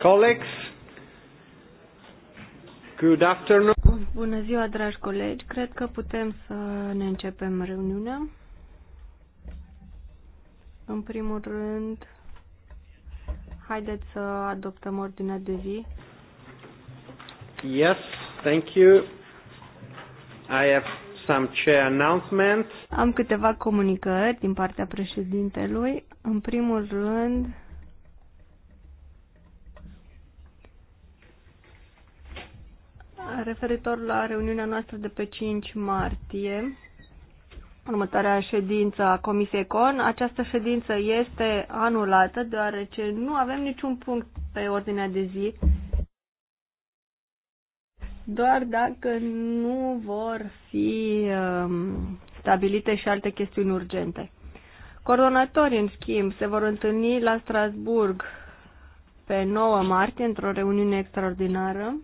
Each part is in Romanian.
Colleagues, good afternoon. Bună ziua, dragi colegi. Cred că putem să ne începem reuniunea. În primul rând, haideți să adoptăm ordinea de zi. Yes, thank you. I have some chair announcements. Am câteva comunicări din partea președintelui. În primul rând, referitor la reuniunea noastră de pe 5 martie, următoarea ședință a Comisiei CON, această ședință este anulată deoarece nu avem niciun punct pe ordinea de zi doar dacă nu vor fi um, stabilite și alte chestiuni urgente. Coordonatorii, în schimb, se vor întâlni la Strasburg pe 9 martie într-o reuniune extraordinară.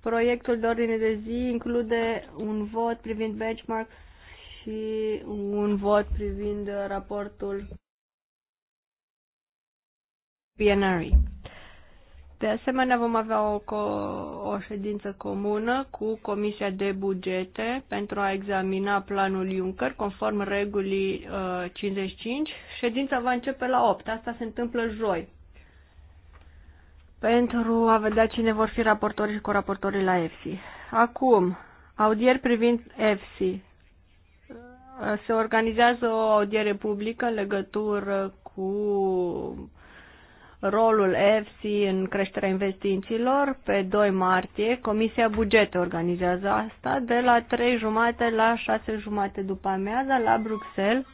Proiectul de ordine de zi include un vot privind benchmark și un vot privind raportul PNRI. De asemenea, vom avea o, co- o ședință comună cu Comisia de Bugete pentru a examina planul Juncker conform regulii uh, 55. Ședința va începe la 8. Asta se întâmplă joi. Pentru a vedea cine vor fi raportorii și coraportorii la EFSI. Acum, audieri privind EFSI. Uh, se organizează o audiere publică în legătură cu rolul EFSI în creșterea investițiilor. Pe 2 martie, Comisia Bugete organizează asta de la 3 jumate la 6 jumate după amiaza la Bruxelles.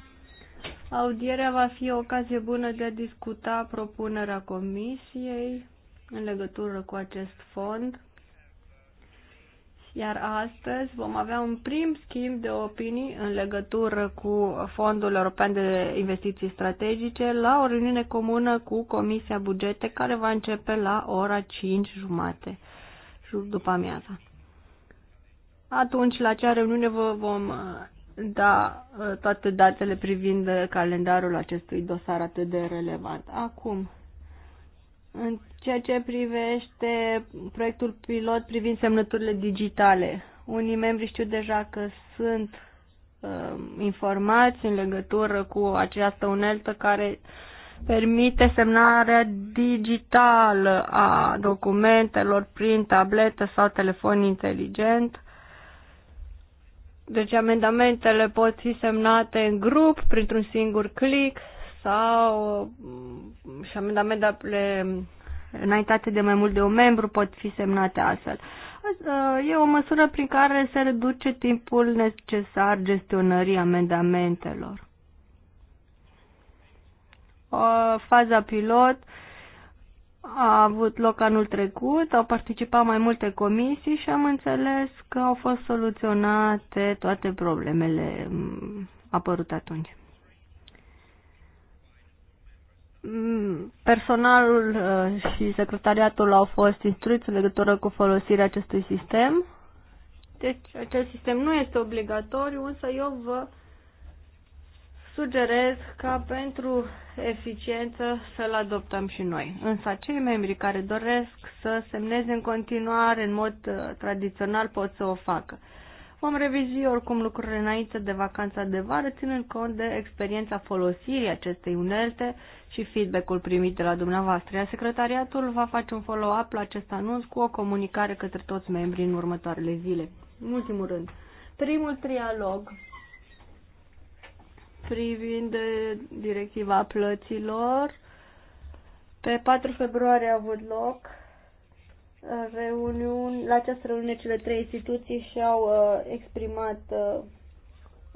Audierea va fi o ocazie bună de a discuta propunerea Comisiei în legătură cu acest fond iar astăzi vom avea un prim schimb de opinii în legătură cu Fondul European de Investiții Strategice la o reuniune comună cu Comisia Bugete care va începe la ora 5 jumate după amiaza. Atunci, la acea reuniune vă vom uh, da uh, toate datele privind uh, calendarul acestui dosar atât de relevant. Acum, în ceea ce privește proiectul pilot privind semnăturile digitale. Unii membri știu deja că sunt uh, informați în legătură cu această uneltă care permite semnarea digitală a documentelor prin tabletă sau telefon inteligent. Deci amendamentele pot fi semnate în grup printr-un singur click sau um, și amendamentele înaintate de mai mult de un membru pot fi semnate astfel. Ă, e o măsură prin care se reduce timpul necesar gestionării amendamentelor. O ă, faza pilot a avut loc anul trecut, au participat mai multe comisii și am înțeles că au fost soluționate toate problemele apărute atunci. Mm, personalul uh, și secretariatul au fost instruiți în legătură cu folosirea acestui sistem. Deci acest sistem nu este obligatoriu, însă eu vă sugerez ca pentru eficiență să-l adoptăm și noi. Însă cei membri care doresc să semneze în continuare în mod uh, tradițional pot să o facă. Vom revizui oricum lucrurile înainte de vacanța de vară, ținând cont de experiența folosirii acestei unelte și feedback-ul primit de la dumneavoastră. Iar secretariatul va face un follow-up la acest anunț cu o comunicare către toți membrii în următoarele zile. În ultimul rând, primul trialog privind directiva plăților pe 4 februarie a avut loc reuniuni, la această reuniune cele trei instituții și-au uh, exprimat uh,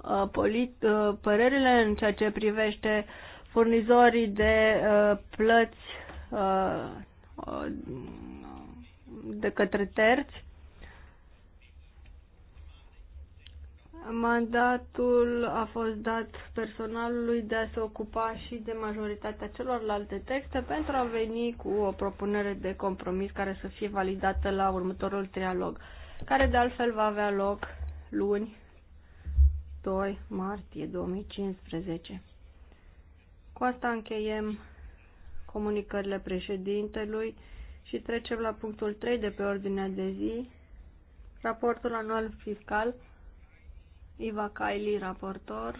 uh, polit, uh, părerile în ceea ce privește furnizorii de uh, plăți uh, uh de către terți Mandatul a fost dat personalului de a se ocupa și de majoritatea celorlalte texte pentru a veni cu o propunere de compromis care să fie validată la următorul trialog, care de altfel va avea loc luni 2 martie 2015. Cu asta încheiem comunicările președintelui și trecem la punctul 3 de pe ordinea de zi, raportul anual fiscal Iva Kaili, raportor.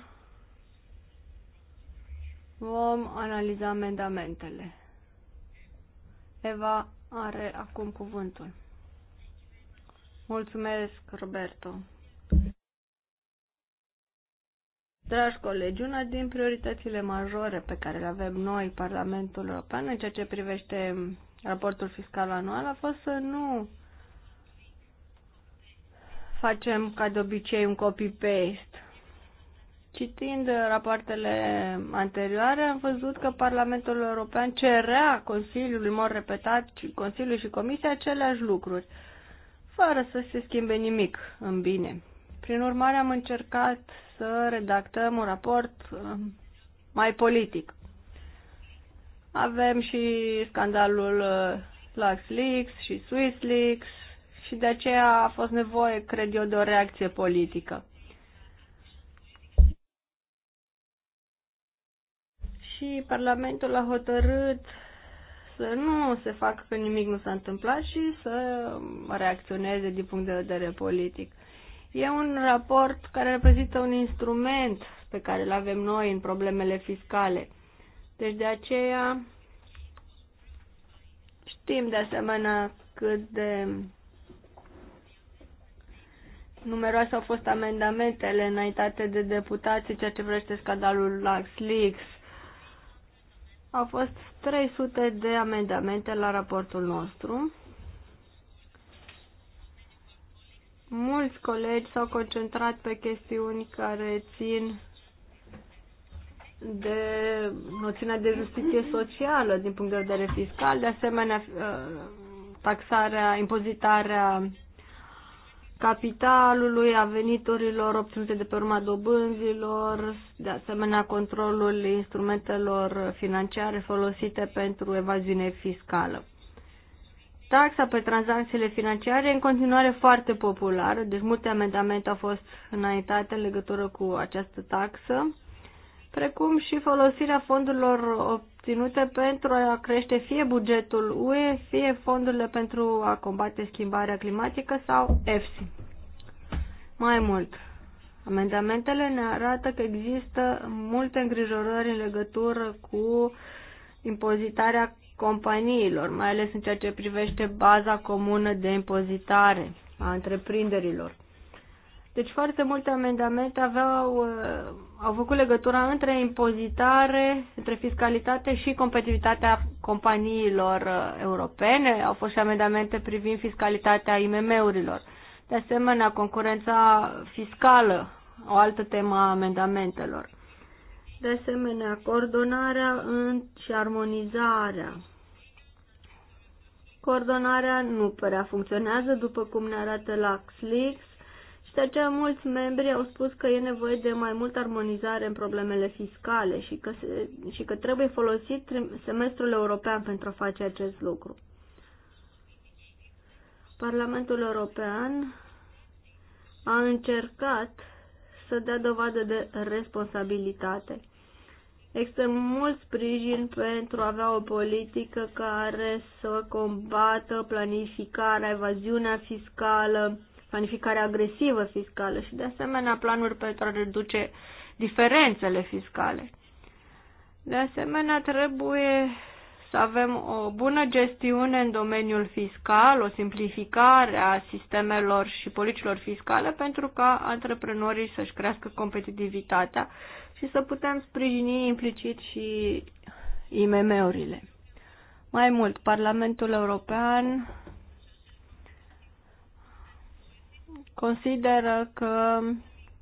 Vom analiza amendamentele. Eva are acum cuvântul. Mulțumesc, Roberto. Dragi colegi, una din prioritățile majore pe care le avem noi, Parlamentul European, în ceea ce privește raportul fiscal anual, a fost să nu facem ca de obicei un copy-paste. Citind rapoartele anterioare, am văzut că Parlamentul European cerea Consiliului, mor repetat, Consiliul și Comisia aceleași lucruri, fără să se schimbe nimic în bine. Prin urmare, am încercat să redactăm un raport um, mai politic. Avem și scandalul uh, LuxLeaks și SwissLeaks, și de aceea a fost nevoie, cred eu, de o reacție politică. Și Parlamentul a hotărât să nu se facă că nimic nu s-a întâmplat și să reacționeze din punct de vedere politic. E un raport care reprezintă un instrument pe care îl avem noi în problemele fiscale. Deci de aceea știm de asemenea cât de Numeroase au fost amendamentele înaintate de deputații, ceea ce vrește scandalul LuxLeaks. Au fost 300 de amendamente la raportul nostru. Mulți colegi s-au concentrat pe chestiuni care țin de noțiunea de justiție socială din punct de vedere fiscal, de asemenea uh, taxarea, impozitarea capitalului, a veniturilor obținute de pe urma dobânzilor, de asemenea controlul instrumentelor financiare folosite pentru evaziune fiscală. Taxa pe tranzacțiile financiare e în continuare foarte populară, deci multe amendamente au fost înaintate în legătură cu această taxă precum și folosirea fondurilor obținute pentru a crește fie bugetul UE, fie fondurile pentru a combate schimbarea climatică sau EFSI. Mai mult, amendamentele ne arată că există multe îngrijorări în legătură cu impozitarea companiilor, mai ales în ceea ce privește baza comună de impozitare a întreprinderilor. Deci foarte multe amendamente aveau, uh, au făcut legătura între impozitare, între fiscalitate și competitivitatea companiilor uh, europene. Au fost și amendamente privind fiscalitatea IMM-urilor. De asemenea, concurența fiscală, o altă temă a amendamentelor. De asemenea, coordonarea și armonizarea. Coordonarea nu prea funcționează, după cum ne arată la XLIX și de aceea mulți membri au spus că e nevoie de mai multă armonizare în problemele fiscale și că, se, și că trebuie folosit semestrul european pentru a face acest lucru. Parlamentul European a încercat să dea dovadă de responsabilitate. Există mult sprijin pentru a avea o politică care să combată planificarea, evaziunea fiscală, planificare agresivă fiscală și de asemenea planuri pentru a reduce diferențele fiscale. De asemenea, trebuie să avem o bună gestiune în domeniul fiscal, o simplificare a sistemelor și politicilor fiscale pentru ca antreprenorii să-și crească competitivitatea și să putem sprijini implicit și IMM-urile. Mai mult, Parlamentul European consideră că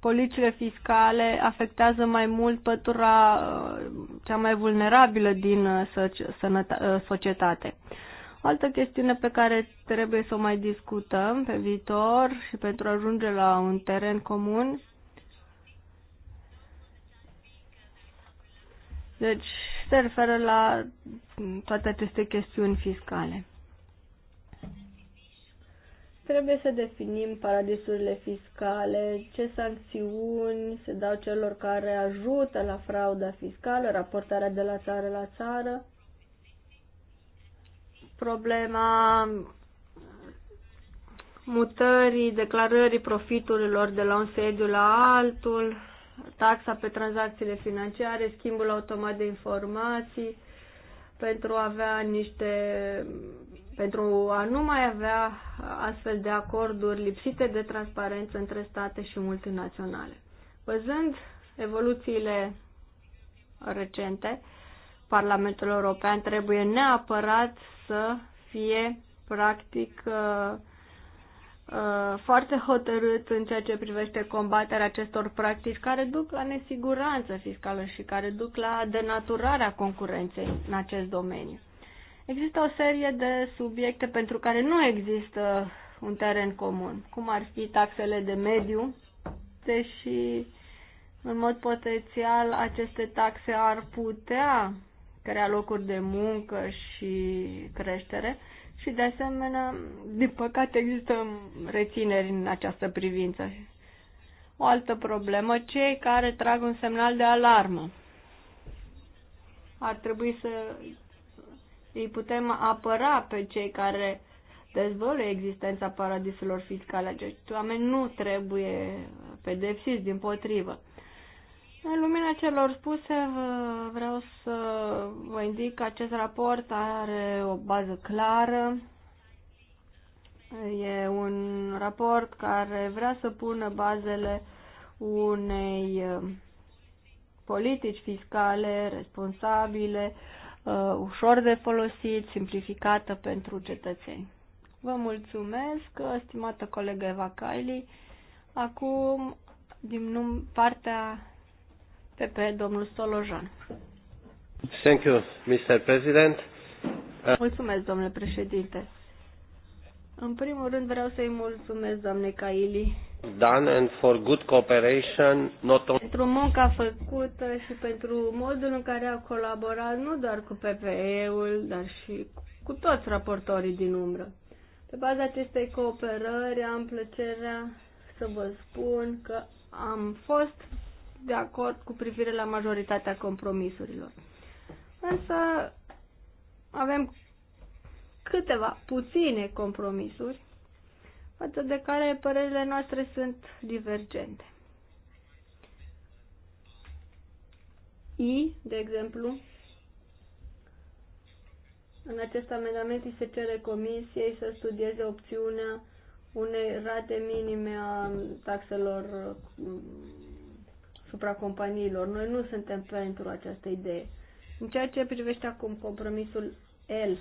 politicile fiscale afectează mai mult pătura uh, cea mai vulnerabilă din uh, uh, societate. O altă chestiune pe care trebuie să o mai discutăm pe viitor și pentru a ajunge la un teren comun. Deci se referă la toate aceste chestiuni fiscale. Trebuie să definim paradisurile fiscale, ce sancțiuni se dau celor care ajută la frauda fiscală, raportarea de la țară la țară, problema mutării, declarării profiturilor de la un sediu la altul, taxa pe tranzacțiile financiare, schimbul automat de informații pentru a avea niște pentru a nu mai avea astfel de acorduri lipsite de transparență între state și multinaționale. Văzând evoluțiile recente, Parlamentul European trebuie neapărat să fie practic uh, uh, foarte hotărât în ceea ce privește combaterea acestor practici care duc la nesiguranță fiscală și care duc la denaturarea concurenței în acest domeniu. Există o serie de subiecte pentru care nu există un teren comun, cum ar fi taxele de mediu, deși în mod potențial aceste taxe ar putea crea locuri de muncă și creștere și de asemenea, din păcate, există rețineri în această privință. O altă problemă, cei care trag un semnal de alarmă ar trebui să îi putem apăra pe cei care dezvăluie existența paradisurilor fiscale. Acești oameni nu trebuie pedepsiți, din potrivă. În lumina celor spuse, vreau să vă indic că acest raport are o bază clară. E un raport care vrea să pună bazele unei politici fiscale responsabile, uh, ușor de folosit, simplificată pentru cetățeni. Vă mulțumesc, stimată colegă Eva Kaili. Acum, din num- partea PP, domnul Solojan. Thank you, Mr. President. Mulțumesc, domnule președinte. În primul rând vreau să-i mulțumesc, doamne Caili, done and for good cooperation, not only... Pentru munca făcută și pentru modul în care a colaborat nu doar cu PPE-ul, dar și cu toți raportorii din umbră. Pe baza acestei cooperări am plăcerea să vă spun că am fost de acord cu privire la majoritatea compromisurilor. Însă avem câteva puține compromisuri față de care părerile noastre sunt divergente. I, de exemplu, în acest amendament îi se cere comisiei să studieze opțiunea unei rate minime a taxelor mm, supra companiilor. Noi nu suntem pentru această idee. În ceea ce privește acum compromisul L,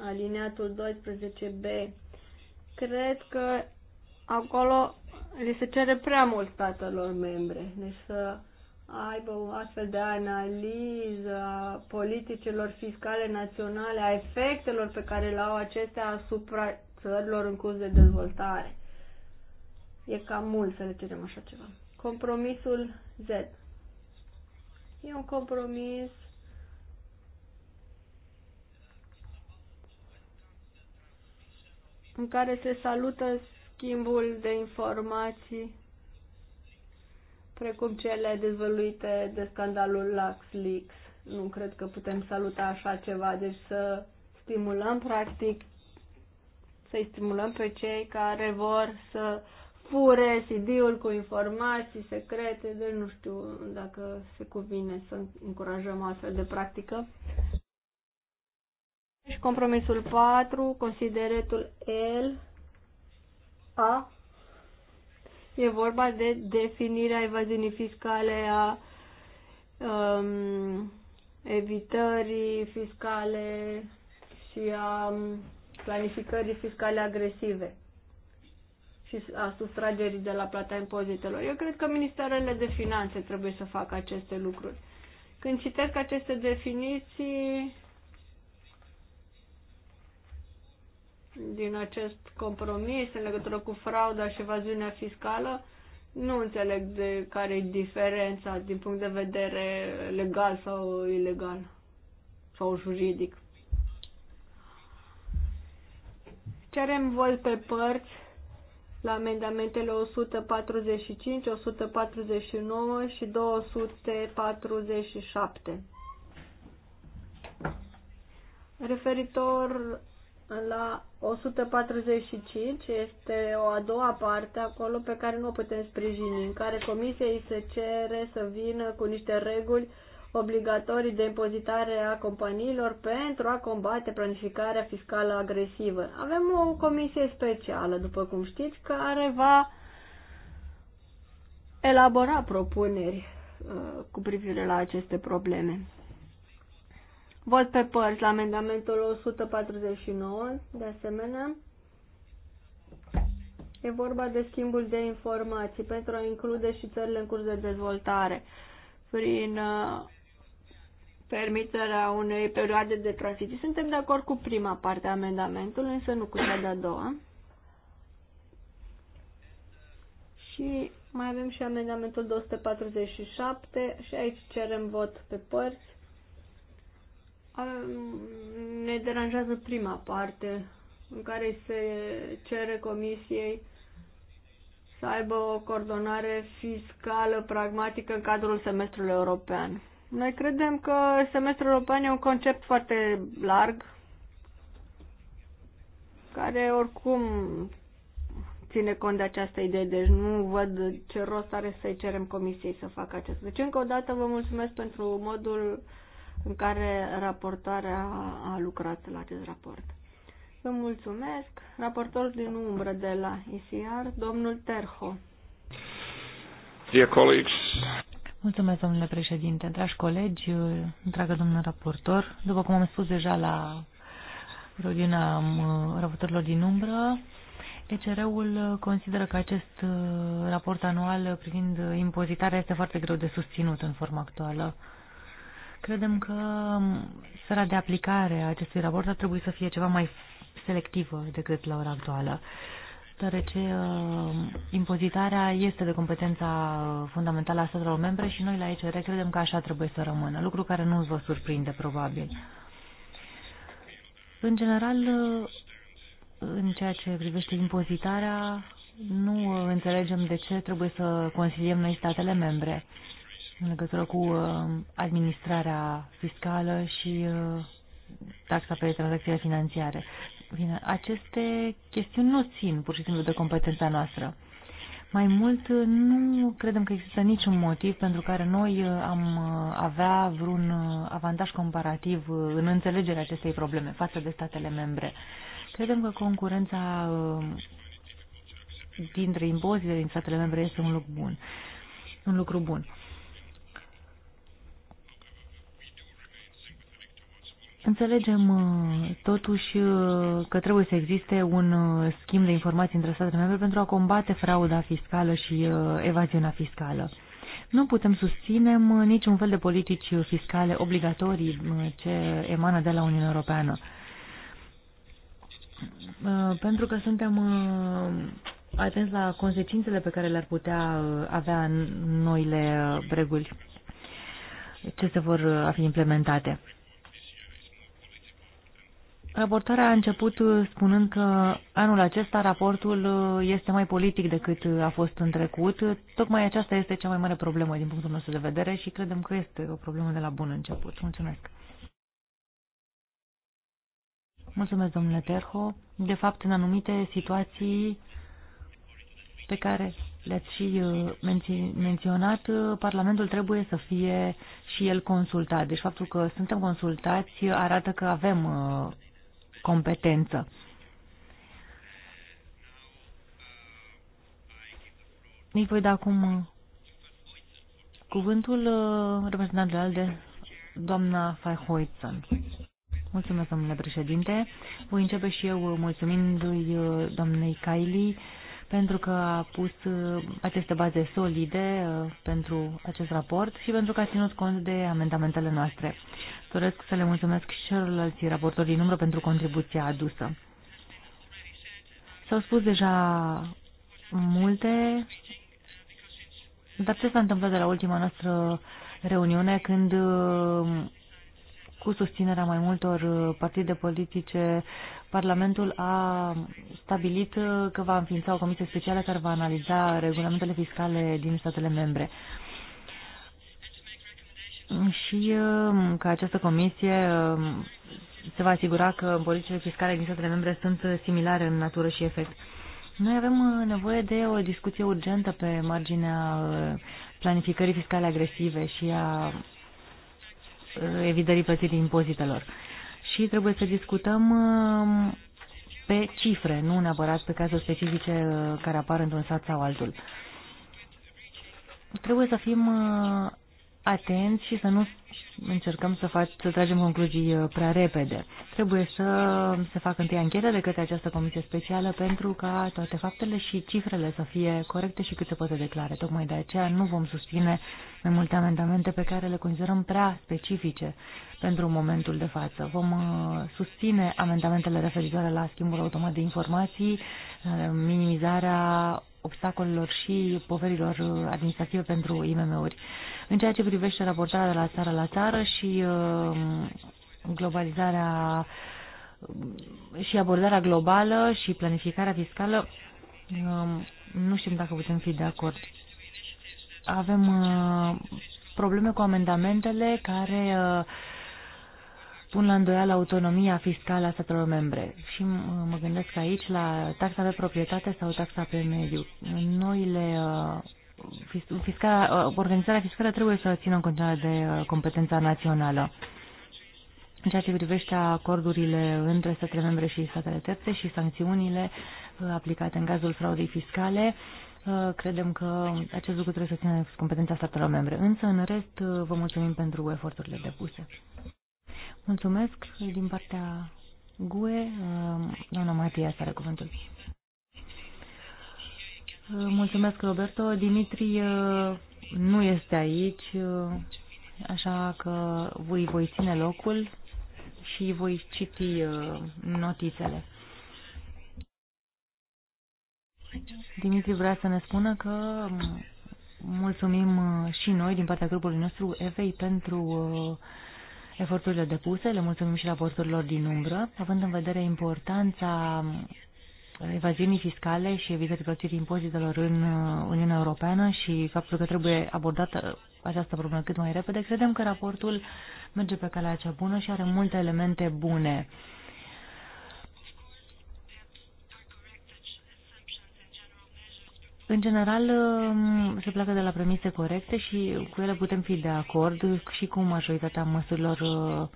alineatul 12b, cred că acolo li se cere prea mult statelor membre. Deci să aibă o astfel de analiză a politicilor fiscale naționale, a efectelor pe care le au acestea asupra țărilor în curs de dezvoltare. E cam mult să le cerem așa ceva. Compromisul Z. E un compromis în care se salută schimbul de informații precum cele dezvăluite de scandalul LuxLeaks. Nu cred că putem saluta așa ceva, deci să stimulăm practic, să-i stimulăm pe cei care vor să fure CD-ul cu informații secrete, deci nu știu dacă se cuvine să încurajăm astfel de practică. Și compromisul 4, consideretul L, A, e vorba de definirea evaziunii fiscale a um, evitării fiscale și a um, planificării fiscale agresive și a sustragerii de la plata impozitelor. Eu cred că ministerele de finanțe trebuie să facă aceste lucruri. Când citesc aceste definiții, din acest compromis în legătură cu frauda și evaziunea fiscală, nu înțeleg de care e diferența din punct de vedere legal sau ilegal sau juridic. Cerem vot pe părți la amendamentele 145, 149 și 247. Referitor la 145 este o a doua parte acolo pe care nu o putem sprijini, în care comisia îi se cere să vină cu niște reguli obligatorii de impozitare a companiilor pentru a combate planificarea fiscală agresivă. Avem o comisie specială, după cum știți, care va elabora propuneri uh, cu privire la aceste probleme. Vot pe părți la amendamentul 149, de asemenea. E vorba de schimbul de informații pentru a include și țările în curs de dezvoltare prin uh, permiterea unei perioade de tranziție. Suntem de acord cu prima parte a amendamentului, însă nu cu cea de-a doua. Și mai avem și amendamentul 247 și aici cerem vot pe părți ne deranjează prima parte în care se cere comisiei să aibă o coordonare fiscală pragmatică în cadrul semestrului european. Noi credem că semestrul european e un concept foarte larg, care oricum ține cont de această idee, deci nu văd ce rost are să-i cerem comisiei să facă acest. Deci încă o dată vă mulțumesc pentru modul în care raportoarea a lucrat la acest raport. Vă mulțumesc. Raportor din umbră de la ICR, domnul Terho. Dear colleagues. Mulțumesc, domnule președinte, dragi colegi, dragă domnule raportor. După cum am spus deja la rodina raportorilor din umbră, ECR-ul consideră că acest uh, raport anual privind impozitarea este foarte greu de susținut în forma actuală. Credem că sfera de aplicare a acestui raport ar trebui să fie ceva mai selectivă decât la ora actuală, deoarece uh, impozitarea este de competența fundamentală a statelor membre și noi la ECR credem că așa trebuie să rămână, lucru care nu îți vă surprinde probabil. În general, uh, în ceea ce privește impozitarea, nu înțelegem de ce trebuie să consiliem noi statele membre. Uh, în legătură cu uh, administrarea fiscală și uh, taxa pe tranzacțiile financiare. Bine, aceste chestiuni nu țin pur și simplu de competența noastră. Mai mult, nu credem că există niciun motiv pentru care noi uh, am avea vreun avantaj comparativ în înțelegerea acestei probleme față de statele membre. Credem că concurența dintre impozitele din statele membre este un lucru bun. Un lucru bun. Înțelegem uh, totuși uh, că trebuie să existe un uh, schimb de informații între statele membre pentru a combate frauda fiscală și evaziunea fiscală. Nu putem susține niciun fel de politici fiscale obligatorii ce emană de la Uniunea Europeană. Pentru că suntem atenți la consecințele pe care le-ar putea avea noile reguli ce se vor fi implementate. Raportarea a început uh, spunând că anul acesta raportul uh, este mai politic decât uh, a fost în trecut. Tocmai aceasta este cea mai mare problemă din punctul nostru de vedere și credem că este o problemă de la bun început. Mulțumesc! Mulțumesc, domnule Terho. De fapt, în anumite situații pe care le-ați și menționat, Parlamentul trebuie să fie și el consultat. Deci faptul că suntem consultați arată că avem competență. Îi voi da acum uh, cuvântul uh, reprezentantului de doamna Faihoitzen. Mulțumesc, domnule președinte. Voi începe și eu uh, mulțumindu-i doamnei Kylie pentru că a pus aceste baze solide pentru acest raport și pentru că a ținut cont de amendamentele noastre. Doresc să le mulțumesc și celorlalți raportori din umbră pentru contribuția adusă. S-au spus deja multe, dar ce s-a întâmplat de la ultima noastră reuniune când uh, cu susținerea mai multor uh, partide politice, Parlamentul a stabilit uh, că va înființa o comisie specială care va analiza regulamentele fiscale din statele membre și um, că această comisie um, se va asigura că politicile fiscale din statele membre sunt similare în natură și efect. Noi avem uh, nevoie de o discuție urgentă pe marginea uh, planificării fiscale agresive și a uh, evitării plătirii impozitelor. Și trebuie să discutăm um, pe cifre, nu neapărat pe cazuri specifice care apar într-un sat sau altul. Trebuie să fim atenți și să nu încercăm să, fac, să tragem concluzii uh, prea repede. Trebuie să se facă întâi anchetă de către această comisie specială pentru ca toate faptele și cifrele să fie corecte și cât se poate declare. Tocmai de aceea nu vom susține mai multe amendamente pe care le considerăm prea specifice pentru momentul de față. Vom uh, susține amendamentele referitoare la schimbul automat de informații, Uh, minimizarea obstacolelor și poverilor administrative pentru IMM-uri. În ceea ce privește raportarea de la țară la țară și uh, globalizarea și abordarea globală și planificarea fiscală, um, nu știm dacă putem fi de acord. Avem uh, probleme cu amendamentele care uh, pun la îndoială autonomia fiscală a statelor membre. Și mă gândesc aici la taxa pe proprietate sau taxa pe mediu. Noile uh, fiscal, uh, organizarea fiscală trebuie să țină în continuare de uh, competența națională. În ceea ce privește acordurile între statele membre și statele terțe și sancțiunile aplicate în cazul fraudei fiscale, credem că acest lucru trebuie să țină competența statelor membre. Însă, în rest, vă mulțumim pentru eforturile depuse. Mulțumesc din partea GUE. Doamna ehm, Matia, are cuvântul. Ehm, mulțumesc, Roberto. Dimitri ehm, nu este aici, așa că voi voi ține locul și voi citi notițele. Dimitri vrea să ne spună că mulțumim și noi din partea grupului nostru EVEI pentru uh, eforturile depuse, le mulțumim și raporturilor din umbră, având în vedere importanța evaziunii fiscale și evitării plătirii impozitelor în Uniunea Europeană și faptul că trebuie abordată această problemă cât mai repede, credem că raportul merge pe calea cea bună și are multe elemente bune. În general, um, se pleacă de la premise corecte și cu ele putem fi de acord și cu majoritatea măsurilor uh,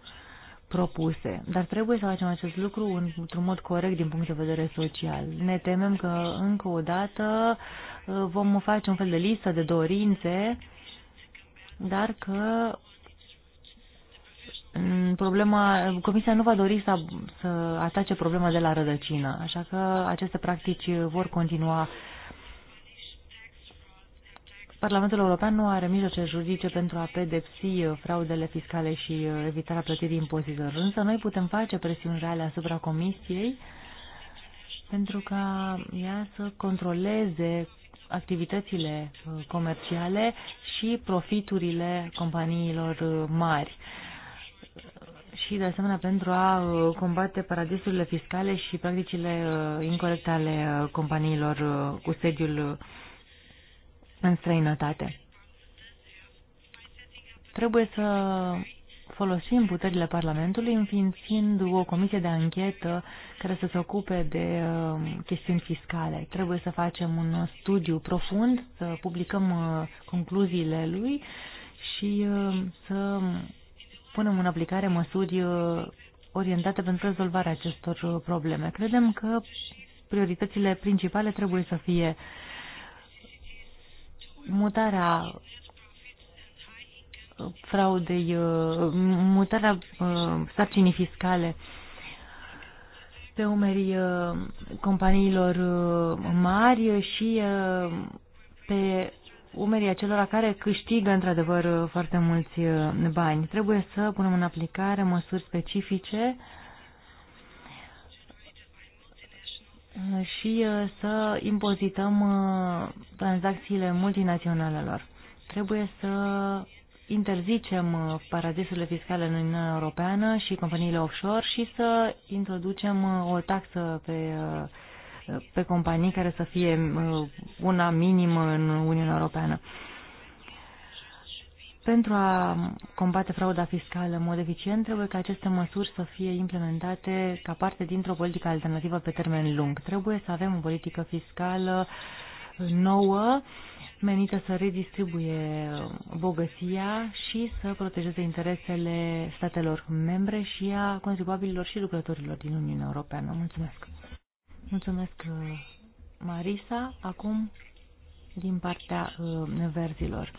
propuse. Dar trebuie să facem acest lucru într-un mod corect din punct de vedere social. Ne temem că, încă o dată, uh, vom face un fel de listă de dorințe, dar că mm, problema, Comisia nu va dori să, să atace problema de la rădăcină, așa că aceste practici vor continua uh, Parlamentul European nu are mijloace juridice pentru a pedepsi uh, fraudele fiscale și uh, evitarea plătirii impozitelor, însă noi putem face presiuni reale asupra Comisiei pentru ca ea să controleze activitățile uh, comerciale și profiturile companiilor mari și, de asemenea, pentru a combate paradisurile fiscale și practicile incorrecte ale companiilor cu sediul în străinătate. Trebuie să folosim puterile Parlamentului înființând o comisie de anchetă care să se ocupe de uh, chestiuni fiscale. Trebuie să facem un studiu profund, să publicăm uh, concluziile lui și uh, să punem în aplicare măsuri orientate pentru rezolvarea acestor probleme. Credem că prioritățile principale trebuie să fie uh, mutarea fraudei, uh, mutarea uh, sarcinii fiscale pe umerii uh, companiilor mari și pe umerii acelora care câștigă într-adevăr foarte mulți bani. Trebuie să punem în aplicare măsuri specifice Uh, și uh, să impozităm uh, tranzacțiile multinaționalelor. Trebuie să interzicem paradisurile fiscale în Uniunea Europeană și companiile offshore și să introducem o taxă pe, pe companii care să fie una minimă în Uniunea Europeană. Pentru a combate frauda fiscală în mod eficient, trebuie ca aceste măsuri să fie implementate ca parte dintr-o politică alternativă pe termen lung. Trebuie să avem o politică fiscală nouă, menită să redistribuie bogăția și să protejeze interesele statelor membre și a contribuabililor și lucrătorilor din Uniunea Europeană. Mulțumesc! Mulțumesc, uh, Marisa. Acum, din partea uh, verzilor.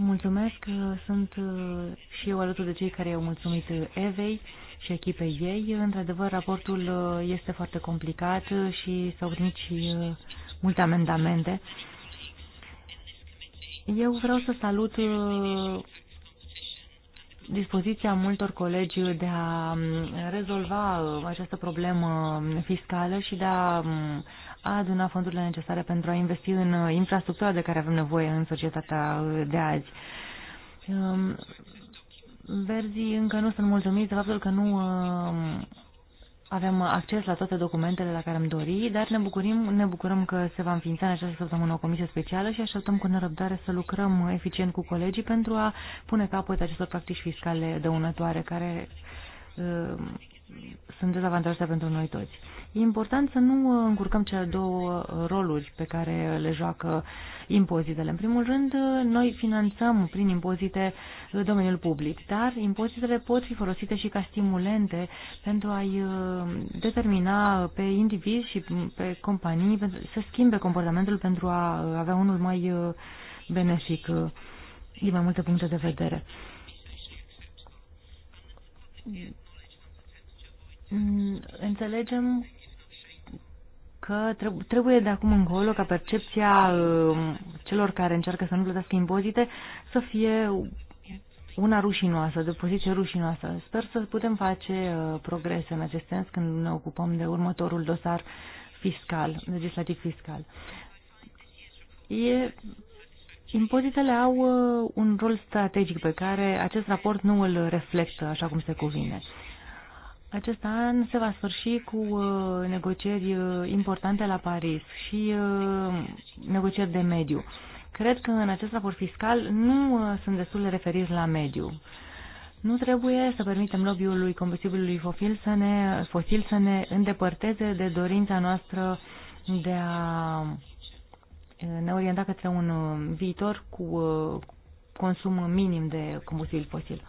Mulțumesc, sunt uh, și eu alături de cei care au mulțumit Evei și echipei ei. Într-adevăr, raportul uh, este foarte complicat uh, și s-au primit și multe amendamente. Eu vreau să salut dispoziția multor colegi de a um, rezolva această problemă fiscală și de a um, a aduna fondurile necesare pentru a investi în uh, infrastructura de care avem nevoie în societatea uh, de azi. Um, verzii încă nu sunt mulțumiți de faptul că nu um, avem acces la toate documentele la care am dori, dar ne bucurim, ne bucurăm că se va înființa în această săptămână o comisie specială și așteptăm cu nerăbdare să lucrăm eficient cu colegii pentru a pune capăt acestor practici fiscale dăunătoare care um, sunt dezavantajate pentru noi toți. E important să nu încurcăm cele două roluri pe care le joacă impozitele. În primul rând, noi finanțăm prin impozite domeniul public, dar impozitele pot fi folosite și ca stimulente pentru a-i uh, determina pe indivizi și pe companii să schimbe comportamentul pentru a uh, avea unul mai uh, benefic din mai multe puncte de vedere Mm, înțelegem că trebuie de acum încolo ca percepția um, celor care încearcă să nu plătească impozite să fie una rușinoasă, de poziție rușinoasă. Sper să putem face uh, progrese în acest sens când ne ocupăm de următorul dosar fiscal, legislativ fiscal. E, impozitele au uh, un rol strategic pe care acest raport nu îl reflectă așa cum se cuvine. Acest an se va sfârși cu uh, negocieri uh, importante la Paris și uh, negocieri de mediu. Cred că în acest raport fiscal nu sunt destul de referiri la mediu. Nu trebuie să permitem lobby-ului combustibilului fosil să ne, fosil să ne îndepărteze de dorința noastră de a ne orienta către un viitor cu consum minim de combustibil fosil.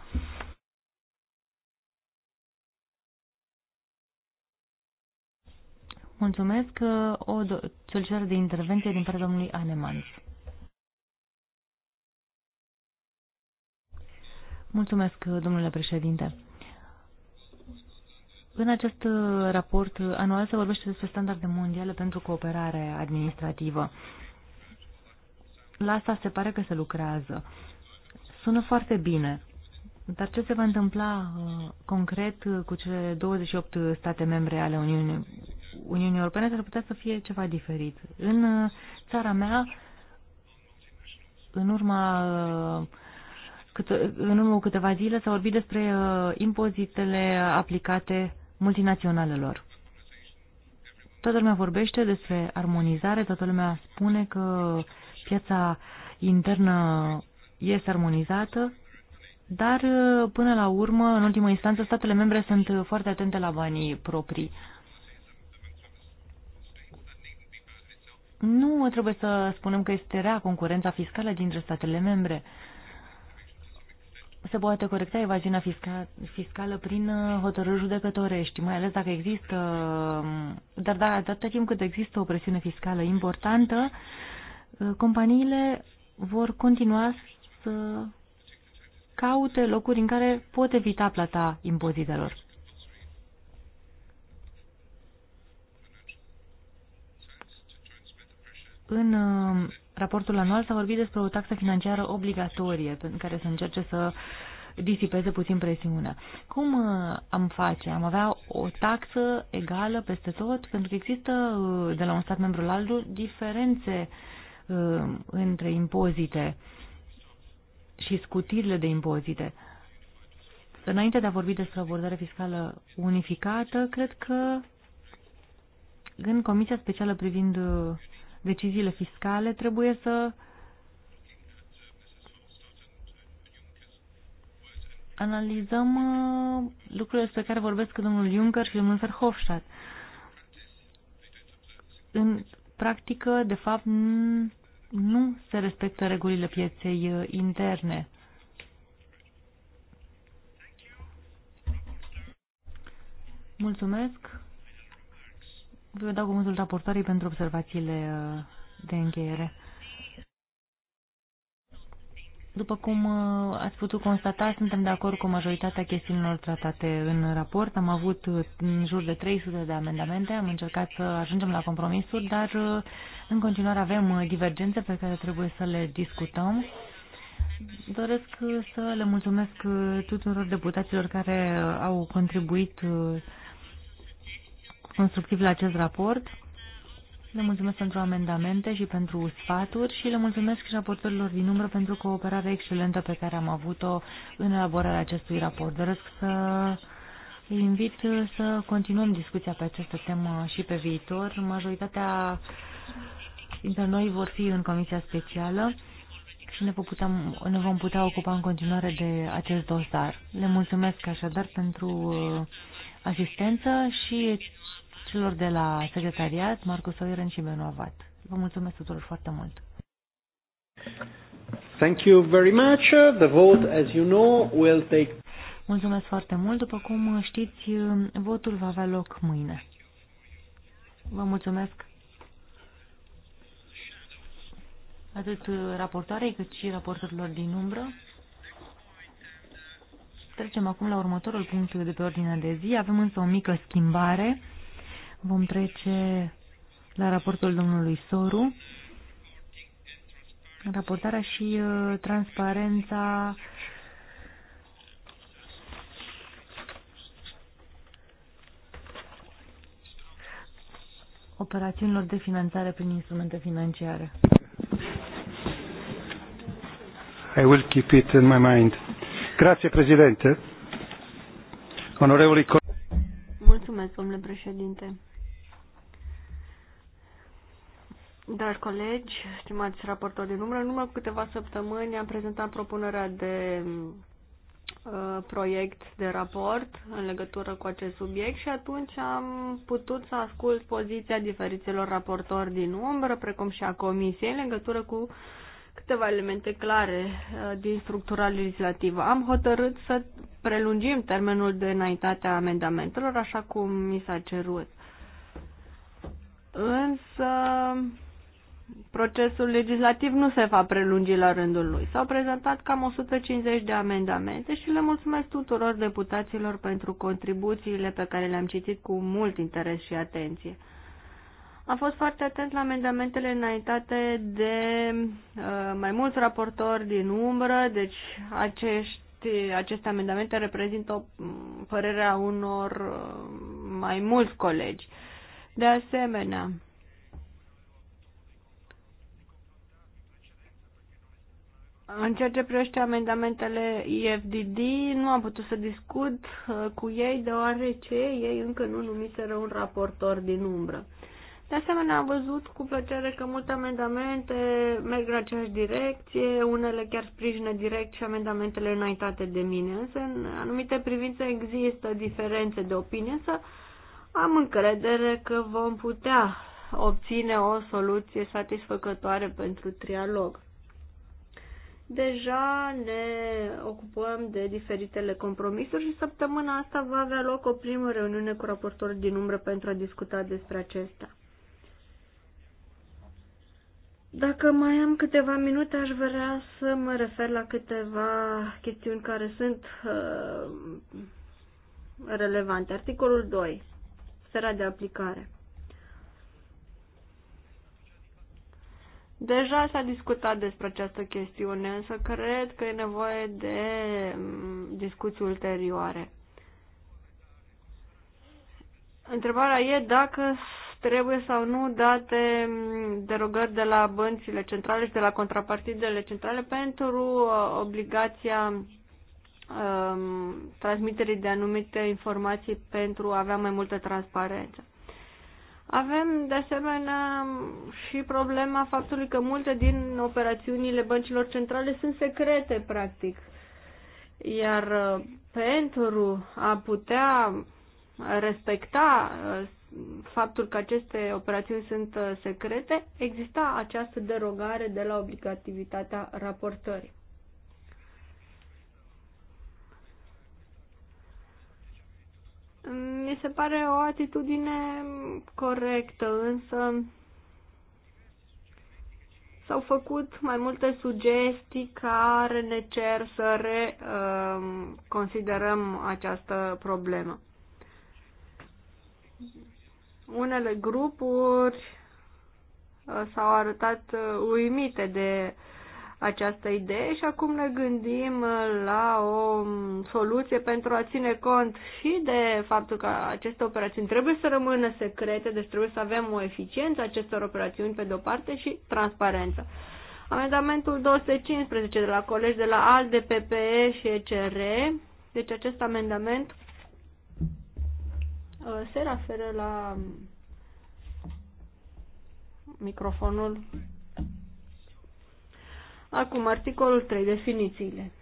Mulțumesc. O solicitare de intervenție din partea domnului Anemans. Mulțumesc, domnule președinte. În acest raport anual se vorbește despre standarde mondiale pentru cooperare administrativă. La asta se pare că se lucrează. Sună foarte bine. Dar ce se va întâmpla uh, concret uh, cu cele 28 state membre ale Uniunii, Uniunii Europene s-ar putea să fie ceva diferit. În uh, țara mea, în urma câte, în urmă câteva zile s-a vorbit despre uh, impozitele aplicate multinaționalelor. Toată lumea vorbește despre armonizare, toată lumea spune că piața internă este armonizată, dar, uh, până la urmă, în ultima instanță, statele membre sunt uh, foarte atente la banii proprii. Nu trebuie să spunem că este rea concurența fiscală dintre statele membre. Se poate corecta evaziunea fisca fiscală prin uh, hotărâri judecătorești, mai ales dacă există, um, dar da, atâta timp cât există o presiune fiscală importantă, companiile vor continua să caute locuri în care pot evita plata impozitelor. În uh, raportul anual s-a vorbit despre o taxă financiară obligatorie în care să încerce să disipeze puțin presiunea. Cum uh, am face? Am avea o taxă egală peste tot? Pentru că există uh, de la un stat membru la altul diferențe între impozite și scutirile de impozite. Înainte de a vorbi despre abordare fiscală unificată, cred că în Comisia Specială privind uh, deciziile fiscale trebuie să analizăm uh, lucrurile despre care vorbesc domnul Juncker și domnul Verhofstadt. În practică, de fapt, nu se respectă regulile pieței uh, interne. Mulțumesc. Vă dau cuvântul raportării pentru observațiile uh, de încheiere. După cum uh, ați putut constata, suntem de acord cu majoritatea chestiunilor tratate în raport. Am avut uh, în jur de 300 de amendamente, am încercat să ajungem la compromisuri, dar uh, în continuare avem divergențe pe care trebuie să le discutăm. Doresc să le mulțumesc tuturor deputaților care au contribuit constructiv la acest raport. Le mulțumesc pentru amendamente și pentru sfaturi și le mulțumesc și raportorilor din umbră pentru cooperarea excelentă pe care am avut-o în elaborarea acestui raport. Doresc să îi invit să continuăm discuția pe această temă și pe viitor. Majoritatea dintre noi vor fi în comisia specială și ne, putea, ne vom putea ocupa în continuare de acest dosar. Le mulțumesc așadar pentru uh, asistență și celor de la secretariat, Marcus Oiren și Benoavat. Vă mulțumesc tuturor foarte mult! Thank you very much. The vote, as you know, will take... Mulțumesc foarte mult. După cum știți, votul va avea loc mâine. Vă mulțumesc atât raportoarei cât și raportorilor din umbră. Trecem acum la următorul punct de pe ordinea de zi. Avem însă o mică schimbare. Vom trece la raportul domnului Soru. Raportarea și uh, transparența operațiunilor de finanțare prin instrumente financiare. I will keep it in my mind. Grazie, Presidente. Onorevoli Mulțumesc, domnule președinte. dar colegi, stimați raportori de umbră, în urmă cu câteva săptămâni am prezentat propunerea de uh, proiect de raport în legătură cu acest subiect și atunci am putut să ascult poziția diferiților raportori din umbră, precum și a comisiei, în legătură cu câteva elemente clare uh, din structura legislativă. Am hotărât să prelungim termenul de înaintate a amendamentelor, așa cum mi s-a cerut. Însă, procesul legislativ nu se va prelungi la rândul lui. S-au prezentat cam 150 de amendamente și le mulțumesc tuturor deputaților pentru contribuțiile pe care le-am citit cu mult interes și atenție. Am fost foarte atent la amendamentele înaintate de uh, mai mulți raportori din umbră, deci acești, aceste amendamente reprezintă o uh, părere a unor uh, mai mulți colegi. De asemenea, În ceea ce privește amendamentele IFDD, nu am putut să discut uh, cu ei, deoarece ei încă nu numiseră un raportor din umbră. De asemenea, am văzut cu plăcere că multe amendamente merg în aceeași direcție, unele chiar sprijină direct și amendamentele înaintate de mine, însă în anumite privințe există diferențe de opinie, însă am încredere că vom putea obține o soluție satisfăcătoare pentru trialog. Deja ne ocupăm de diferitele compromisuri și săptămâna asta va avea loc o primă reuniune cu raportorul din umbră pentru a discuta despre acesta. Dacă mai am câteva minute, aș vrea să mă refer la câteva chestiuni care sunt uh, relevante. Articolul 2. Sfera de aplicare. Deja s-a discutat despre această chestiune, însă cred că e nevoie de mm, discuții ulterioare. Întrebarea e dacă trebuie sau nu date mm, derogări de la băncile centrale și de la contrapartidele centrale pentru uh, obligația um, transmiterii de anumite informații pentru a avea mai multă transparență. Avem de asemenea și problema faptului că multe din operațiunile băncilor centrale sunt secrete, practic. Iar uh, pentru a putea respecta uh, faptul că aceste operațiuni sunt uh, secrete, exista această derogare de la obligativitatea raportării. Mi se pare o atitudine corectă, însă s-au făcut mai multe sugestii care ne cer să reconsiderăm um, uh, această problemă. Unele grupuri uh, s-au arătat uh, uimite de uh, această idee și acum ne gândim uh, la o soluție pentru a ține cont și de faptul că aceste operațiuni trebuie să rămână secrete, deci trebuie să avem o eficiență acestor operațiuni pe de-o parte și transparență. Amendamentul 215 de la colegi de la ALDE, PPE și ECR, deci acest amendament uh, se referă la microfonul Acum, articolul 3, definițiile.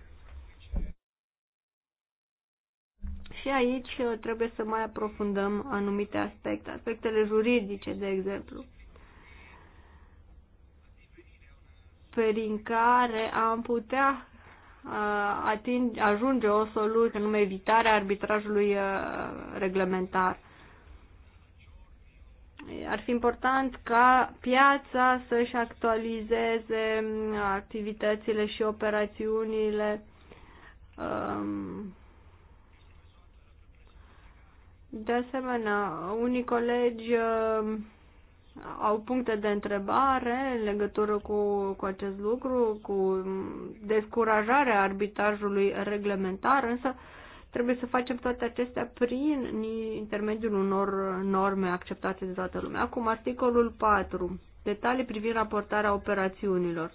Și aici uh, trebuie să mai aprofundăm anumite aspecte, aspectele juridice, de exemplu, prin care am putea uh, atinge, ajunge o soluție, nume evitarea arbitrajului uh, reglementar ar fi important ca piața să-și actualizeze activitățile și operațiunile um, de asemenea, unii colegi uh, au puncte de întrebare în legătură cu, cu acest lucru, cu descurajarea arbitrajului reglementar, însă Trebuie să facem toate acestea prin intermediul unor norme acceptate de toată lumea. Acum, articolul 4. Detalii privind raportarea operațiunilor.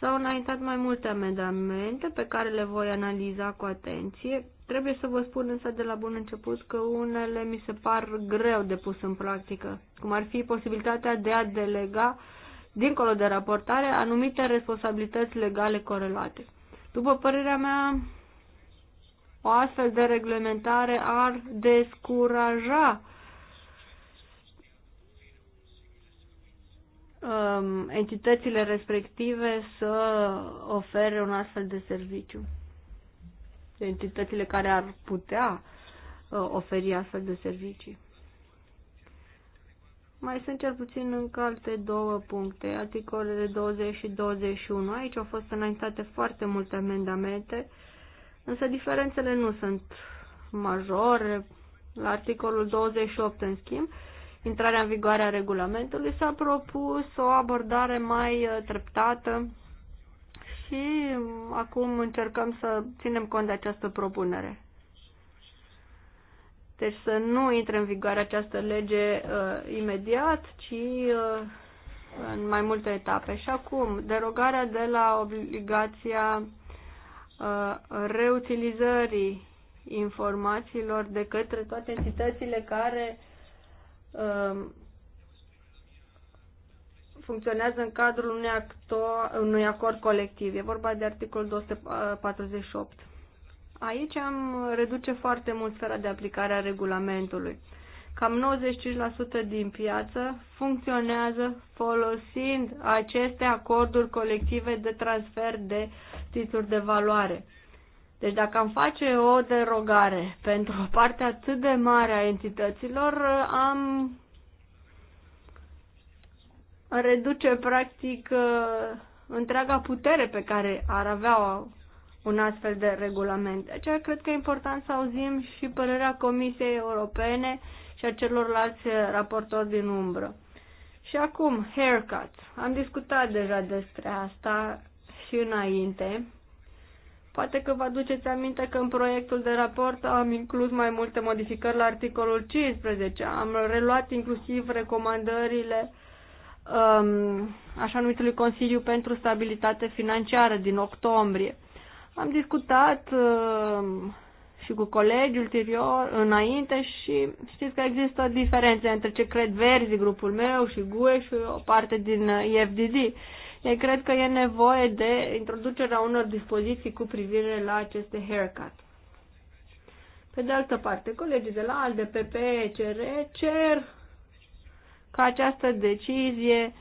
S-au înaintat mai multe amendamente pe care le voi analiza cu atenție. Trebuie să vă spun însă de la bun început că unele mi se par greu de pus în practică, cum ar fi posibilitatea de a delega, dincolo de raportare, anumite responsabilități legale corelate. După părerea mea, o astfel de reglementare ar descuraja um, entitățile respective să ofere un astfel de serviciu. Entitățile care ar putea uh, oferi astfel de servicii. Mai sunt cel puțin încă alte două puncte, articolele 20 și 21. Aici au fost înaintate foarte multe amendamente. Uh, Însă diferențele nu sunt majore. La articolul 28, în schimb, intrarea în vigoare a regulamentului s-a propus o abordare mai uh, treptată și um, acum încercăm să ținem cont de această propunere. Deci să nu intre în vigoare această lege uh, imediat, ci uh, în mai multe etape. Și acum, derogarea de la obligația reutilizării informațiilor de către toate entitățile care funcționează în cadrul unui, acto, unui acord colectiv. E vorba de articolul 248. Aici am reduce foarte mult sfera de aplicare a regulamentului. Cam 95% din piață funcționează folosind aceste acorduri colective de transfer de titluri de valoare. Deci dacă am face o derogare pentru o parte atât de mare a entităților, am reduce practic întreaga putere pe care ar avea un astfel de regulament. Aceea cred că e important să auzim și părerea Comisiei Europene și a celorlalți raportori din umbră. Și acum, haircut. Am discutat deja despre asta și înainte. Poate că vă aduceți aminte că în proiectul de raport am inclus mai multe modificări la articolul 15. Am reluat inclusiv recomandările um, așa numitului Consiliu pentru Stabilitate Financiară din octombrie. Am discutat um, și cu colegi ulterior, înainte și știți că există diferențe între ce cred verzi grupul meu și GUE și o parte din uh, IFDD. Eu cred că e nevoie de introducerea unor dispoziții cu privire la aceste haircut. Pe de altă parte, colegii de la ALDE, PPE, CR cer ca această decizie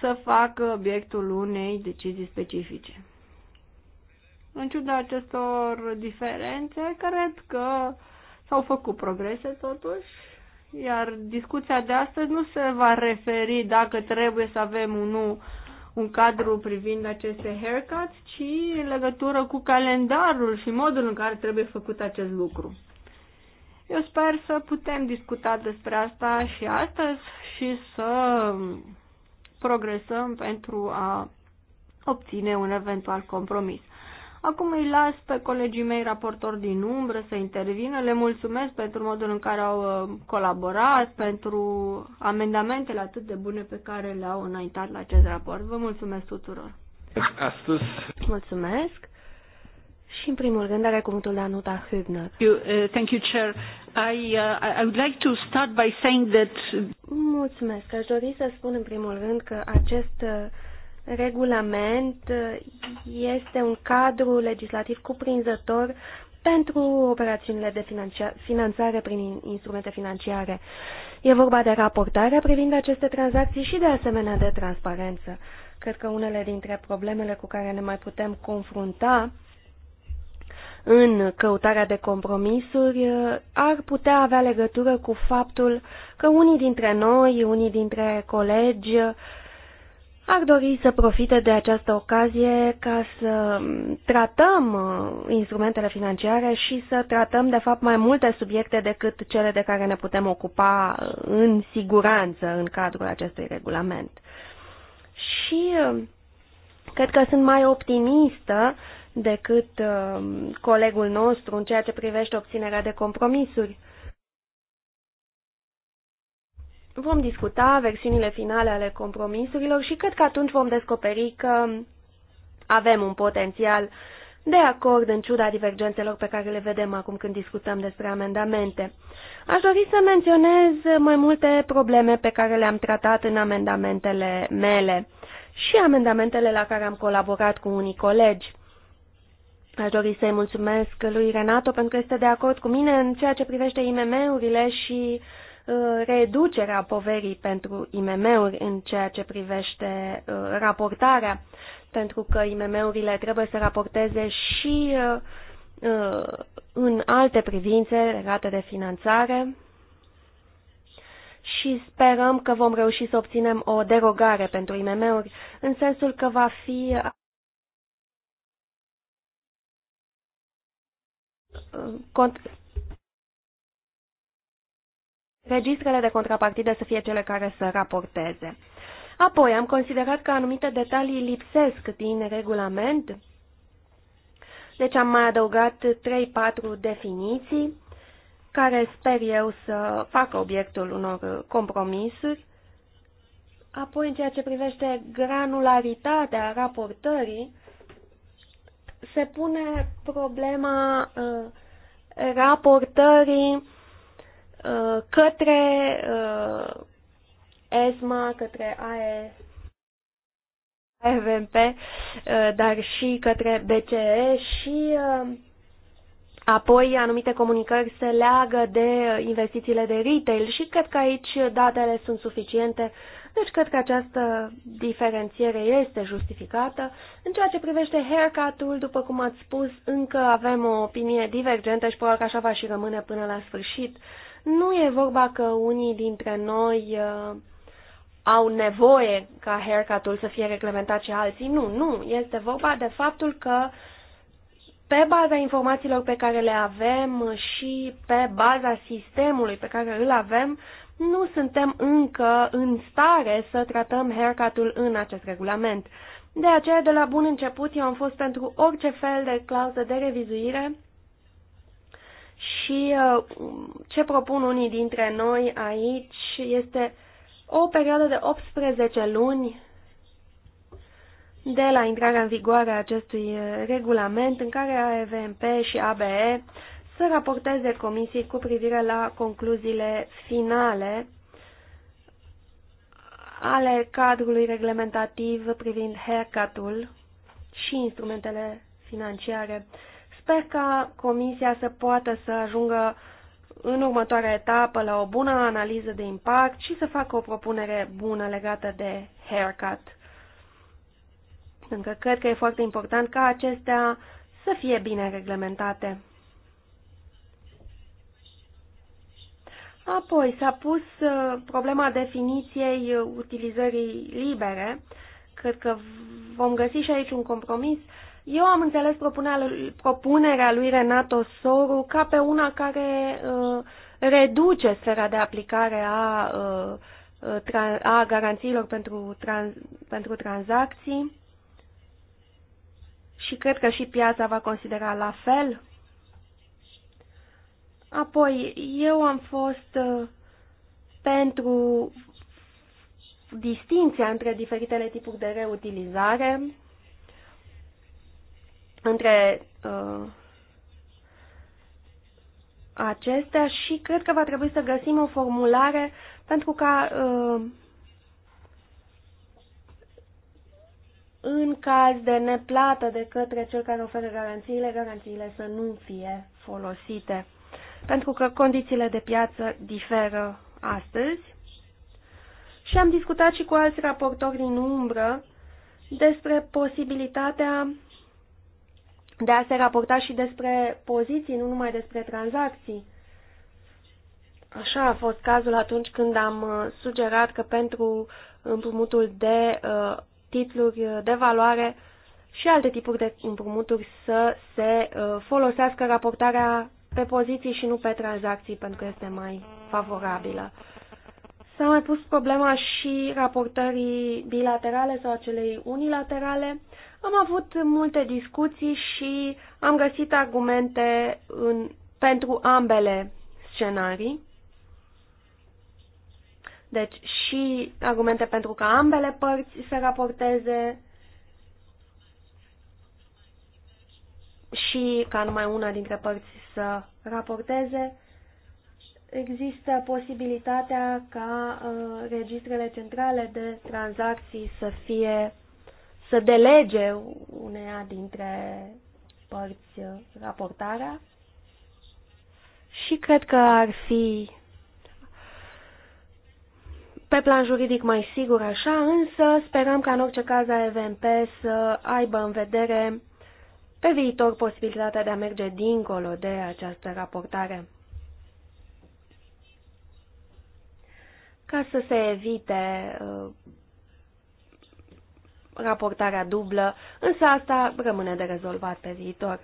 să facă obiectul unei decizii specifice. În ciuda acestor diferențe, cred că s-au făcut progrese totuși, iar discuția de astăzi nu se va referi dacă trebuie să avem un nu un cadru privind aceste haircuts, ci în legătură cu calendarul și modul în care trebuie făcut acest lucru. Eu sper să putem discuta despre asta și astăzi și să progresăm pentru a obține un eventual compromis. Acum îi las pe colegii mei raportori din umbră să intervină. Le mulțumesc pentru modul în care au uh, colaborat, pentru amendamentele atât de bune pe care le-au înaintat la acest raport. Vă mulțumesc tuturor! Astăzi. Mulțumesc! Și în primul rând are cuvântul Danuta Hübner. Thank you, uh, Chair. I, uh, I would like to start by saying that... Mulțumesc. Aș dori să spun în primul rând că acest uh, regulament uh, este un cadru legislativ cuprinzător pentru operațiunile de finanțare prin instrumente financiare. E vorba de raportarea privind aceste tranzacții și de asemenea de transparență. Cred că unele dintre problemele cu care ne mai putem confrunta în căutarea de compromisuri uh, ar putea avea legătură cu faptul că unii dintre noi, unii dintre colegi ar dori să profite de această ocazie ca să tratăm uh, instrumentele financiare și să tratăm, de fapt, mai multe subiecte decât cele de care ne putem ocupa uh, în siguranță în cadrul acestui regulament. Și uh, cred că sunt mai optimistă decât colegul nostru în ceea ce privește obținerea de compromisuri Vom discuta versiunile finale ale compromisurilor și cred că atunci vom descoperi că avem un potențial de acord în ciuda divergențelor pe care le vedem acum când discutăm despre amendamente. Aș dori să menționez mai multe probleme pe care le-am tratat în amendamentele mele și amendamentele la care am colaborat cu unii colegi. Aș dori să-i mulțumesc lui Renato pentru că este de acord cu mine în ceea ce privește IMM-urile și uh, Uh, reducerea poverii pentru IMM-uri în ceea ce privește uh, raportarea, pentru că IMM-urile trebuie să raporteze și uh, în alte privințe legate de finanțare și sperăm că vom reuși să obținem o derogare pentru IMM-uri în sensul că va fi registrele de contrapartidă să fie cele care să raporteze. Apoi, am considerat că anumite detalii lipsesc din regulament, deci am mai adăugat 3-4 definiții, care sper eu să facă obiectul unor compromisuri. Apoi, în ceea ce privește granularitatea raportării, se pune problema uh, raportării Uh, către uh, ESMA, către AE, uh, dar și către BCE și uh, apoi anumite comunicări se leagă de investițiile de retail și cred că aici datele sunt suficiente deci cred că această diferențiere este justificată. În ceea ce privește haircut-ul, după cum ați spus, încă avem o opinie divergentă și probabil că așa va și rămâne până la sfârșit. Nu e vorba că unii dintre noi uh, au nevoie ca haircut-ul să fie reglementat și alții. Nu, nu. Este vorba de faptul că pe baza informațiilor pe care le avem și pe baza sistemului pe care îl avem, nu suntem încă în stare să tratăm haircut-ul în acest regulament. De aceea, de la bun început, eu am fost pentru orice fel de clauză de revizuire și uh, ce propun unii dintre noi aici este o perioadă de 18 luni de la intrarea în vigoare a acestui uh, regulament în care AEVMP și ABE să raporteze comisii cu privire la concluziile finale ale cadrului reglementativ privind haircut-ul și instrumentele financiare Sper ca Comisia să poată să ajungă în următoarea etapă la o bună analiză de impact și să facă o propunere bună legată de haircut. Încă cred că e foarte important ca acestea să fie bine reglementate. Apoi s-a pus uh, problema definiției utilizării libere. Cred că vom găsi și aici un compromis. Uh, eu am înțeles propunerea lui Renato Soru ca pe una care uh, reduce sfera de aplicare a, uh, uh a garanțiilor pentru, trans, pentru tranzacții și cred că și piața va considera la fel. Apoi, eu am fost uh, pentru distinția între diferitele tipuri de reutilizare între uh, acestea și cred că va trebui să găsim o formulare pentru ca uh, în caz de neplată de către cel care oferă garanțiile, garanțiile să nu fie folosite. Pentru că condițiile de piață diferă astăzi și am discutat și cu alți raportori din umbră despre posibilitatea de a se raporta și despre poziții, nu numai despre tranzacții. Așa a fost cazul atunci când am uh, sugerat că pentru împrumutul de uh, titluri de valoare și alte tipuri de împrumuturi să se uh, folosească raportarea pe poziții și nu pe tranzacții, pentru că este mai favorabilă. S-a mai pus problema și raportării bilaterale sau acelei unilaterale. Am avut multe discuții și am găsit argumente în, pentru ambele scenarii. Deci și argumente pentru ca ambele părți să raporteze și ca numai una dintre părți să raporteze. Există posibilitatea ca uh, registrele centrale de tranzacții să fie să delege uneia dintre părți uh, raportarea și cred că ar fi pe plan juridic mai sigur așa, însă sperăm ca în orice caz EVMP să aibă în vedere pe viitor posibilitatea de a merge dincolo de această raportare. Ca să se evite uh, raportarea dublă, însă asta rămâne de rezolvat pe viitor.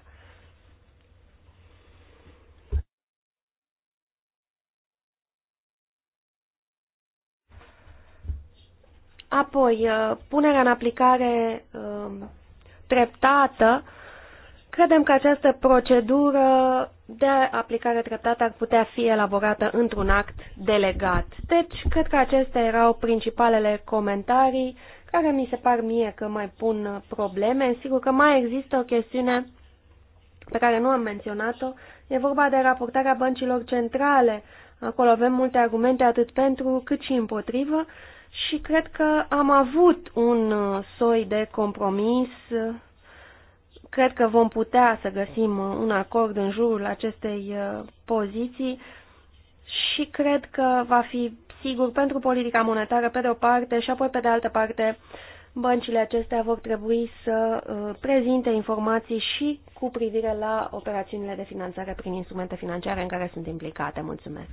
Apoi, uh, punerea în aplicare um, treptată, credem că această procedură de aplicare treptată ar putea fi elaborată într-un act delegat. Deci, cred că acestea erau principalele comentarii care mi se par mie că mai pun uh, probleme. Sigur că mai există o chestiune pe care nu am menționat-o. E vorba de raportarea băncilor centrale. Acolo avem multe argumente atât pentru cât și împotrivă și cred că am avut un uh, soi de compromis. Cred că vom putea să găsim uh, un acord în jurul acestei poziții și cred că va fi sigur, pentru politica monetară pe de o parte și apoi pe de altă parte băncile acestea vor trebui să uh, prezinte informații și cu privire la operațiunile de finanțare prin instrumente financiare în care sunt implicate. Mulțumesc!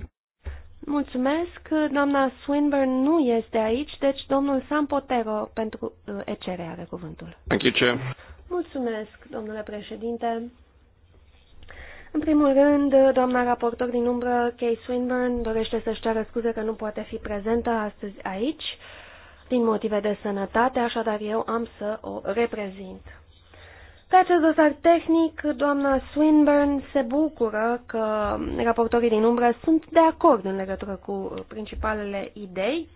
Mulțumesc! Doamna Swinburne nu este aici, deci domnul Sam Potero pentru uh, ECR are cuvântul. Thank you, Chair. Mulțumesc, domnule președinte. În primul rând, doamna raportor din umbră, Kay Swinburne, dorește să-și ceară scuze că nu poate fi prezentă astăzi aici, din motive de sănătate, așadar eu am să o reprezint. Pe acest dosar tehnic, doamna Swinburne se bucură că raportorii din umbră sunt de acord în legătură cu principalele idei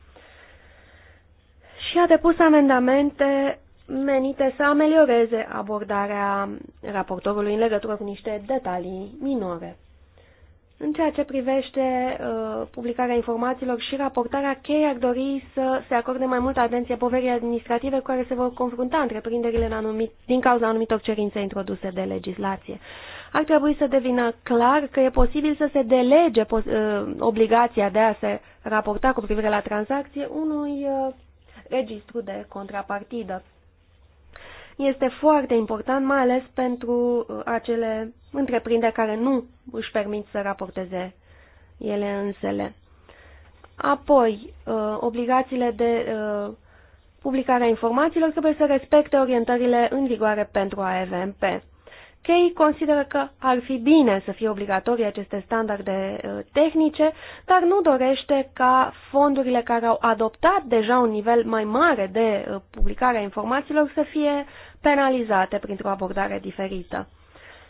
și a depus amendamente menite să amelioreze abordarea raportorului în legătură cu niște detalii minore. În ceea ce privește uh, publicarea informațiilor și raportarea, chei ar dori să se acorde mai multă atenție poverii administrative cu care se vor confrunta întreprinderile în anumit, din cauza anumitor cerințe introduse de legislație. Ar trebui să devină clar că e posibil să se delege pos, uh, obligația de a se raporta cu privire la tranzacție unui uh, registru de contrapartidă este foarte important, mai ales pentru uh, acele întreprinderi care nu își permit să raporteze ele însele. Apoi, uh, obligațiile de uh, publicarea informațiilor trebuie să respecte orientările în vigoare pentru AVMP. Chei consideră că ar fi bine să fie obligatorii aceste standarde uh, tehnice, dar nu dorește ca fondurile care au adoptat deja un nivel mai mare de uh, publicare a informațiilor să fie penalizate printr-o abordare diferită.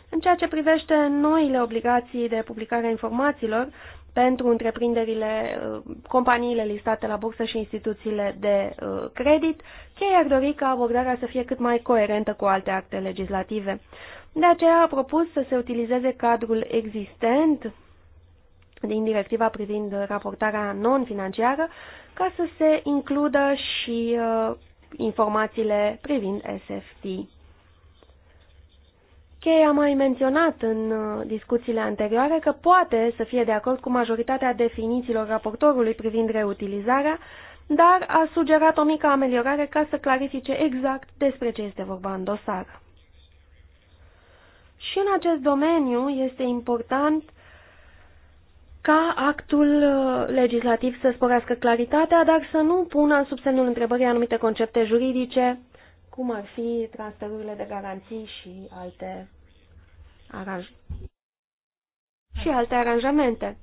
În ceea ce privește noile obligații de publicare a informațiilor pentru întreprinderile, uh, companiile listate la bursă și instituțiile de credit, Chei ar dori ca abordarea să fie cât mai coerentă cu alte acte legislative. De aceea a propus să se utilizeze cadrul existent din directiva privind raportarea non-financiară ca să se includă și uh, informațiile privind SFT. Chei a mai menționat în uh, discuțiile anterioare că poate să fie de acord cu majoritatea definițiilor raportorului privind reutilizarea, dar a sugerat o mică ameliorare ca să clarifice exact despre ce este vorba în dosară. Și în acest domeniu este important ca actul uh, legislativ să sporească claritatea, dar să nu pună sub semnul întrebării anumite concepte juridice, cum ar fi transferurile de garanții și alte, aranj și alte aranjamente.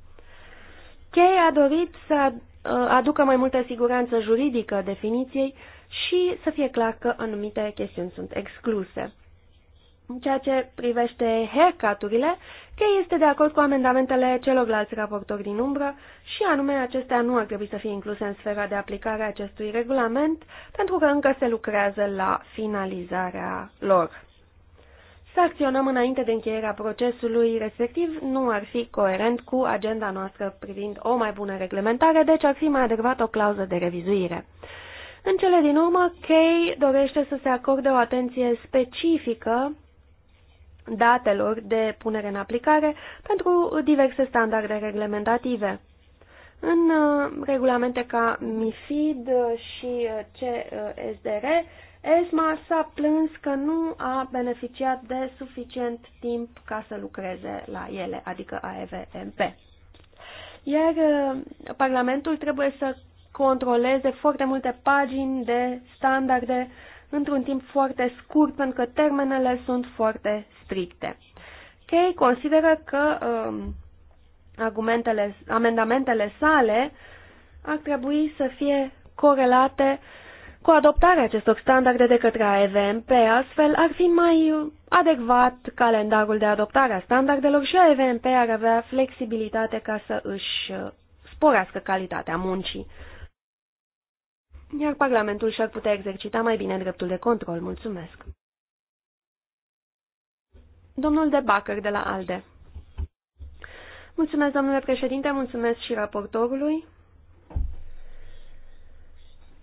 Cheia a dorit să uh, aducă mai multă siguranță juridică definiției și să fie clar că anumite chestiuni sunt excluse. În ceea ce privește haircut-urile, Kay este de acord cu amendamentele celorlalți raportori din umbră și anume acestea nu ar trebui să fie incluse în sfera de aplicare a acestui regulament pentru că încă se lucrează la finalizarea lor. Să acționăm înainte de încheierea procesului respectiv nu ar fi coerent cu agenda noastră privind o mai bună reglementare, deci ar fi mai adecvat o clauză de revizuire. În cele din urmă, Kay dorește să se acorde o atenție specifică datelor de punere în aplicare pentru diverse standarde reglementative. În uh, regulamente ca MIFID și uh, CSDR, ESMA s-a plâns că nu a beneficiat de suficient timp ca să lucreze la ele, adică AEVMP. Iar uh, Parlamentul trebuie să controleze foarte multe pagini de standarde într-un timp foarte scurt, pentru că termenele sunt foarte stricte. Kay consideră că uh, argumentele, amendamentele sale ar trebui să fie corelate cu adoptarea acestor standarde de către AEVMP, astfel ar fi mai adecvat calendarul de adoptare a standardelor și AEVMP ar avea flexibilitate ca să își sporească calitatea muncii iar Parlamentul și-ar putea exercita mai bine dreptul de control. Mulțumesc. Domnul de Bacăr de la ALDE. Mulțumesc, domnule președinte, mulțumesc și raportorului.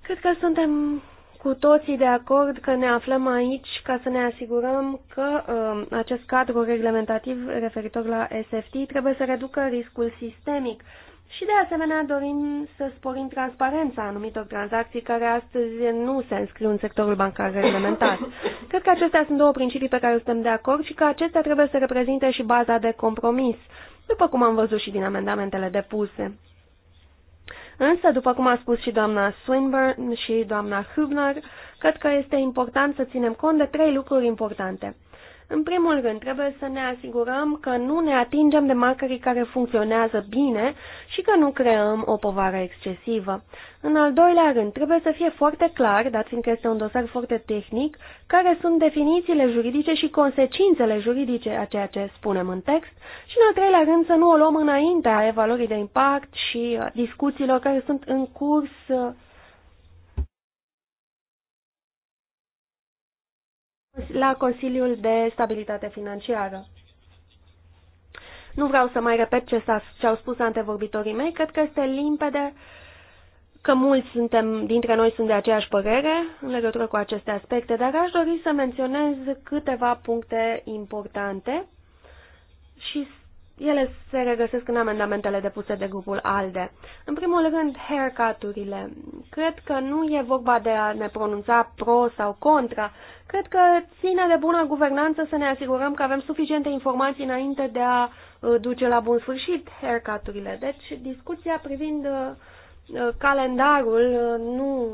Cred că suntem cu toții de acord că ne aflăm aici ca să ne asigurăm că uh, acest cadru reglementativ referitor la SFT trebuie să reducă riscul sistemic. Uh, și de asemenea dorim să sporim transparența anumitor tranzacții care astăzi nu se înscriu în sectorul bancar reglementat. Cred că acestea sunt două principii pe care suntem de acord și că acestea trebuie să reprezinte și baza de compromis, după cum am văzut și din amendamentele depuse. Însă, după cum a spus și doamna Swinburne și doamna Hübner, cred că este important să ținem cont de trei lucruri importante. În primul rând, trebuie să ne asigurăm că nu ne atingem de markerii care funcționează bine și că nu creăm o povară excesivă. În al doilea rând, trebuie să fie foarte clar, dat fiindcă este un dosar foarte tehnic, care sunt definițiile juridice și consecințele juridice a ceea ce spunem în text și, în al treilea rând, să nu o luăm înaintea evaluării de impact și discuțiilor care sunt în curs la Consiliul de Stabilitate Financiară. Nu vreau să mai repet ce, ce au spus antevorbitorii mei, cred că este limpede că mulți suntem, dintre noi sunt de aceeași părere în legătură cu aceste aspecte, dar aș dori să menționez câteva puncte importante și ele se regăsesc în amendamentele depuse de grupul ALDE. În primul rând, haircut-urile. Cred că nu e vorba de a ne pronunța pro sau contra. Cred că ține de bună guvernanță să ne asigurăm că avem suficiente informații înainte de a uh, duce la bun sfârșit haircut-urile. Deci, discuția privind uh, uh, calendarul nu,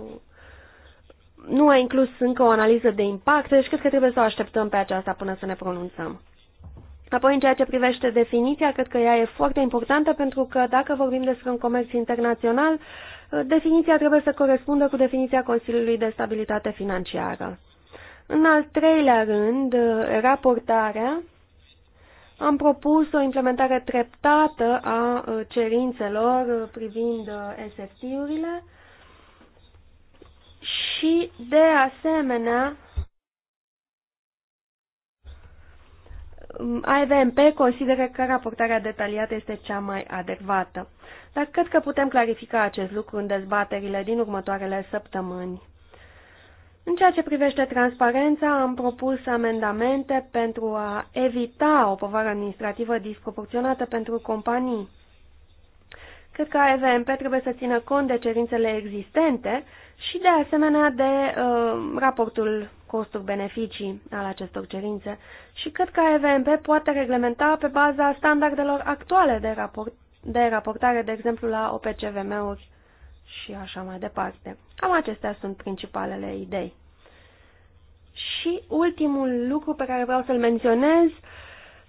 nu a inclus încă o analiză de impact, deci cred că trebuie să o așteptăm pe aceasta până să ne pronunțăm. Apoi, în ceea ce privește definiția, cred că ea e foarte importantă pentru că dacă vorbim despre un comerț internațional, definiția trebuie să corespundă cu definiția Consiliului de Stabilitate Financiară. În al treilea rând, raportarea. Am propus o implementare treptată a cerințelor privind SFT-urile și, de asemenea, AVMP consideră că raportarea detaliată este cea mai adecvată, dar cred că putem clarifica acest lucru în dezbaterile din următoarele săptămâni. În ceea ce privește transparența, am propus amendamente pentru a evita o povară administrativă disproporționată pentru companii. Cred că AVMP trebuie să țină cont de cerințele existente și, de asemenea, de uh, raportul costuri-beneficii al acestor cerințe și cred că EVMP poate reglementa pe baza standardelor actuale de, raport, de raportare, de exemplu la OPCVM-uri și așa mai departe. Cam acestea sunt principalele idei. Și ultimul lucru pe care vreau să-l menționez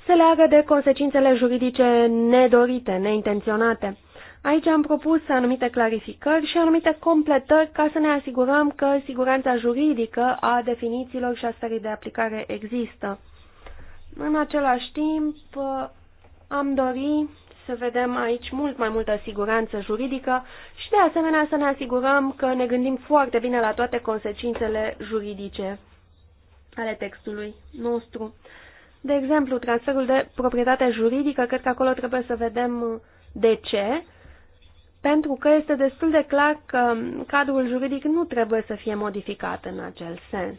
se leagă de consecințele juridice nedorite, neintenționate. Aici am propus anumite clarificări și anumite completări ca să ne asigurăm că siguranța juridică a definițiilor și a stării de aplicare există. În același timp, am dori să vedem aici mult mai multă siguranță juridică și de asemenea să ne asigurăm că ne gândim foarte bine la toate consecințele juridice ale textului nostru. De exemplu, transferul de proprietate juridică, cred că acolo trebuie să vedem de ce pentru că este destul de clar că cadrul juridic nu trebuie să fie modificat în acel sens.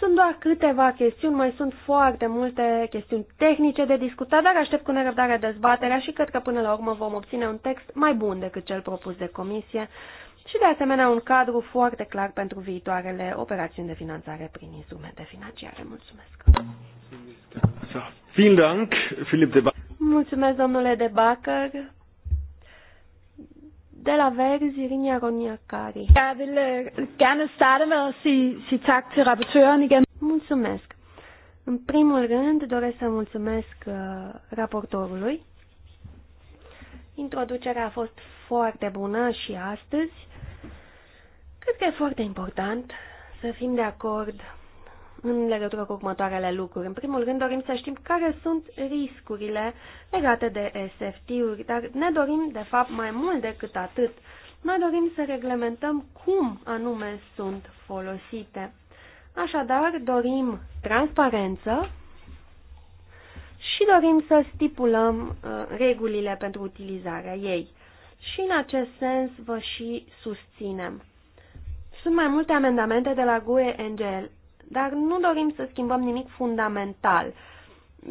Sunt doar câteva chestiuni, mai sunt foarte multe chestiuni tehnice de discutat, dar aștept cu nerăbdare dezbaterea și cred că până la urmă vom obține un text mai bun decât cel propus de comisie și de asemenea un cadru foarte clar pentru viitoarele operațiuni de finanțare prin instrumente financiare. Mulțumesc! Mulțumesc, domnule Debacăr! de la Verzi, Rinia Roniacari. Jeg vil øh, gerne starte med at sige, sige tak til rapportøren igen. Mulțumesc. În primul rând, doresc să mulțumesc uh, raportorului. Introducerea a fost foarte bună și astăzi. Cred că e foarte important să fim de acord în legătură cu următoarele lucruri. În primul rând, dorim să știm care sunt riscurile legate de SFT-uri, dar ne dorim, de fapt, mai mult decât atât. Noi dorim să reglementăm cum anume sunt folosite. Așadar, dorim transparență și dorim să stipulăm uh, regulile pentru utilizarea ei. Și în acest sens vă și susținem. Sunt mai multe amendamente de la GUE NGL dar nu dorim să schimbăm nimic fundamental.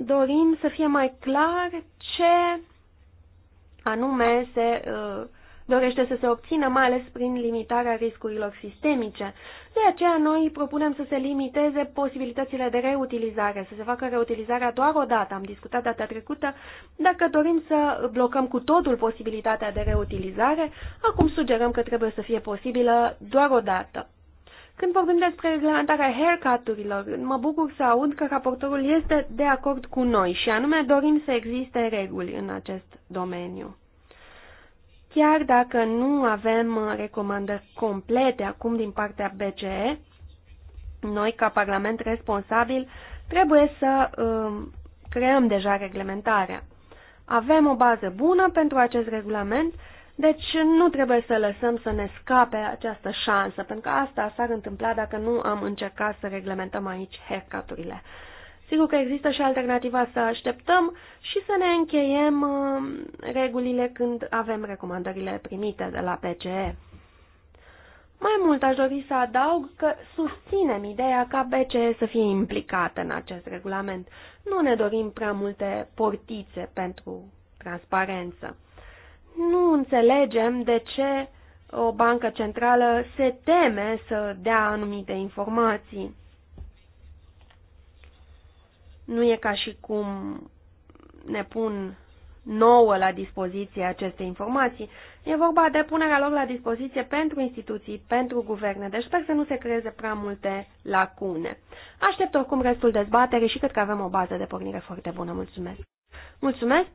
Dorim să fie mai clar ce anume se uh, dorește să se obțină, mai ales prin limitarea riscurilor sistemice. De aceea noi propunem să se limiteze posibilitățile de reutilizare, să se facă reutilizarea doar o dată, am discutat data trecută, dacă dorim să blocăm cu totul posibilitatea de reutilizare, acum sugerăm că trebuie să fie posibilă doar o dată. Când vorbim despre reglementarea haircut-urilor, mă bucur să aud că raportorul este de acord cu noi și anume dorim să existe reguli în acest domeniu. Chiar dacă nu avem uh, recomandări complete acum din partea BCE, noi ca Parlament responsabil trebuie să um, creăm deja reglementarea. Avem o bază bună pentru acest regulament deci nu trebuie să lăsăm să ne scape această șansă, pentru că asta s-ar întâmpla dacă nu am încercat să reglementăm aici haircut-urile. Sigur că există și alternativa să așteptăm și să ne încheiem uh, regulile când avem recomandările primite de la PCE. Mai mult aș dori să adaug că susținem ideea ca BCE să fie implicată în acest regulament. Nu ne dorim prea multe portițe pentru transparență. Nu înțelegem de ce o bancă centrală se teme să dea anumite informații. Nu e ca și cum ne pun nouă la dispoziție aceste informații. E vorba de punerea lor la dispoziție pentru instituții, pentru guverne, deci sper să nu se creeze prea multe lacune. Aștept oricum restul dezbaterii și cred că avem o bază de pornire foarte bună. Mulțumesc! Mulțumesc!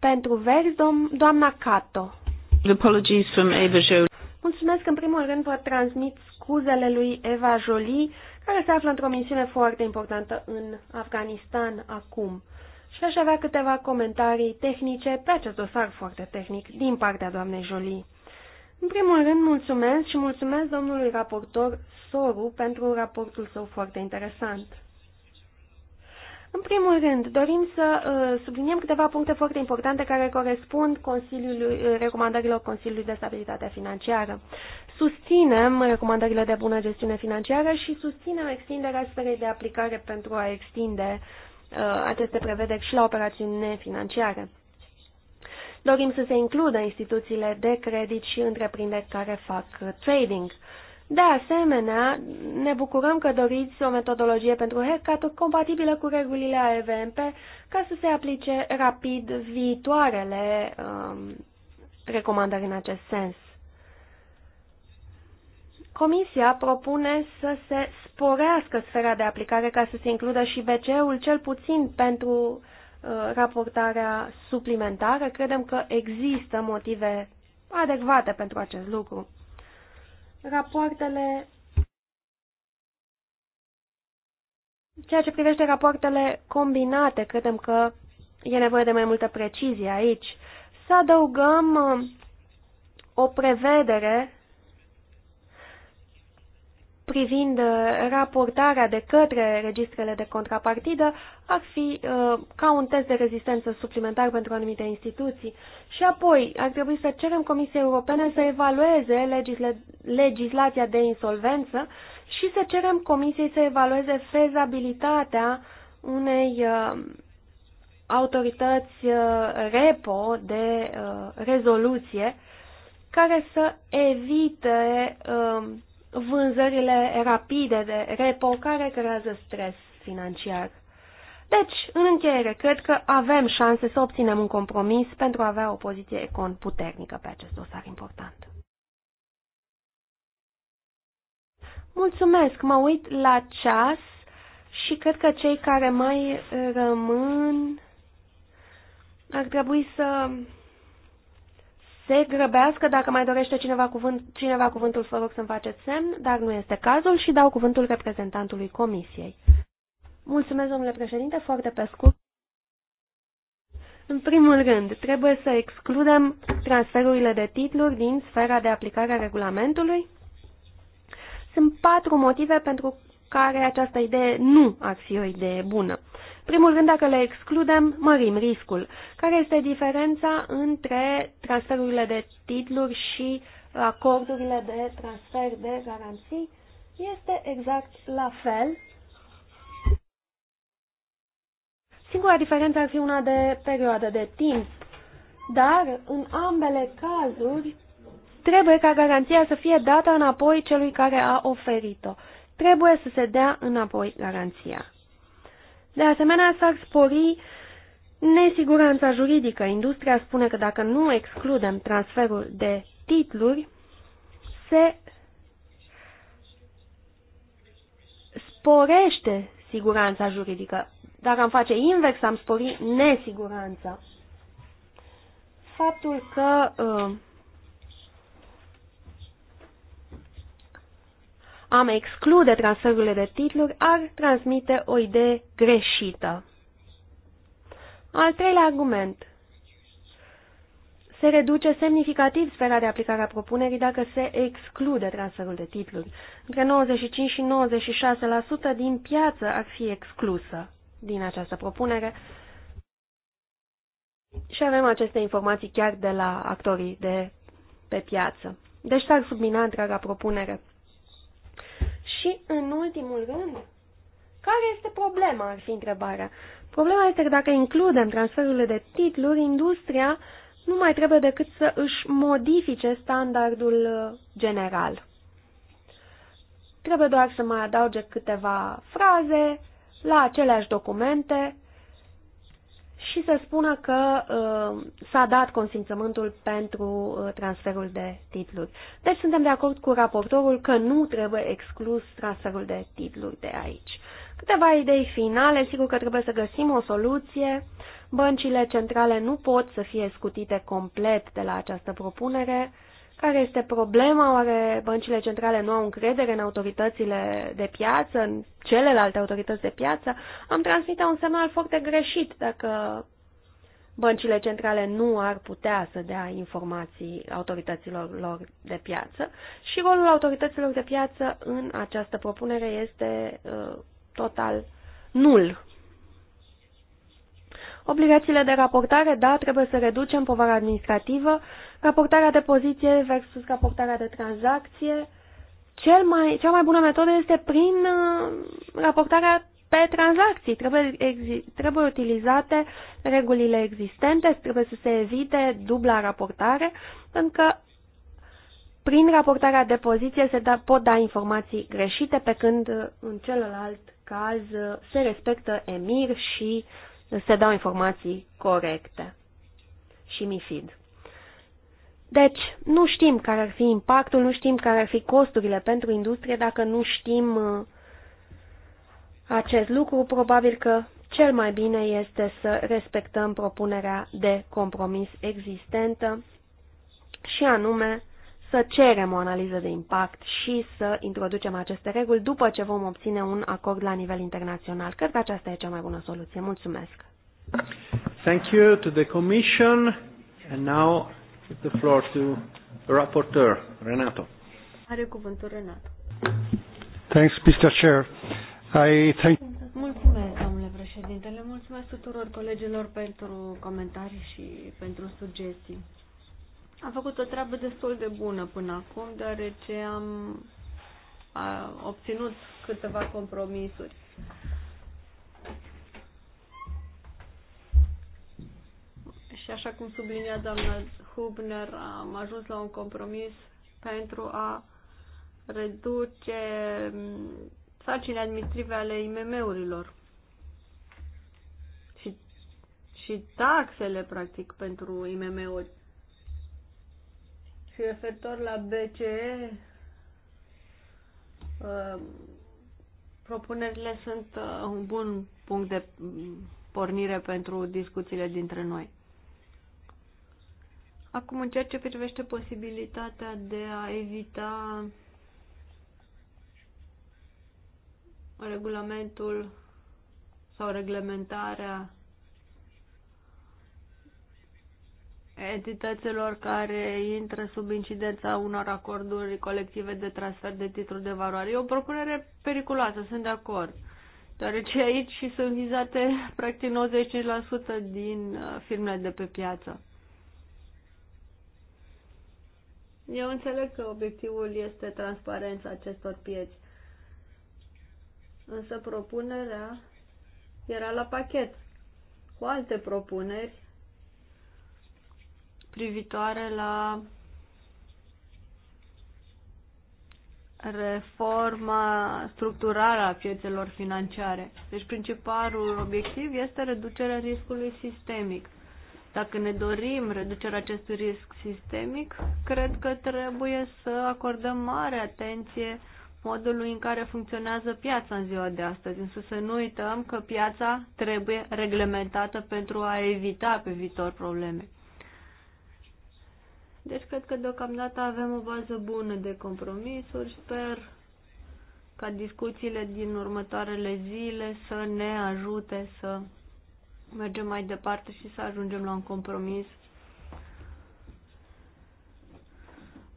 Pentru vers, dom- doamna Cato. Apologies from Eva Jolie. Mulțumesc în primul rând vă transmit scuzele lui Eva Jolie, care se află într-o misiune foarte importantă în Afganistan acum. Și aș avea câteva comentarii tehnice pe acest dosar foarte tehnic din partea doamnei Jolie. În primul rând, mulțumesc și mulțumesc domnului raportor Soru pentru raportul său foarte interesant. În primul rând, dorim să uh, subliniem câteva puncte foarte importante care corespund Consiliului, uh, recomandărilor Consiliului de Stabilitate Financiară. Susținem recomandările de bună gestiune financiară și susținem extinderea sferei de aplicare pentru a extinde uh, aceste prevederi și la operațiuni nefinanciare. Dorim să se includă instituțiile de credit și întreprinderi care fac trading. De asemenea, ne bucurăm că doriți o metodologie pentru haircut compatibilă cu regulile AVMP ca să se aplice rapid viitoarele um, recomandări în acest sens. Comisia propune să se sporească sfera de aplicare ca să se includă și BCE-ul cel puțin pentru uh, raportarea suplimentară. Credem că există motive adecvate pentru acest lucru rapoartele Ceea ce privește rapoartele combinate, credem că e nevoie de mai multă precizie aici. Să adăugăm uh, o prevedere privind uh, raportarea de către registrele de contrapartidă ar fi uh, ca un test de rezistență suplimentar pentru anumite instituții. Și apoi ar trebui să cerem Comisiei Europene să evalueze legisla legislația de insolvență și să cerem Comisiei să evalueze fezabilitatea unei uh, autorități uh, repo de uh, rezoluție care să evite uh, vânzările rapide de repo care creează stres financiar. Deci, în încheiere, cred că avem șanse să obținem un compromis pentru a avea o poziție econ puternică pe acest dosar important. Mulțumesc, mă uit la ceas și cred că cei care mai rămân ar trebui să se grăbească. Dacă mai dorește cineva, cuvânt, cineva cuvântul, vă rog să-mi faceți semn, dar nu este cazul și dau cuvântul reprezentantului Comisiei. Mulțumesc, domnule președinte, foarte pe scurt. În primul rând, trebuie să excludem transferurile de titluri din sfera de aplicare a regulamentului. Sunt patru motive pentru care această idee nu ar fi o idee bună primul rând, dacă le excludem, mărim riscul. Care este diferența între transferurile de titluri și acordurile de transfer de garanții? Este exact la fel. Singura diferență ar fi una de perioadă de timp, dar în ambele cazuri trebuie ca garanția să fie dată înapoi celui care a oferit-o. Trebuie să se dea înapoi garanția. De asemenea, s-ar spori nesiguranța juridică. Industria spune că dacă nu excludem transferul de titluri, se sporește siguranța juridică. Dacă am face invers, am spori nesiguranța. Faptul că uh, am exclude transferurile de titluri ar transmite o idee greșită. Al treilea argument. Se reduce semnificativ sfera de aplicare a propunerii dacă se exclude transferul de titluri. Între 95 și 96% din piață ar fi exclusă din această propunere și avem aceste informații chiar de la actorii de pe piață. Deci s-ar submina întreaga propunere. Și, în ultimul rând, care este problema, ar fi întrebarea. Problema este că dacă includem transferurile de titluri, industria nu mai trebuie decât să își modifice standardul uh, general. Trebuie doar să mai adauge câteva fraze la aceleași documente și să spună că uh, s-a dat consimțământul pentru uh, transferul de titluri. Deci suntem de acord cu raportorul că nu trebuie exclus transferul de titluri de aici. Câteva idei finale, sigur că trebuie să găsim o soluție. Băncile centrale nu pot să fie scutite complet de la această propunere. Uh, care este problema? Oare băncile centrale nu au încredere în autoritățile de piață, în celelalte autorități de piață? Am transmit un semnal foarte greșit dacă băncile centrale nu ar putea să dea informații autorităților lor de piață și rolul autorităților de piață în această propunere este uh, total nul. Obligațiile de raportare, da, trebuie să reducem povara administrativă, uh, raportarea de poziție versus raportarea de tranzacție. Cel mai, cea mai bună metodă este prin uh, raportarea pe tranzacții. Trebuie, trebuie utilizate regulile existente, trebuie să se evite dubla raportare, pentru că prin raportarea de poziție se da, pot da informații greșite, pe când uh, în celălalt caz uh, se respectă EMIR și se dau informații corecte și MIFID. Deci, nu știm care ar fi impactul, nu știm care ar fi costurile pentru industrie dacă nu știm uh, acest lucru. Probabil că cel mai bine este să respectăm propunerea de compromis existentă și anume să cerem o analiză de impact și să introducem aceste reguli după ce vom obține un acord la nivel internațional. Cred că aceasta e cea mai bună soluție. Mulțumesc! Thank you to the Commission. And now the floor to rapporteur, Renato. Are cuvântul Renato. Thanks, Mr. Chair. I thank Mulțumesc, domnule președinte. Le mulțumesc tuturor colegilor pentru comentarii și pentru sugestii. Am făcut o treabă destul de bună până acum, deoarece am obținut câteva compromisuri. Și așa cum sublinia doamna Hubner, am ajuns la un compromis pentru a reduce mm, sarcinile administrative ale IMM-urilor și, și taxele, practic, pentru IMM-uri. Și referitor la BCE, um, propunerile sunt uh, un bun punct de mm, pornire pentru discuțiile dintre noi. Acum, în ceea ce privește posibilitatea de a evita regulamentul sau reglementarea entităților care intră sub incidența unor acorduri colective de transfer de titluri de valoare. E o propunere periculoasă, sunt de acord, deoarece aici sunt vizate practic 95% din uh, firmele de pe piață. Eu înțeleg că obiectivul este transparența acestor pieți, însă propunerea era la pachet cu alte propuneri privitoare la reforma structurală a piețelor financiare. Deci principalul obiectiv este reducerea riscului sistemic. Dacă ne dorim reducerea acestui risc sistemic, cred că trebuie să acordăm mare atenție modului în care funcționează piața în ziua de astăzi, însă să nu uităm că piața trebuie reglementată pentru a evita pe viitor probleme. Deci cred că deocamdată avem o bază bună de compromisuri. Sper ca discuțiile din următoarele zile să ne ajute să mergem mai departe și să ajungem la un compromis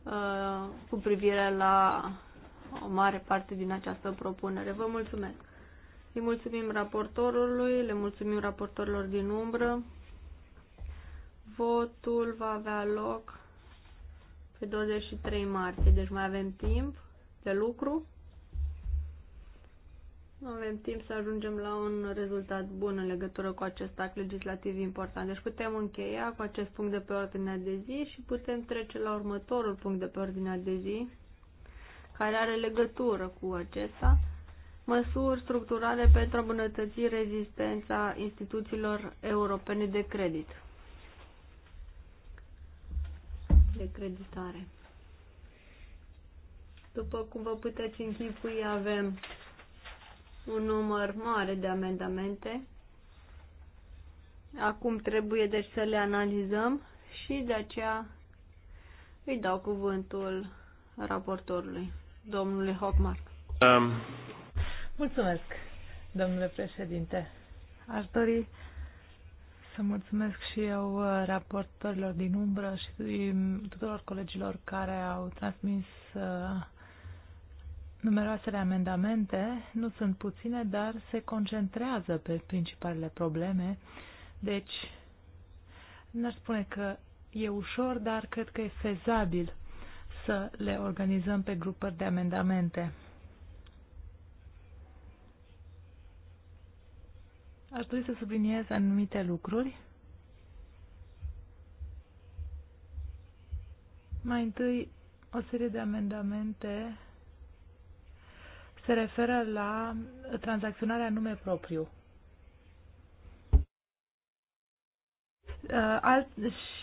uh, cu privire la o mare parte din această propunere. Vă mulțumesc! Îi mulțumim raportorului, le mulțumim raportorilor din umbră. Votul va avea loc pe 23 martie, deci mai avem timp de lucru. Nu avem timp să ajungem la un rezultat bun în legătură cu acest act legislativ important. Deci putem încheia cu acest punct de pe ordinea de zi și putem trece la următorul punct de pe ordinea de zi, care are legătură cu acesta, măsuri structurale pentru a îmbunătăți rezistența instituțiilor europene de credit. De creditare. După cum vă puteți închipui, avem un număr mare de amendamente. Acum trebuie deci să le analizăm și de aceea îi dau cuvântul raportorului, domnului Hopmark. Um. Mulțumesc, domnule președinte. Aș dori să mulțumesc și eu uh, raportorilor din umbră și tuturor colegilor care au transmis uh, Numeroasele amendamente nu sunt puține, dar se concentrează pe principalele probleme, deci n-aș spune că e ușor, dar cred că e fezabil să le organizăm pe grupări de amendamente. Aș dori să subliniez anumite lucruri. Mai întâi, o serie de amendamente se referă la tranzacționarea nume propriu. Uh, alt,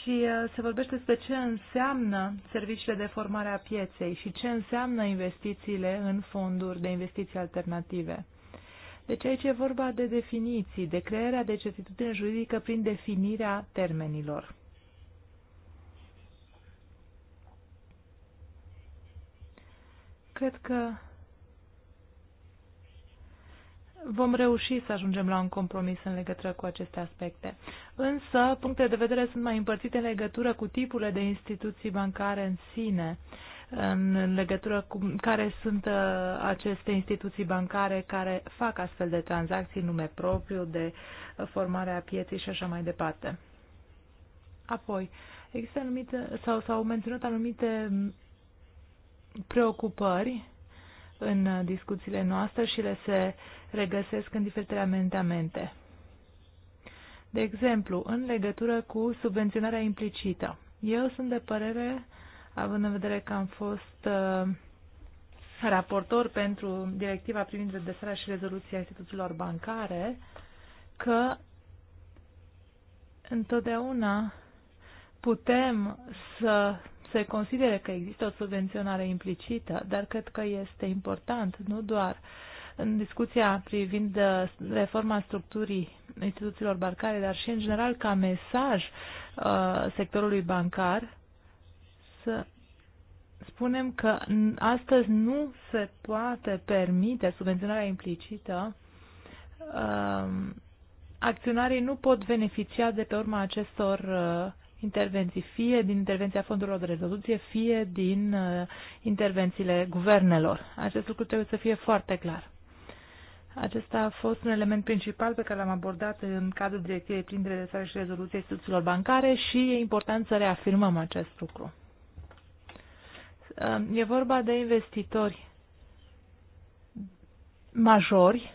și uh, se vorbește despre ce înseamnă serviciile de formare a pieței și ce înseamnă investițiile în fonduri de investiții alternative. Deci aici e vorba de definiții, de crearea de certitudine juridică prin definirea termenilor. Cred că vom reuși să ajungem la un compromis în legătură cu aceste aspecte. Însă, punctele de vedere sunt mai împărțite în legătură cu tipurile de instituții bancare în sine, în legătură cu care sunt uh, aceste instituții bancare care fac astfel de tranzacții, nume propriu, de uh, formarea pieței și așa mai departe. Apoi, există anumite, sau s-au menținut anumite mm, preocupări în discuțiile noastre și le se regăsesc în diferite amendamente. De exemplu, în legătură cu subvenționarea implicită. Eu sunt de părere, având în vedere că am fost uh, raportor pentru directiva privind redresarea și rezoluția instituțiilor bancare, că întotdeauna putem să se consideră că există o subvenționare implicită, dar cred că este important nu doar în discuția privind uh, reforma structurii instituțiilor bancare, dar și în general ca mesaj uh, sectorului bancar să spunem că astăzi nu se poate permite subvenționarea implicită. Uh, acționarii nu pot beneficia de pe urma acestor intervenții, fie din intervenția fondurilor de rezoluție, fie din uh, intervențiile guvernelor. Acest lucru trebuie să fie foarte clar. Acesta a fost un element principal pe care l-am abordat în cadrul directivei prin redresare și rezoluție instituțiilor bancare și e important să reafirmăm acest lucru. Uh, e vorba de investitori majori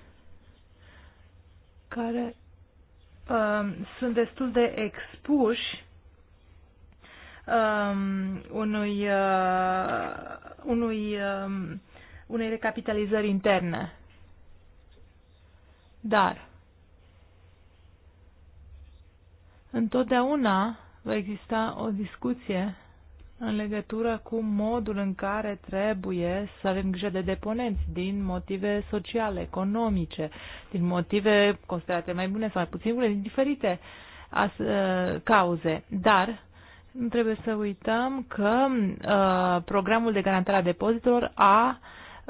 care uh, sunt destul de expuși um, unui, uh, unui, um, unei recapitalizări interne. Dar întotdeauna va exista o discuție în legătură cu modul în care trebuie să avem grijă de deponenți din motive sociale, economice, din motive considerate mai bune sau mai puțin bune, din diferite as, uh, cauze. Dar nu trebuie să uităm că uh, programul de garantare a depozitelor a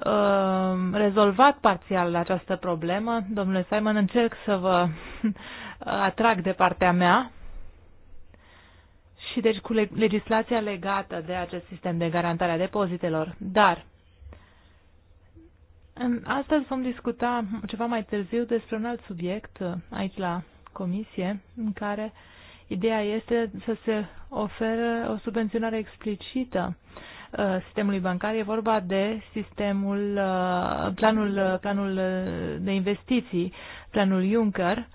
uh, rezolvat parțial această problemă. Domnule Simon, încerc să vă uh, atrag de partea mea. Și deci cu legislația legată de acest sistem de garantare a depozitelor. Dar astăzi vom discuta ceva mai târziu despre un alt subiect uh, aici la comisie în care uh, Ideea este să se ofere o subvenționare explicită uh, sistemului bancar, e vorba de sistemul, uh, planul, uh, planul de investiții, planul Juncker.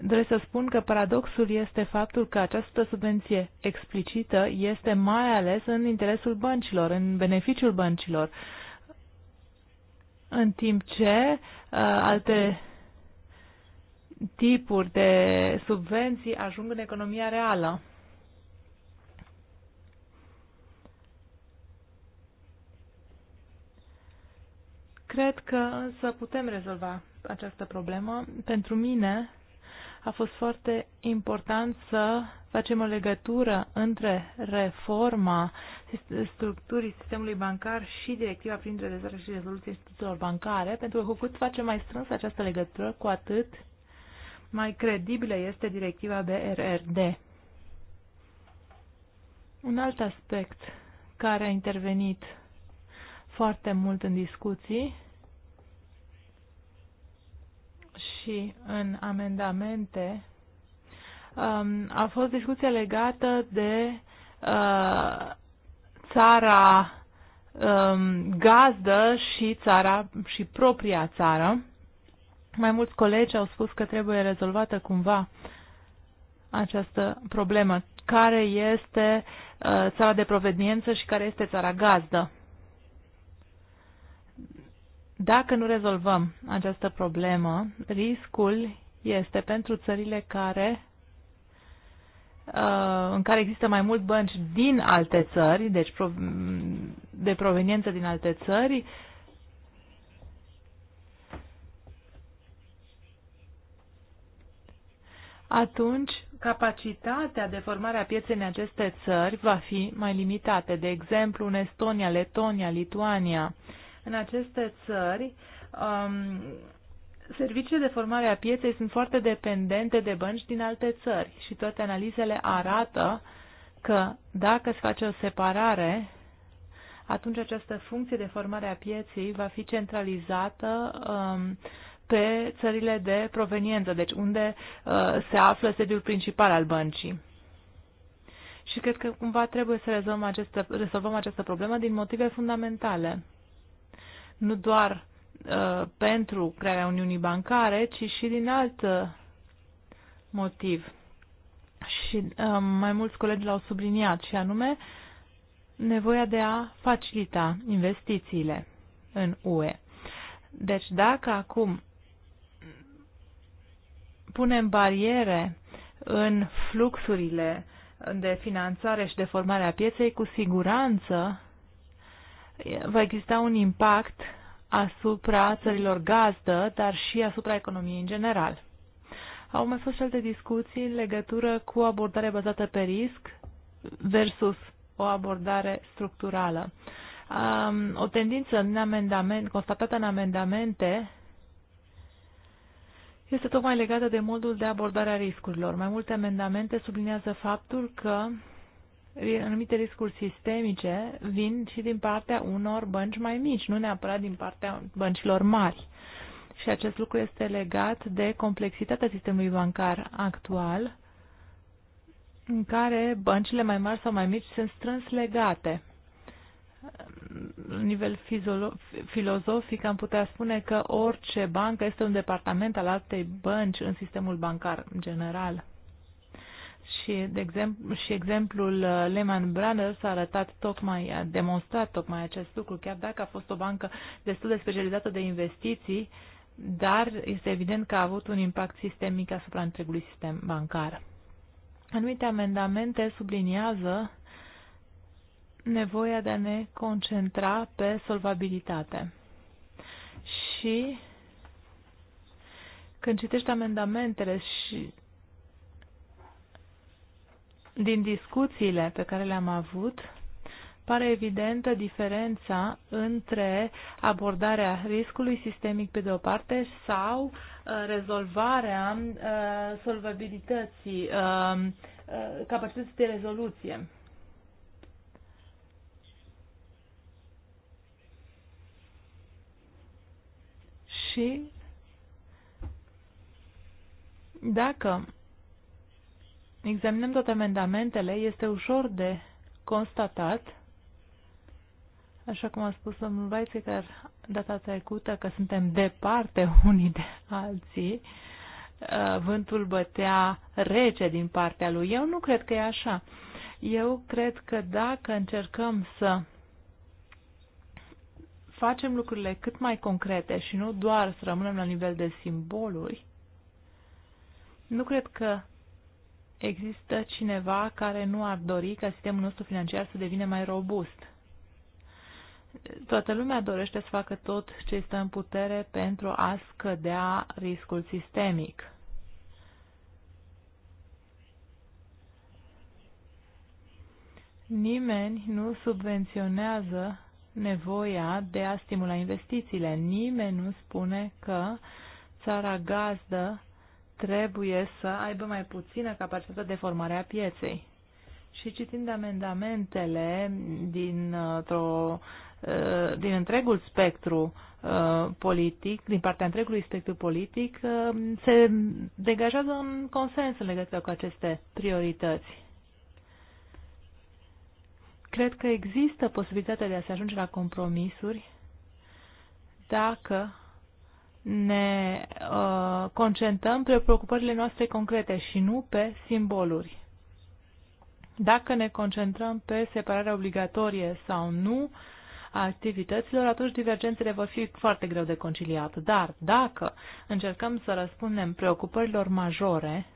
Doresc să spun că paradoxul este faptul că această subvenție explicită este mai ales în interesul băncilor, în beneficiul băncilor, în timp ce alte tipuri de subvenții ajung în economia reală. Cred că însă putem rezolva această problemă. Pentru mine a fost foarte important să facem o legătură între reforma structurii sistemului bancar și directiva prin redresare și rezoluție instituțiilor bancare, pentru că cu cât facem mai strâns această legătură, cu atât mai credibilă este directiva BRRD. Un alt aspect care a intervenit foarte mult în discuții și în amendamente um, a fost discuția legată de uh, țara um, gazdă și țara și propria țară. Mai mulți colegi au spus că trebuie rezolvată cumva această problemă. Care este uh, țara de proveniență și care este țara gazdă? Dacă nu rezolvăm această problemă, riscul este pentru țările care uh, în care există mai mult bănci din alte țări, deci de proveniență din alte țări, atunci capacitatea de formare a pieței în aceste țări va fi mai limitată. De exemplu, în Estonia, Letonia, Lituania. În aceste țări, um, serviciile de formare a pieței sunt foarte dependente de bănci din alte țări și toate analizele arată că dacă se face o separare, atunci această funcție de formare a pieței va fi centralizată um, pe țările de proveniență, deci unde uh, se află sediul principal al băncii. Și cred că cumva trebuie să rezolvăm această, rezolvăm această problemă din motive fundamentale. Nu doar uh, pentru crearea Uniunii Bancare, ci și din alt uh, motiv. Și uh, mai mulți colegi l-au subliniat, și anume nevoia de a facilita investițiile în UE. Deci dacă acum punem bariere în fluxurile de finanțare și de formare a pieței, cu siguranță va exista un impact asupra țărilor gazdă, dar și asupra economiei în general. Au mai fost și alte discuții în legătură cu o abordare bazată pe risc versus o abordare structurală. Um, o tendință în amendament, constatată în amendamente este tocmai legată de modul de abordare a riscurilor. Mai multe amendamente subliniază faptul că anumite riscuri sistemice vin și din partea unor bănci mai mici, nu neapărat din partea băncilor mari. Și acest lucru este legat de complexitatea sistemului bancar actual, în care băncile mai mari sau mai mici sunt strâns legate la nivel filozofic am putea spune că orice bancă este un departament al altei bănci în sistemul bancar în general. Și, de exemplu, și exemplul uh, Lehman Brothers a arătat tocmai, a demonstrat tocmai acest lucru, chiar dacă a fost o bancă destul de specializată de investiții, dar este evident că a avut un impact sistemic asupra întregului sistem bancar. Anumite amendamente subliniază nevoia de a ne concentra pe solvabilitate. Și când citești amendamentele și din discuțiile pe care le-am avut, pare evidentă diferența între abordarea riscului sistemic pe de o parte sau uh, rezolvarea uh, solvabilității, uh, capacității de rezoluție și dacă examinăm toate amendamentele, este ușor de constatat, așa cum a spus domnul că data trecută, că suntem departe unii de alții, uh, vântul bătea rece din partea lui. Eu nu cred că e așa. Eu cred că dacă încercăm să facem lucrurile cât mai concrete și nu doar să rămânem la nivel de simboluri, nu cred că există cineva care nu ar dori ca sistemul nostru financiar să devină mai robust. Toată lumea dorește să facă tot ce este în putere pentru a scădea riscul sistemic. Nimeni nu subvenționează nevoia de a stimula investițiile. Nimeni nu spune că țara gazdă trebuie să aibă mai puțină capacitate de formare a pieței. Și citind amendamentele din, o ă, din întregul spectru ă, politic, din partea întregului spectru politic, ă, se degajează un consens în legătură cu aceste priorități. Cred că există posibilitatea de a se ajunge la compromisuri dacă ne uh, concentrăm pe preocupările noastre concrete și nu pe simboluri. Dacă ne concentrăm pe separarea obligatorie sau nu a activităților, atunci divergențele vor fi foarte greu de conciliat. Dar dacă încercăm să răspundem preocupărilor majore,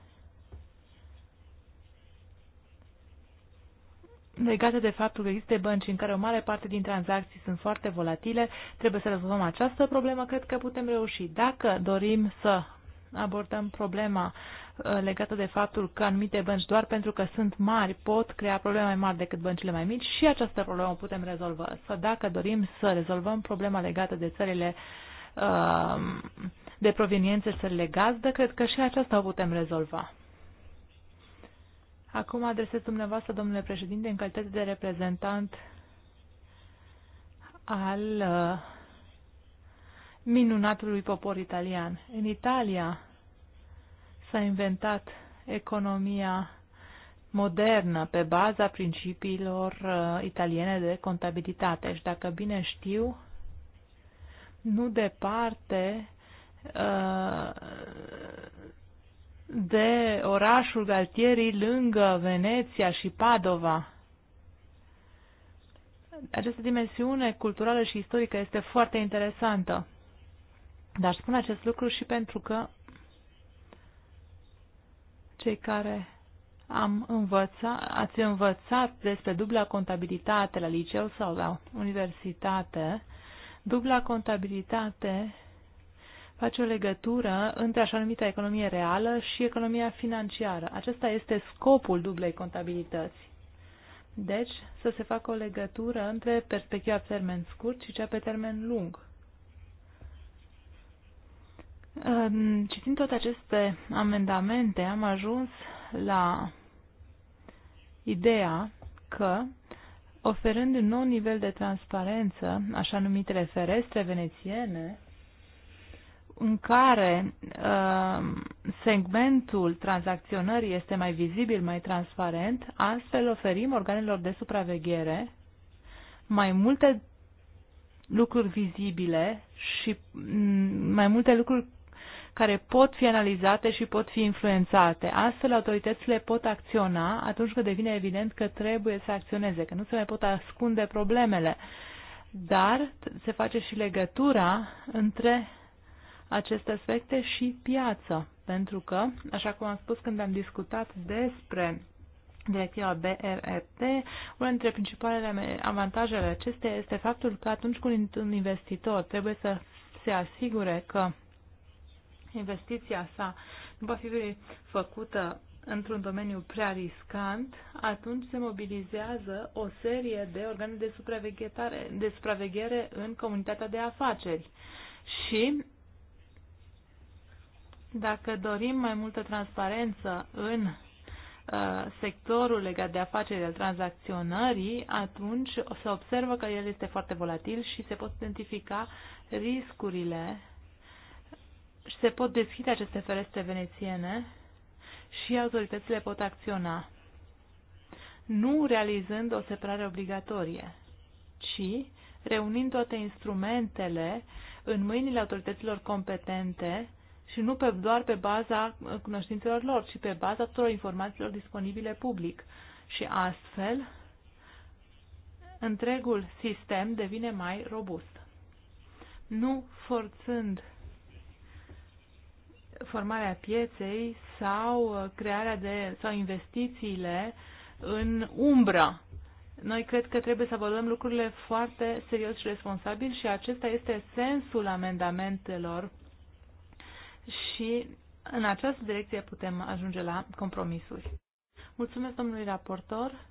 legate de faptul că există bănci în care o mare parte din tranzacții sunt foarte volatile, trebuie să rezolvăm această problemă, cred că putem reuși. Dacă dorim să abordăm problema uh, legată de faptul că anumite bănci, doar pentru că sunt mari, pot crea probleme mai mari decât băncile mai mici și această problemă putem rezolva. Să dacă dorim să rezolvăm problema legată de țările uh, de proveniențe, țările gazdă, cred că și aceasta o putem rezolva. Acum adresez dumneavoastră, domnule președinte, în calitate de reprezentant al uh, minunatului popor italian. În Italia s-a inventat economia modernă pe baza principiilor uh, italiene de contabilitate și dacă bine știu, nu departe uh, de orașul Galtierii lângă Veneția și Padova. Această dimensiune culturală și istorică este foarte interesantă. Dar spun acest lucru și pentru că cei care am învăța, ați învățat despre dubla contabilitate la liceu sau la universitate, dubla contabilitate face o legătură între așa numită economie reală și economia financiară. Acesta este scopul dublei contabilități. Deci, să se facă o legătură între perspectiva pe termen scurt și cea pe termen lung. Citind toate aceste amendamente, am ajuns la ideea că, oferând un nou nivel de transparență, așa numitele ferestre venețiene, în care uh, segmentul tranzacționării este mai vizibil, mai transparent, astfel oferim organelor de supraveghere mai multe lucruri vizibile și mm, mai multe lucruri care pot fi analizate și pot fi influențate. Astfel, autoritățile pot acționa atunci când devine evident că trebuie să acționeze, că nu se mai pot ascunde problemele. Dar se face și legătura între aceste aspecte și piață, pentru că, așa cum am spus când am discutat despre directiva BRRT, una dintre principalele avantajele acesteia este faptul că atunci când un investitor trebuie să se asigure că investiția sa nu va fi făcută într-un domeniu prea riscant, atunci se mobilizează o serie de organe de supraveghere, de supraveghere în comunitatea de afaceri. Și dacă dorim mai multă transparență în uh, sectorul legat de afaceri al tranzacționării, atunci se observă că el este foarte volatil și se pot identifica riscurile și se pot deschide aceste ferestre venețiene și autoritățile pot acționa, nu realizând o separare obligatorie, ci reunind toate instrumentele în mâinile autorităților competente și nu pe, doar pe baza uh, cunoștințelor lor, ci pe baza tuturor informațiilor disponibile public. Și astfel, întregul sistem devine mai robust. Nu forțând formarea pieței sau uh, crearea de sau investițiile în umbră. Noi cred că trebuie să abordăm lucrurile foarte serios și responsabil și acesta este sensul amendamentelor și în această direcție putem ajunge la compromisuri. Mulțumesc domnului raportor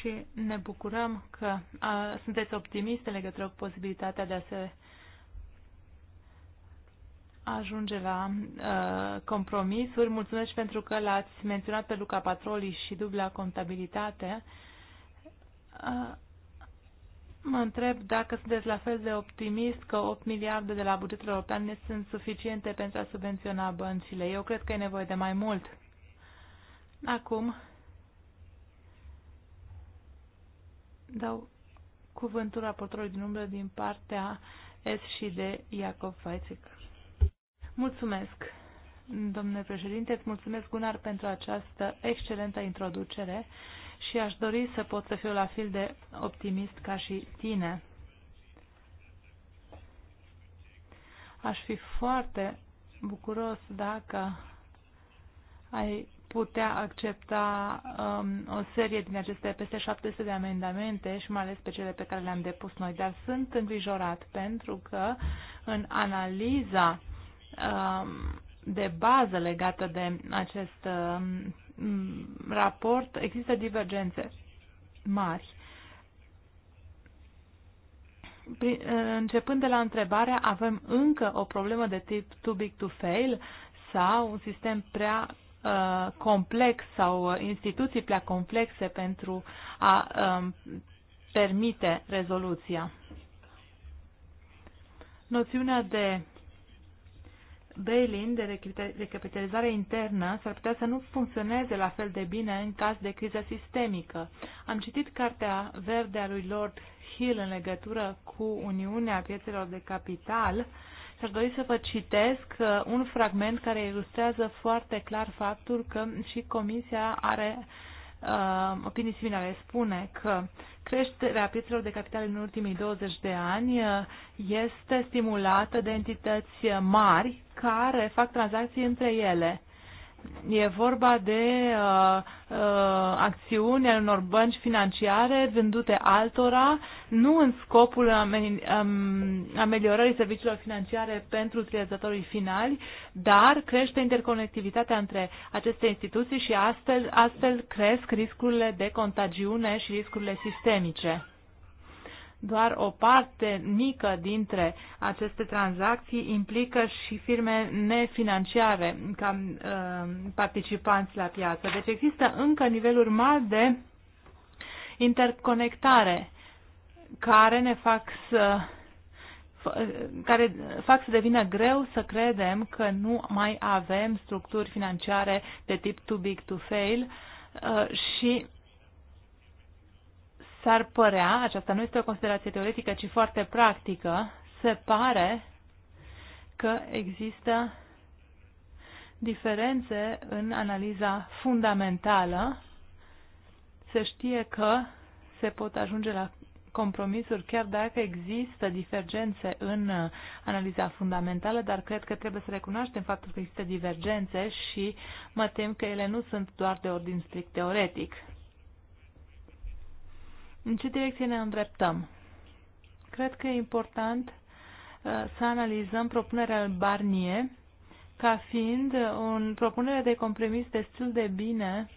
și ne bucurăm că a, sunteți optimiste legătură cu posibilitatea de a se ajunge la a, compromisuri. Mulțumesc pentru că l-ați menționat pe Luca Patroli și dubla contabilitate. A, Mă întreb dacă sunteți la fel de optimist că 8 miliarde de la bugetul european ne sunt suficiente pentru a subvenționa băncile. Eu cred că e nevoie de mai mult. Acum dau cuvântul raportorului din umbră din partea S și de Iacob Faițic. Mulțumesc, domnule președinte, îți mulțumesc, Gunnar, pentru această excelentă introducere și aș dori să pot să fiu la fel de optimist ca și tine. Aș fi foarte bucuros dacă ai putea accepta um, o serie din aceste peste 700 de amendamente și mai ales pe cele pe care le-am depus noi, dar sunt îngrijorat pentru că în analiza um, de bază legată de acest um, Mm, raport există divergențe mari. Începând de la întrebarea, avem încă o problemă de tip too big to fail sau un sistem prea uh, complex sau uh, instituții prea complexe pentru a uh, permite rezoluția. Noțiunea de bail-in de recapitalizare internă s-ar putea să nu funcționeze la fel de bine în caz de criză sistemică. Am citit cartea verde a lui Lord Hill în legătură cu Uniunea Piețelor de Capital și aș dori să vă citesc uh, un fragment care ilustrează foarte clar faptul că și Comisia are uh, opinii similare, spune că creșterea piețelor de capital în ultimii 20 de ani uh, este stimulată de entități mari care fac tranzacții între ele E vorba de uh, uh, acțiuni ale unor bănci financiare vândute altora, nu în scopul ameliorării serviciilor financiare pentru utilizatorii finali, dar crește interconectivitatea între aceste instituții și astfel, astfel cresc riscurile de contagiune și riscurile sistemice doar o parte mică dintre aceste tranzacții implică și firme nefinanciare ca uh, participanți la piață. Deci există încă niveluri mari de interconectare care ne fac să uh, care fac să devină greu să credem că nu mai avem structuri financiare de tip too big to fail uh, și s-ar părea, aceasta nu este o considerație teoretică, ci foarte practică, se pare că există diferențe în analiza fundamentală. Se știe că se pot ajunge la compromisuri chiar dacă există divergențe în analiza fundamentală, dar cred că trebuie să recunoaștem faptul că există divergențe și mă tem că ele nu sunt doar de ordin strict teoretic. În ce direcție ne îndreptăm? Cred că e important uh, să analizăm propunerea lui Barnier ca fiind o propunere de compromis destul de bine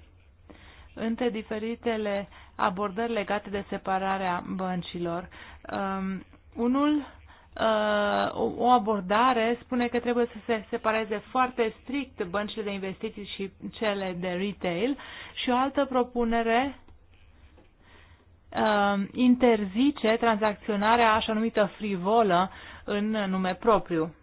între diferitele abordări legate de separarea băncilor. Um, unul, uh, o abordare spune că trebuie să se separeze foarte strict băncile de investiții și cele de retail și o altă propunere uh, interzice tranzacționarea așa numită frivolă în nume propriu.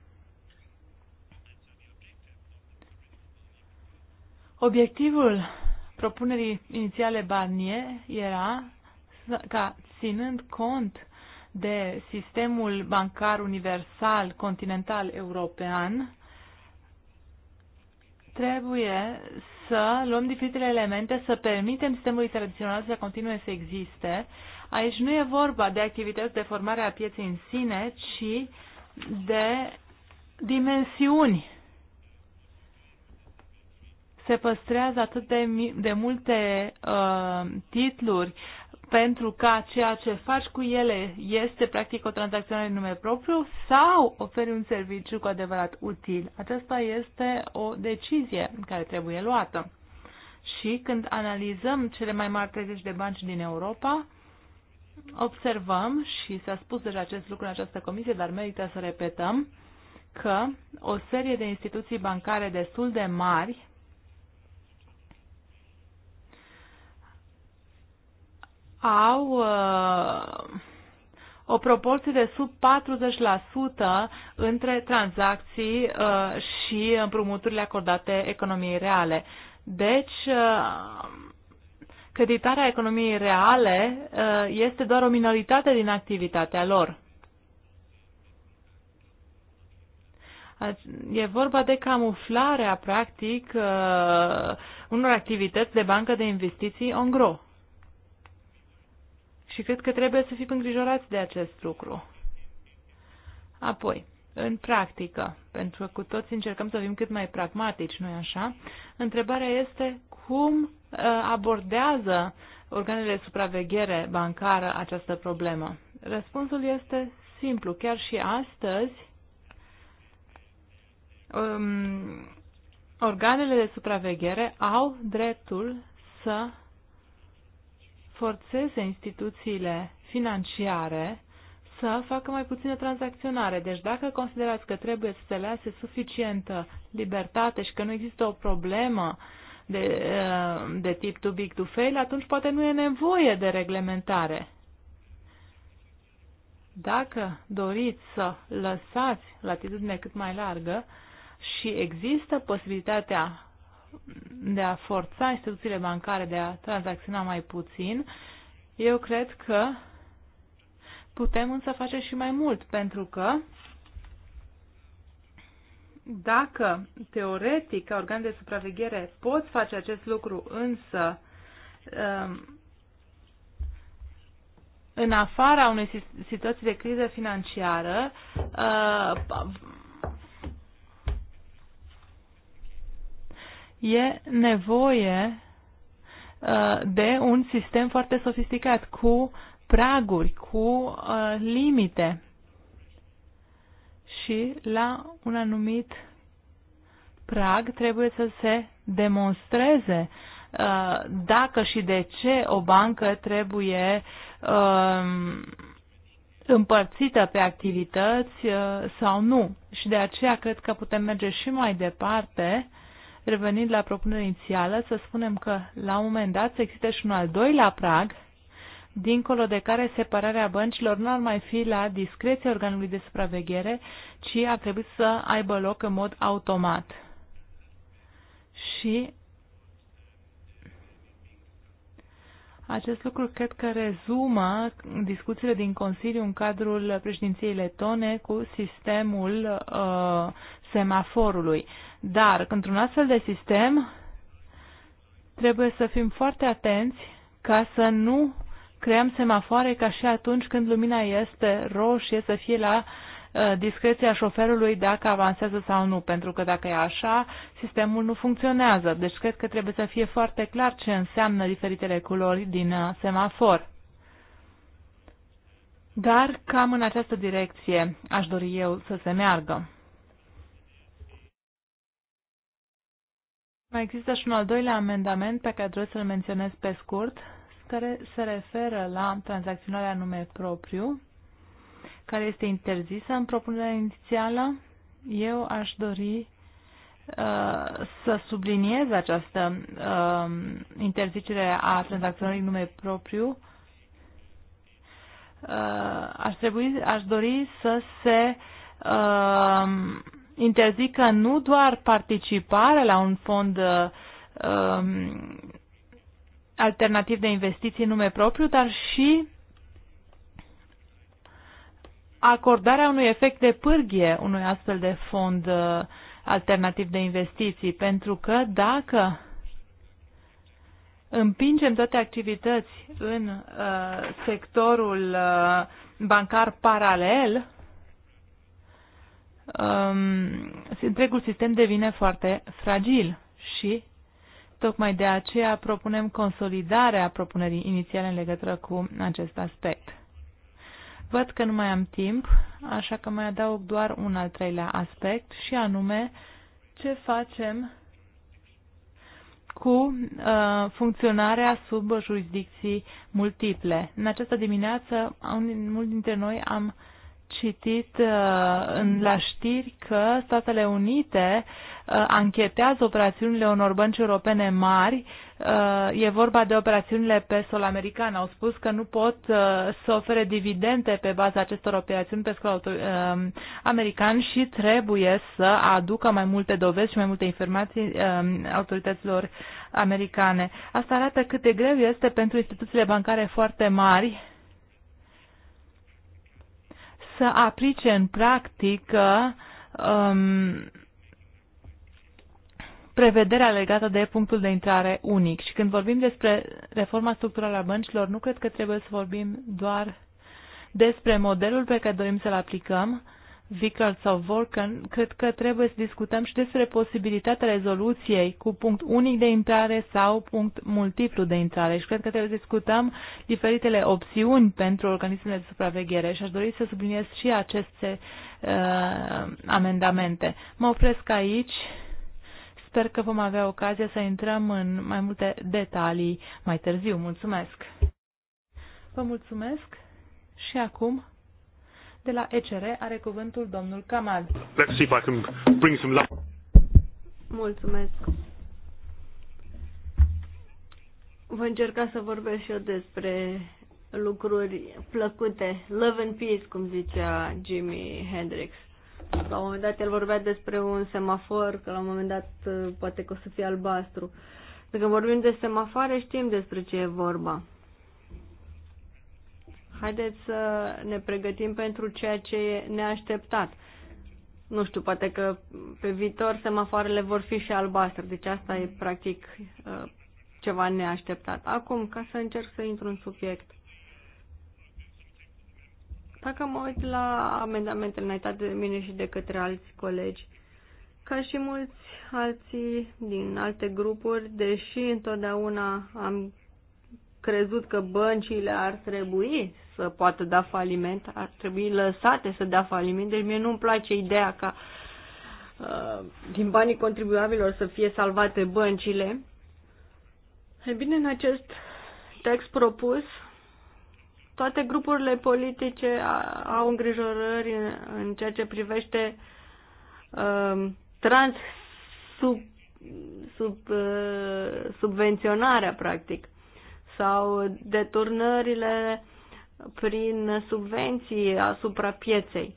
Obiectivul propunerii inițiale Barnier era ca, ținând cont de sistemul bancar universal continental european, trebuie să luăm diferitele elemente, să permitem sistemului tradițional să continue să existe. Aici nu e vorba de activități de formare a pieței în sine, ci de dimensiuni. Se păstrează atât de, de multe uh, titluri pentru că ceea ce faci cu ele este practic o tranzacționare în nume propriu sau oferi un serviciu cu adevărat util. Aceasta este o decizie care trebuie luată. Și când analizăm cele mai mari 30 de bănci din Europa, observăm, și s-a spus deja acest lucru în această comisie, dar merită să repetăm, că o serie de instituții bancare destul de mari au uh, o proporție de sub 40% între tranzacții uh, și împrumuturile acordate economiei reale. Deci, uh, creditarea economiei reale uh, este doar o minoritate din activitatea lor. E vorba de camuflarea, practic, uh, unor activități de bancă de investiții ongro. gro. Și cred că trebuie să fim îngrijorați de acest lucru. Apoi, în practică, pentru că cu toți încercăm să fim cât mai pragmatici, nu-i așa? Întrebarea este cum uh, abordează organele de supraveghere bancară această problemă. Răspunsul este simplu. Chiar și astăzi, um, organele de supraveghere au dreptul să forțeze instituțiile financiare să facă mai puțină tranzacționare. Deci dacă considerați că trebuie să se lase suficientă libertate și că nu există o problemă de, uh, de tip too big to fail, atunci poate nu e nevoie de reglementare. Dacă doriți să lăsați latitudine cât mai largă și există posibilitatea de a forța instituțiile bancare de a tranzacționa mai puțin, eu cred că putem însă face și mai mult, pentru că dacă teoretic ca organ de supraveghere pot face acest lucru, însă um, în afara unei situații de criză financiară, uh, e nevoie uh, de un sistem foarte sofisticat, cu praguri, cu uh, limite și la un anumit prag trebuie să se demonstreze uh, dacă și de ce o bancă trebuie um, împărțită pe activități sau nu. Și de aceea cred că putem merge și mai departe revenind la propunerea inițială, să spunem că la un moment dat să existe și un al doilea prag, dincolo de care separarea băncilor nu ar mai fi la discreția organului de supraveghere, ci ar trebui să aibă loc în mod automat. Și Acest lucru cred că rezumă discuțiile din Consiliu în cadrul președinției letone cu sistemul uh, semaforului. Dar, într-un astfel de sistem, trebuie să fim foarte atenți ca să nu creăm semafoare ca și atunci când lumina este roșie să fie la uh, discreția șoferului dacă avansează sau nu, pentru că dacă e așa, sistemul nu funcționează. Deci cred că trebuie să fie foarte clar ce înseamnă diferitele culori din uh, semafor. Dar cam în această direcție aș dori eu să se meargă. Mai există și un al doilea amendament pe care trebuie să-l menționez pe scurt, care se referă la tranzacționarea nume propriu, care este interzisă în propunerea inițială. Eu aș dori uh, să subliniez această uh, interzicere a tranzacționării nume propriu, uh, aș, trebui, aș dori să se uh, interzică nu doar participarea la un fond uh, um, alternativ de investiții în nume propriu, dar și acordarea unui efect de pârghie unui astfel de fond uh, alternativ de investiții, pentru că dacă împingem toate activități în uh, sectorul uh, bancar paralel, um, întregul sistem devine foarte fragil și tocmai de aceea propunem consolidarea propunerii inițiale în legătură cu acest aspect. Văd că nu mai am timp, așa că mai adaug doar un al treilea aspect și anume ce facem cu uh, funcționarea sub jurisdicții multiple. În această dimineață, unul dintre noi am uh, citit uh, la știri că Statele Unite uh, anchetează operațiunile unor bănci europene mari. Uh, e vorba de operațiunile pe sol american. Au spus că nu pot să ofere dividende pe baza acestor operațiuni pe sol american și trebuie să aducă mai multe dovezi și mai multe informații autorităților americane. Asta arată cât de greu este pentru instituțiile bancare foarte mari să aplice în practică um, prevederea legată de punctul de intrare unic. Și când vorbim despre reforma structurală a băncilor, nu cred că trebuie să vorbim doar despre modelul pe care dorim să-l aplicăm, Vickers sau Vorken, cred că trebuie să discutăm și despre posibilitatea rezoluției cu punct unic de intrare sau punct multiplu de intrare. Și cred că trebuie să discutăm diferitele opțiuni pentru organismele de supraveghere și aș dori să subliniez și aceste uh, amendamente. Mă opresc aici. Sper că vom avea ocazia să intrăm în mai multe detalii mai târziu. Mulțumesc! Vă mulțumesc și acum de la ECR are cuvântul domnul Kamal. Let's see if I can bring some light. Mulțumesc. Voi încerca să vorbesc și eu despre lucruri plăcute. Love and peace, cum zicea Jimi Hendrix. La un moment dat el vorbea despre un semafor, că la un moment dat uh, poate că o să fie albastru. Dacă vorbim de semafoare, știm despre ce e vorba. Haideți să ne pregătim pentru ceea ce e neașteptat. Nu știu, poate că pe viitor semafoarele vor fi și albastre, deci asta e practic ă, ceva neașteptat. Acum, ca să încerc să intru în subiect. Dacă mă uit la amendamentele înaintate de mine și de către alți colegi, ca și mulți alții din alte grupuri, deși întotdeauna am crezut că băncile ar trebui să poată da faliment, ar trebui lăsate să dea faliment. Deci mie nu-mi place ideea ca uh, din banii contribuabilor să fie salvate băncile. E bine, în acest text propus, toate grupurile politice au îngrijorări în, în ceea ce privește uh, trans sub, sub, uh, subvenționarea, practic sau deturnările prin subvenții asupra pieței.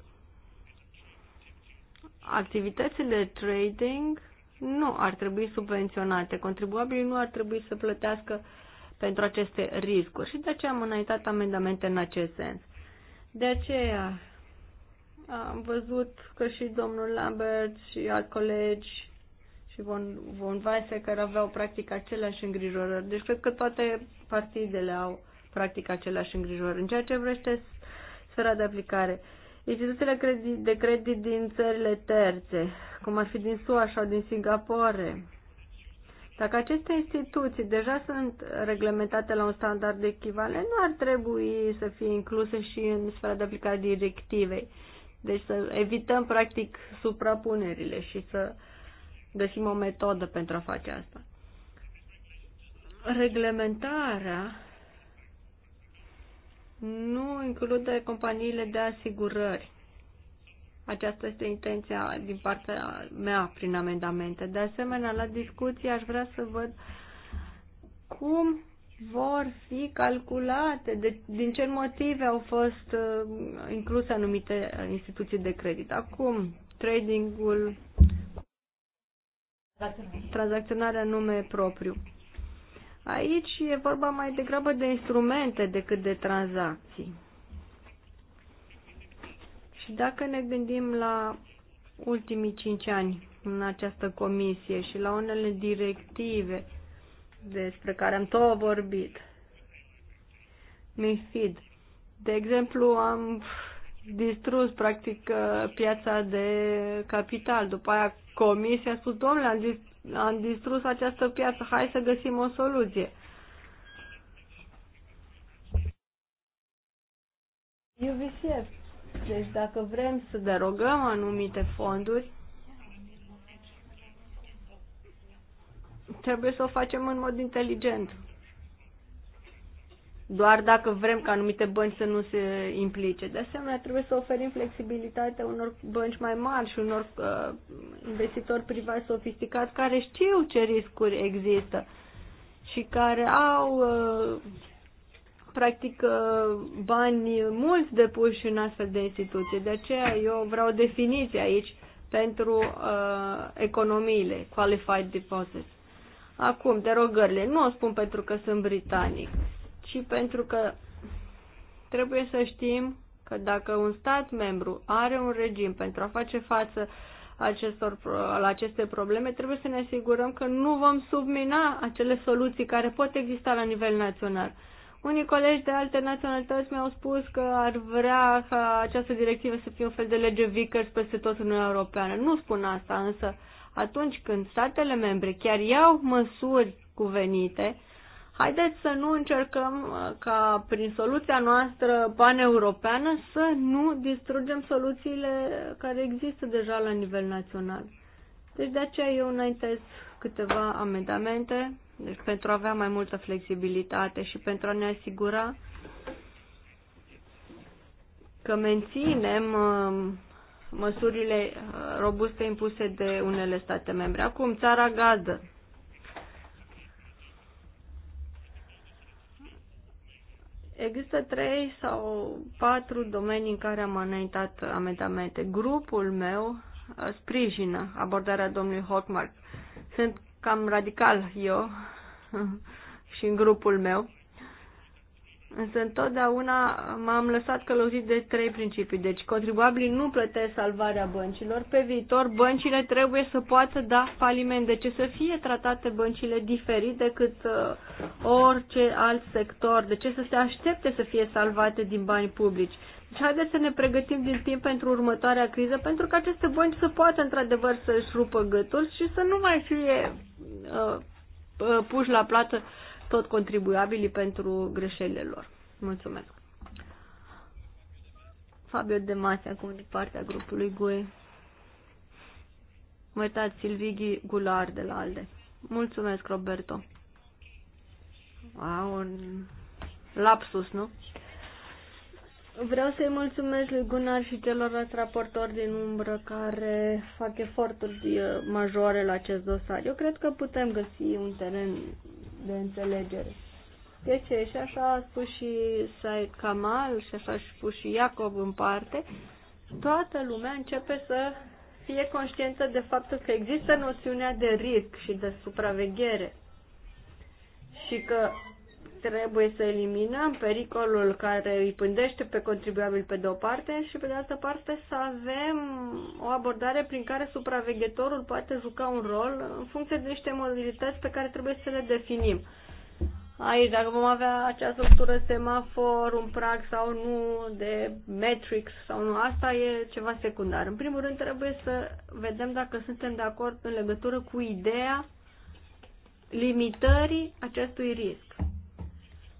Activitățile trading nu ar trebui subvenționate. Contribuabilii nu ar trebui să plătească pentru aceste riscuri și de aceea am înaintat amendamente în acest sens. De aceea am văzut că și domnul Lambert și alți colegi și von, von Weisse, da care aveau practic aceleași îngrijorări. Deci cred că toate partidele au practic aceleași îngrijorări. În ceea ce vrește sfera de aplicare, instituțiile de credit din țările terțe, cum ar fi din SUA sau din Singapore, dacă aceste instituții deja sunt reglementate la un standard de echivalent, nu ar trebui să fie incluse și în sfera de aplicare directivei. Deci să evităm practic suprapunerile și să uh, găsim o metodă pentru a face asta. Reglementarea nu include companiile de asigurări. Aceasta este intenția din partea mea prin amendamente. De asemenea, la discuție aș vrea să văd cum vor fi calculate, de, din ce motive au fost uh, incluse anumite instituții de credit. Acum, tradingul tranzacționarea nume propriu. Aici e vorba mai degrabă de instrumente decât de tranzacții. Și dacă ne gândim la ultimii cinci ani în această comisie și la unele directive despre care am tot vorbit, MIFID, de exemplu, am distrus, practic, uh, piața de capital. După aia comisia a spus, domnule, am, dist- am distrus această piață, hai să găsim o soluție. UVCF. Deci dacă vrem să derogăm anumite fonduri, trebuie să o facem în mod inteligent doar dacă vrem ca anumite bănci să nu se implice. De asemenea, trebuie să oferim flexibilitate unor bănci mai mari și unor uh, investitori privați sofisticați care știu ce riscuri există și care au uh, practic uh, bani mulți depuși în astfel de instituție. De aceea eu vreau o definiție aici pentru uh, economiile, qualified deposits. Acum, derogările, nu o spun pentru că sunt britanic, și pentru că trebuie să știm că dacă un stat membru are un regim pentru a face față acestor, la aceste probleme, trebuie să ne asigurăm că nu vom submina acele soluții care pot exista la nivel național. Unii colegi de alte naționalități mi-au spus că ar vrea ca această directivă să fie un fel de lege Vickers peste tot în Uniunea Europeană. Nu spun asta, însă atunci când statele membre chiar iau măsuri cuvenite, Haideți să nu încercăm uh, ca prin soluția noastră paneuropeană să nu distrugem soluțiile care există deja la nivel național. Deci de aceea eu înaintez câteva amendamente deci pentru a avea mai multă flexibilitate și pentru a ne asigura că menținem um, măsurile uh, robuste impuse de unele state membre. Acum, țara gazdă, Există trei sau patru domenii în care am înaintat amendamente. Grupul meu uh, sprijină abordarea domnului Hotmark. Sunt cam radical eu și în grupul meu. Însă întotdeauna m-am lăsat călăuzit de trei principii. Deci contribuabilii nu plătesc salvarea băncilor. Pe viitor, băncile trebuie să poată da faliment. Deci să fie tratate băncile diferit decât uh, orice alt sector. De deci ce să se aștepte să fie salvate din bani publici. Deci haideți să ne pregătim din timp pentru următoarea criză, pentru că aceste bănci să poată într-adevăr să-și rupă gâtul și să nu mai fie uh, uh puși la plată uh, tot contribuabilii pentru greșelile lor. Mulțumesc. Fabio De Masi, acum din partea grupului GUE. Mă uitați, Silvighi Gular de la ALDE. Mulțumesc, Roberto. Wow, un lapsus, nu? Vreau să-i mulțumesc lui Gunnar și celorlalți raportori din umbră care fac eforturi uh, majore la acest dosar. Eu cred că putem găsi un teren de înțelegere. De deci, ce? Și așa a spus și Said Kamal și așa a spus și Iacob în parte. Toată lumea începe să fie conștientă de faptul că există noțiunea de risc și de supraveghere și că trebuie să eliminăm pericolul care îi pândește pe contribuabil pe de-o parte și pe de altă parte să avem o abordare prin care supraveghetorul poate juca un rol în funcție de niște modalități pe care trebuie să le definim. Aici, dacă vom avea această structură semafor, un prag sau nu, de matrix sau nu, asta e ceva secundar. În primul rând trebuie să vedem dacă suntem de acord în legătură cu ideea limitării acestui risc.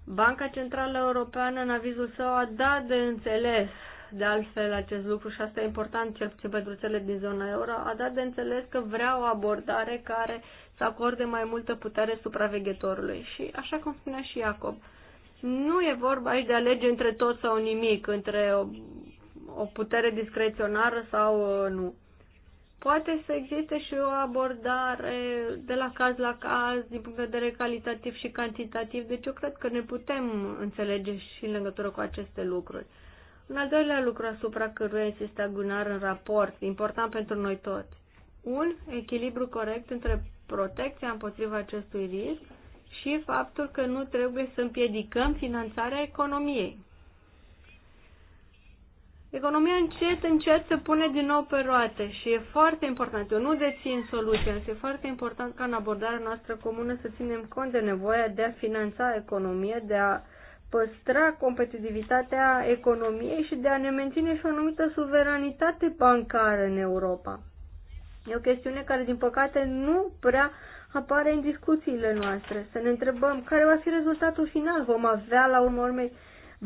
Banca Centrală Europeană, în avizul său, a dat de înțeles, de altfel, acest lucru și asta e important, cel puțin pentru țările din zona euro, a dat de înțeles că vrea o abordare care să acorde mai multă putere supraveghetorului. Și, așa cum spunea și Iacob, nu e vorba aici de alege între tot sau nimic, între o, o putere discreționară sau uh, nu. Poate să existe și o abordare de la caz la caz, din punct de vedere calitativ și cantitativ, deci eu cred că ne putem înțelege și în legătură cu aceste lucruri. Un al doilea lucru asupra căruia este Gunar în raport, important pentru noi toți. Un echilibru corect între protecția împotriva acestui risc și faptul că nu trebuie să împiedicăm finanțarea economiei economia încet, încet se pune din nou pe roate și e foarte important. Eu nu dețin soluția, însă e foarte important ca în abordarea noastră comună să ținem cont de nevoia de a finanța economia, de a păstra competitivitatea economiei și de a ne menține și o anumită suveranitate bancară în Europa. E o chestiune care, din păcate, nu prea apare în discuțiile noastre. Să ne întrebăm care va fi rezultatul final. Vom avea, la urmă urmei,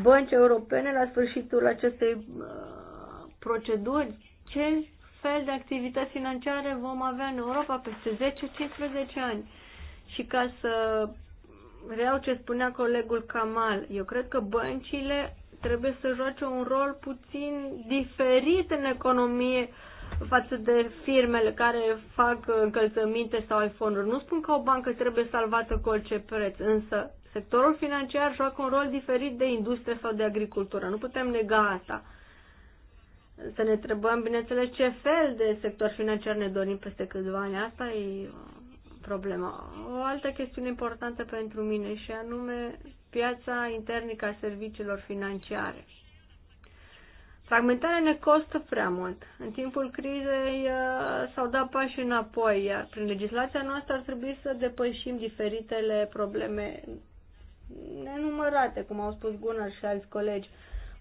bănci europene la sfârșitul acestei uh, proceduri? Ce fel de activități financiare vom avea în Europa peste 10-15 ani? Și ca să vreau ce spunea colegul Kamal, eu cred că băncile trebuie să joace un rol puțin diferit în economie față de firmele care fac încălțăminte sau iPhone-uri. Nu spun că o bancă trebuie salvată cu orice preț, însă Sectorul financiar joacă un rol diferit de industrie sau de agricultură. Nu putem nega asta. Să ne întrebăm, bineînțeles, ce fel de sector financiar ne dorim peste câțiva ani. Asta e uh, problema. O altă chestiune importantă pentru mine și anume piața internică a serviciilor financiare. Fragmentarea ne costă prea mult. În timpul crizei uh, s-au dat pași înapoi, iar prin legislația noastră ar trebui să depășim diferitele probleme nenumărate, cum au spus Gunnar și alți colegi.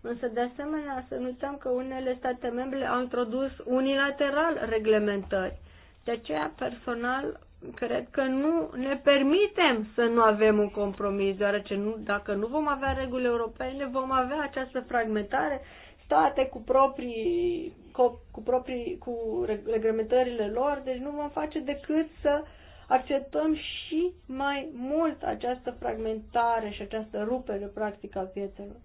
Însă, de asemenea, să nu uităm că unele state membre au introdus unilateral reglementări. De aceea, personal, cred că nu ne permitem să nu avem un compromis, deoarece nu, dacă nu vom avea reguli europene, vom avea această fragmentare, state cu proprii, cu, cu, proprii, cu reglementările lor, deci nu vom face decât să uh, acceptăm și mai mult această fragmentare și această rupere practică a piețelor.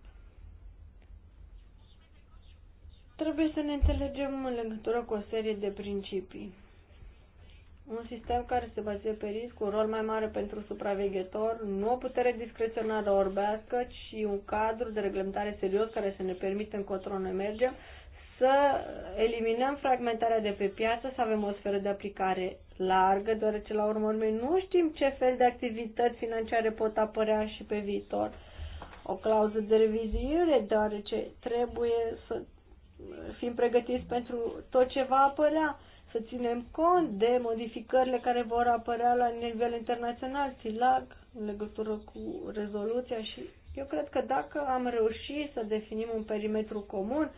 Trebuie să ne înțelegem în legătură cu o serie de principii. Un sistem care se bazează pe risc, un rol mai mare pentru supraveghetor, nu o putere discreționară orbească, ci un cadru de reglementare serios care să ne permită încotro noi mergem, să eliminăm fragmentarea de pe piață, să avem o sferă de aplicare largă, deoarece la urmă nu știm ce fel de activități financiare pot apărea și pe viitor. O clauză de revizuire, deoarece trebuie să fim pregătiți pentru tot ce va apărea, să ținem cont de modificările care vor apărea la nivel internațional, TILAG, în legătură cu rezoluția și eu cred că dacă am reușit să definim un perimetru comun,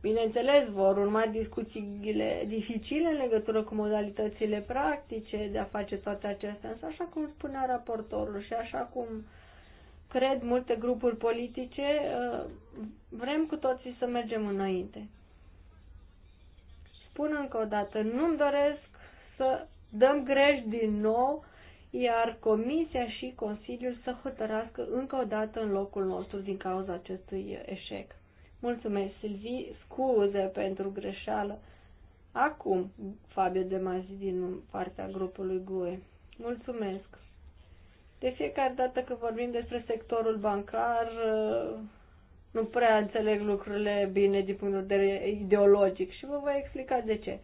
Bineînțeles, vor urma discuțiile dificile în legătură cu modalitățile practice de a face toate acestea, însă așa cum spunea raportorul și așa cum cred multe grupuri politice, uh, vrem cu toții să mergem înainte. Spun încă o dată, nu-mi doresc să dăm greș din nou, iar Comisia și Consiliul să hotărască încă o dată în locul nostru din cauza acestui eșec. Mulțumesc, Silvi. Scuze pentru greșeală. Acum, Fabio de Mazi din partea grupului GUE. Mulțumesc. De fiecare dată când vorbim despre sectorul bancar, nu prea înțeleg lucrurile bine din punct de vedere ideologic și vă voi explica de ce.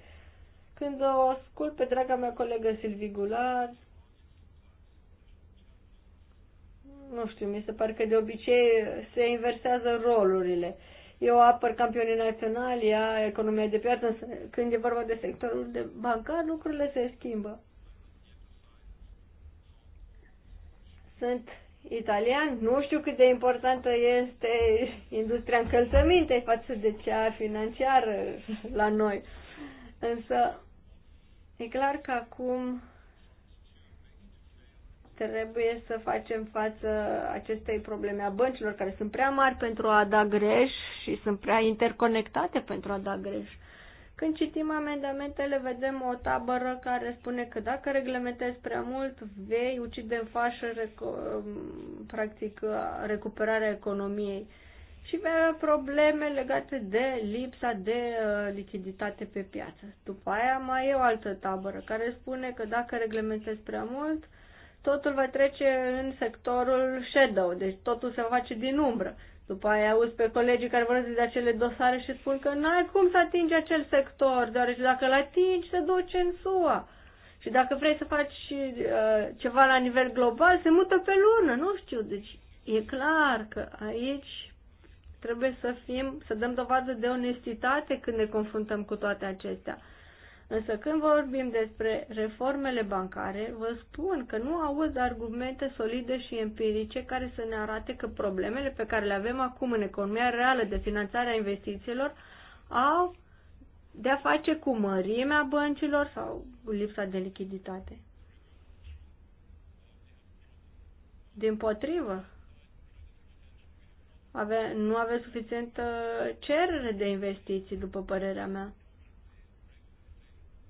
Când o ascult pe draga mea colegă Silvi Gular, nu știu, mi se pare că de obicei se inversează rolurile. Uh, eu apăr campionii naționali, ea economia de piață, însă când e vorba de sectorul de bancar, lucrurile se schimbă. Sunt italian, nu știu cât de importantă este industria încălțămintei față de cea financiară la noi. Însă, e clar că acum Trebuie să facem față acestei probleme a băncilor care sunt prea mari pentru a da greș și sunt prea interconectate pentru a da greș. Când citim amendamentele, vedem o tabără care spune că dacă reglementezi prea mult, vei ucide în fașă, practic, recuperarea economiei și vei avea probleme legate de lipsa de uh, lichiditate pe piață. După aia mai e o altă tabără care spune că dacă reglementezi prea mult, totul va trece în sectorul shadow, deci totul se va face din umbră. După aia auzi pe colegii care să de acele dosare și spun că n-ai cum să atingi acel sector, deoarece dacă îl atingi, se duce în SUA. Și dacă vrei să faci uh, ceva la nivel global, se mută pe lună, nu știu. Deci e clar că aici trebuie să fim, să dăm dovadă de onestitate când ne confruntăm cu toate acestea. Însă când vorbim despre reformele bancare, vă spun că nu auz argumente solide și empirice care să ne arate că problemele pe care le avem acum în economia reală de finanțare a investițiilor au de a face cu mărimea băncilor sau lipsa de lichiditate. Din potrivă, ave, nu aveți suficientă cerere de investiții, după părerea mea.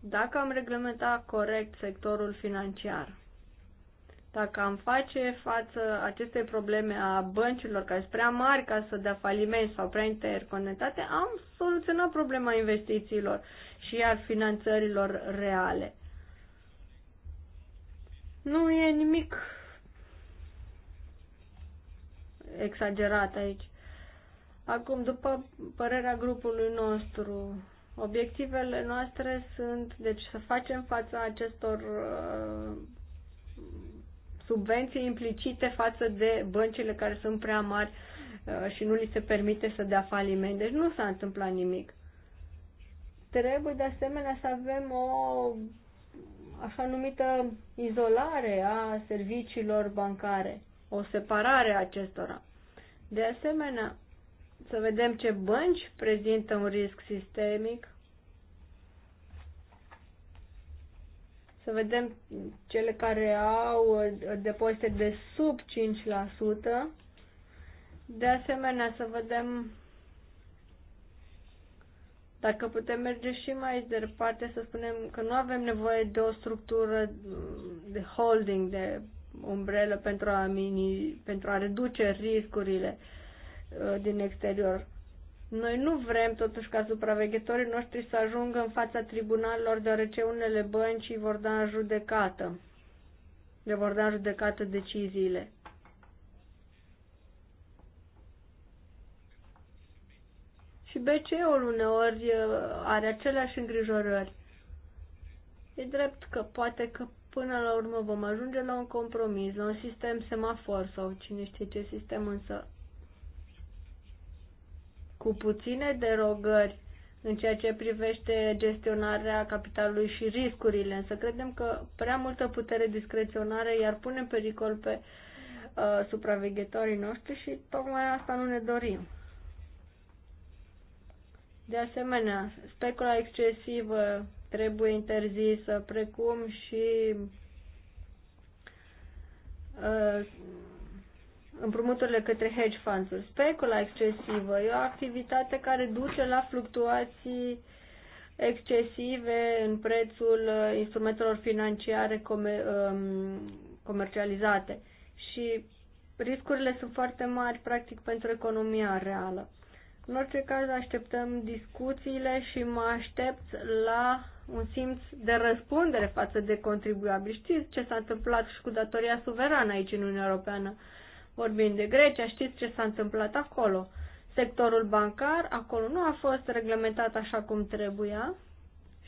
Dacă am reglementa corect sectorul financiar, dacă am face față acestei probleme a băncilor care sunt prea mari ca să dea faliment sau prea interconectate, am soluționat problema investițiilor și a finanțărilor reale. Nu e nimic exagerat aici. Acum, după părerea grupului nostru, Obiectivele noastre sunt, deci, să facem fața acestor uh, subvenții implicite față de băncile care sunt prea mari uh, și nu li se permite să dea faliment. Deci nu s-a întâmplat nimic. Trebuie, de asemenea, să avem o așa numită izolare a serviciilor bancare, o separare a acestora. De asemenea, să vedem ce bănci prezintă un risc sistemic, să vedem cele care au depozite de sub 5%, de asemenea să vedem dacă putem merge și mai departe, să spunem că nu avem nevoie de o structură de holding, de umbrelă pentru a, mini, pentru a reduce riscurile uh, Uh, din exterior. Noi nu vrem totuși ca supraveghetorii noștri să ajungă în fața tribunalelor, deoarece unele bănci vor da în judecată. Le vor da în judecată deciziile. Și BCE-ul uneori uh, are aceleași îngrijorări. E drept că poate că până la urmă vom ajunge la un compromis, la un sistem semafor sau cine știe ce sistem, însă cu puține derogări în ceea ce privește gestionarea capitalului și riscurile, însă credem că prea multă putere discreționare iar pune în pericol pe uh, supraveghetorii noștri și tocmai asta nu ne dorim. De asemenea, specula excesivă trebuie interzisă, precum și uh, împrumuturile către hedge funds Specula excesivă e o activitate care duce la fluctuații excesive în prețul uh, instrumentelor financiare um, comercializate și riscurile sunt foarte mari practic pentru economia reală. În orice caz așteptăm discuțiile și mă aștept la un simț de răspundere față de contribuabili. Știți ce s-a întâmplat și cu datoria suverană aici în Uniunea Europeană? Vorbind de Grecia, știți ce s-a întâmplat acolo. Sectorul bancar acolo nu a fost reglementat așa cum trebuia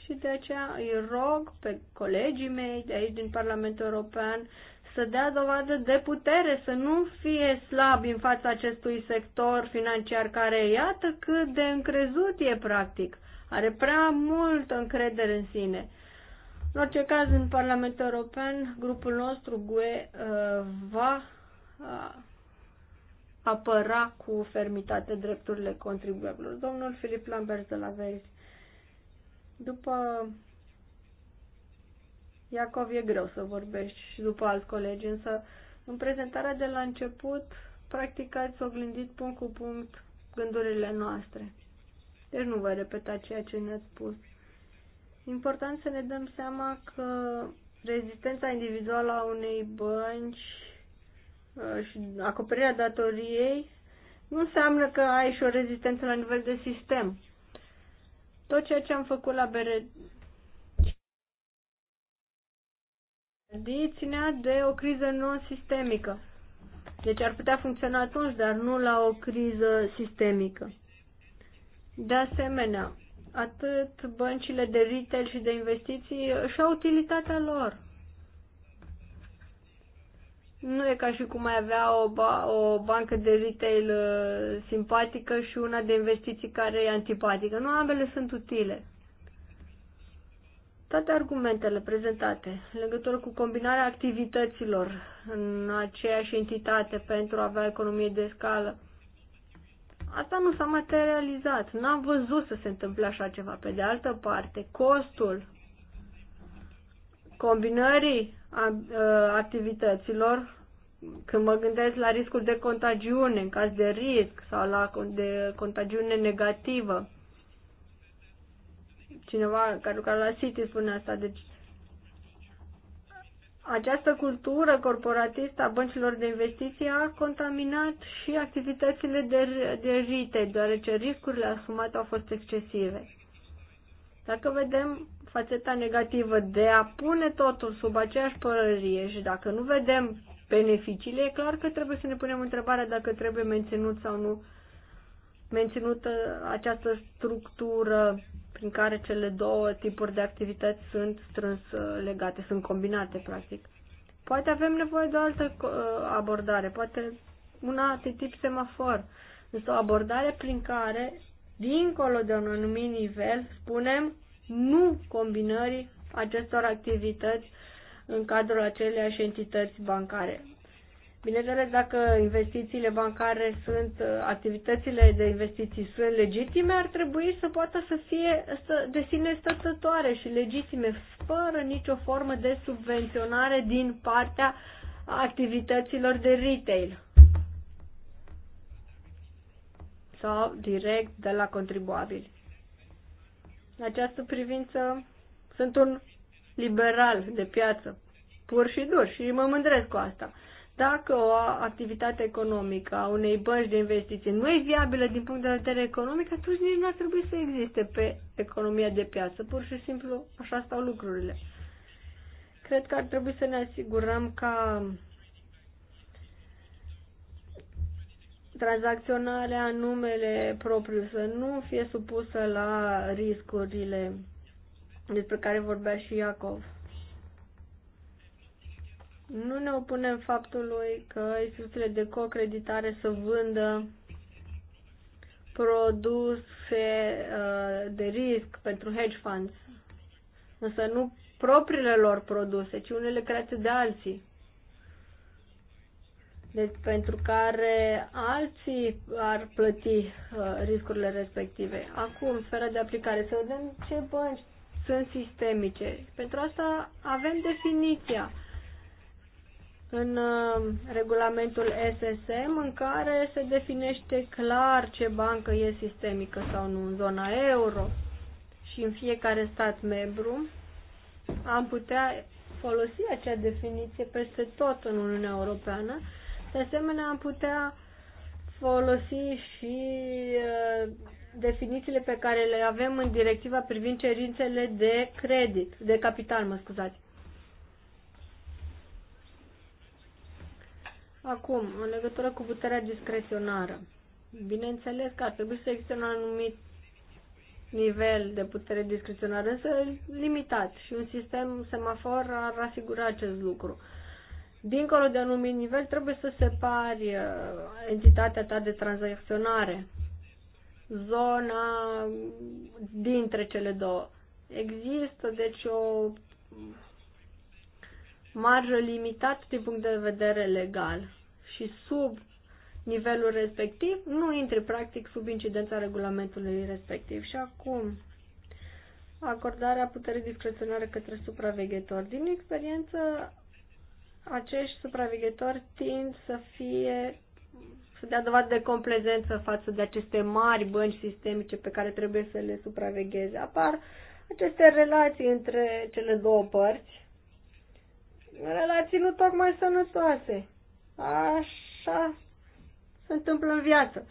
și de aceea îi rog pe colegii mei de aici din Parlamentul European să dea dovadă de putere, să nu fie slab în fața acestui sector financiar care, iată cât de încrezut e practic, are prea multă încredere în sine. În orice caz, în Parlamentul European, grupul nostru GUE uh, va apăra cu fermitate drepturile contribuabilor. Domnul Filip Lambert de la Veris, După Iacov e greu să vorbești și după alți colegi, însă în prezentarea de la început, practic ați oglindit punct cu punct gândurile noastre. Deci nu voi repeta ceea ce ne-ați spus. Important să ne dăm seama că rezistența individuală a unei bănci Uh, și acoperirea datoriei nu înseamnă că ai și o rezistență la nivel de sistem. Tot ceea ce am făcut la bere ținea de o criză non-sistemică. Deci ar putea funcționa atunci, dar nu la o criză sistemică. De asemenea, atât băncile de retail și de investiții și-au utilitatea lor. Nu e ca și cum mai avea o, ba- o bancă de retail uh, simpatică și una de investiții care e antipatică. Nu, ambele sunt utile. Toate argumentele prezentate în legătură cu combinarea activităților în aceeași entitate pentru a avea economie de scală, asta nu s-a materializat. N-am văzut să se întâmple așa ceva. Pe de altă parte, costul combinării ă, activităților, când mă gândesc la riscul de contagiune în caz de risc sau la de contagiune negativă, cineva care lucra la City spune asta, deci această cultură corporatistă a băncilor de investiții a contaminat și activitățile de, de rite, deoarece riscurile asumate au fost excesive. Dacă vedem fațeta negativă de a pune totul sub aceeași părărie și dacă nu vedem beneficiile, e clar că trebuie să ne punem întrebarea dacă trebuie menținut sau nu menținută această structură prin care cele două tipuri de activități sunt strâns uh, legate, sunt combinate, practic. Poate avem nevoie de o altă uh, abordare, poate una de tip semafor, însă o abordare prin care, dincolo de un anumit nivel, spunem nu combinării acestor activități în cadrul aceleiași entități bancare. Bineînțeles, dacă investițiile bancare sunt, activitățile de investiții sunt legitime, ar trebui să poată să fie să, de sine stătătoare și legitime, fără nicio formă de subvenționare din partea activităților de retail sau direct de la contribuabili. În această privință sunt un liberal de piață, pur și dur, și mă mândresc cu asta. Dacă o activitate economică a unei bănci de investiții nu e viabilă din punct de vedere economic, atunci nici nu ar trebui să existe pe economia de piață. Pur și simplu așa stau lucrurile. Cred că ar trebui să ne asigurăm ca tranzacționarea numele propriu, să nu fie supusă la riscurile despre care vorbea și Iacov. Nu ne opunem faptului că instituțiile de cocreditare să vândă produse uh, de risc pentru hedge funds, însă nu propriile lor produse, ci unele create de alții deci pentru care alții ar plăti uh, riscurile respective. Acum, sfera de aplicare, să vedem ce bănci sunt sistemice. Pentru asta avem definiția în uh, regulamentul SSM în care se definește clar ce bancă e sistemică sau nu în zona euro și în fiecare stat membru am putea folosi acea definiție peste tot în Uniunea Europeană de asemenea, am putea folosi și uh, definițiile pe care le avem în directiva privind cerințele de credit, de capital, mă scuzați. Acum, în legătură cu puterea discreționară, bineînțeles că ar trebui să existe un anumit nivel de putere discreționară, însă limitat și un sistem semafor ar asigura acest lucru dincolo de un anumit nivel, trebuie să separi uh, entitatea ta de tranzacționare, zona dintre cele două. Există, deci, o marjă limitată din punct de vedere legal și sub nivelul respectiv nu intri practic sub incidența regulamentului respectiv. Și acum, acordarea puterii discreționare către supraveghetor. Din experiență acești supraveghetori tind să fie să dea dovadă de complezență față de aceste mari bănci sistemice pe care trebuie să le supravegheze. Apar aceste relații între cele două părți, relații nu tocmai sănătoase. Așa se întâmplă în viață.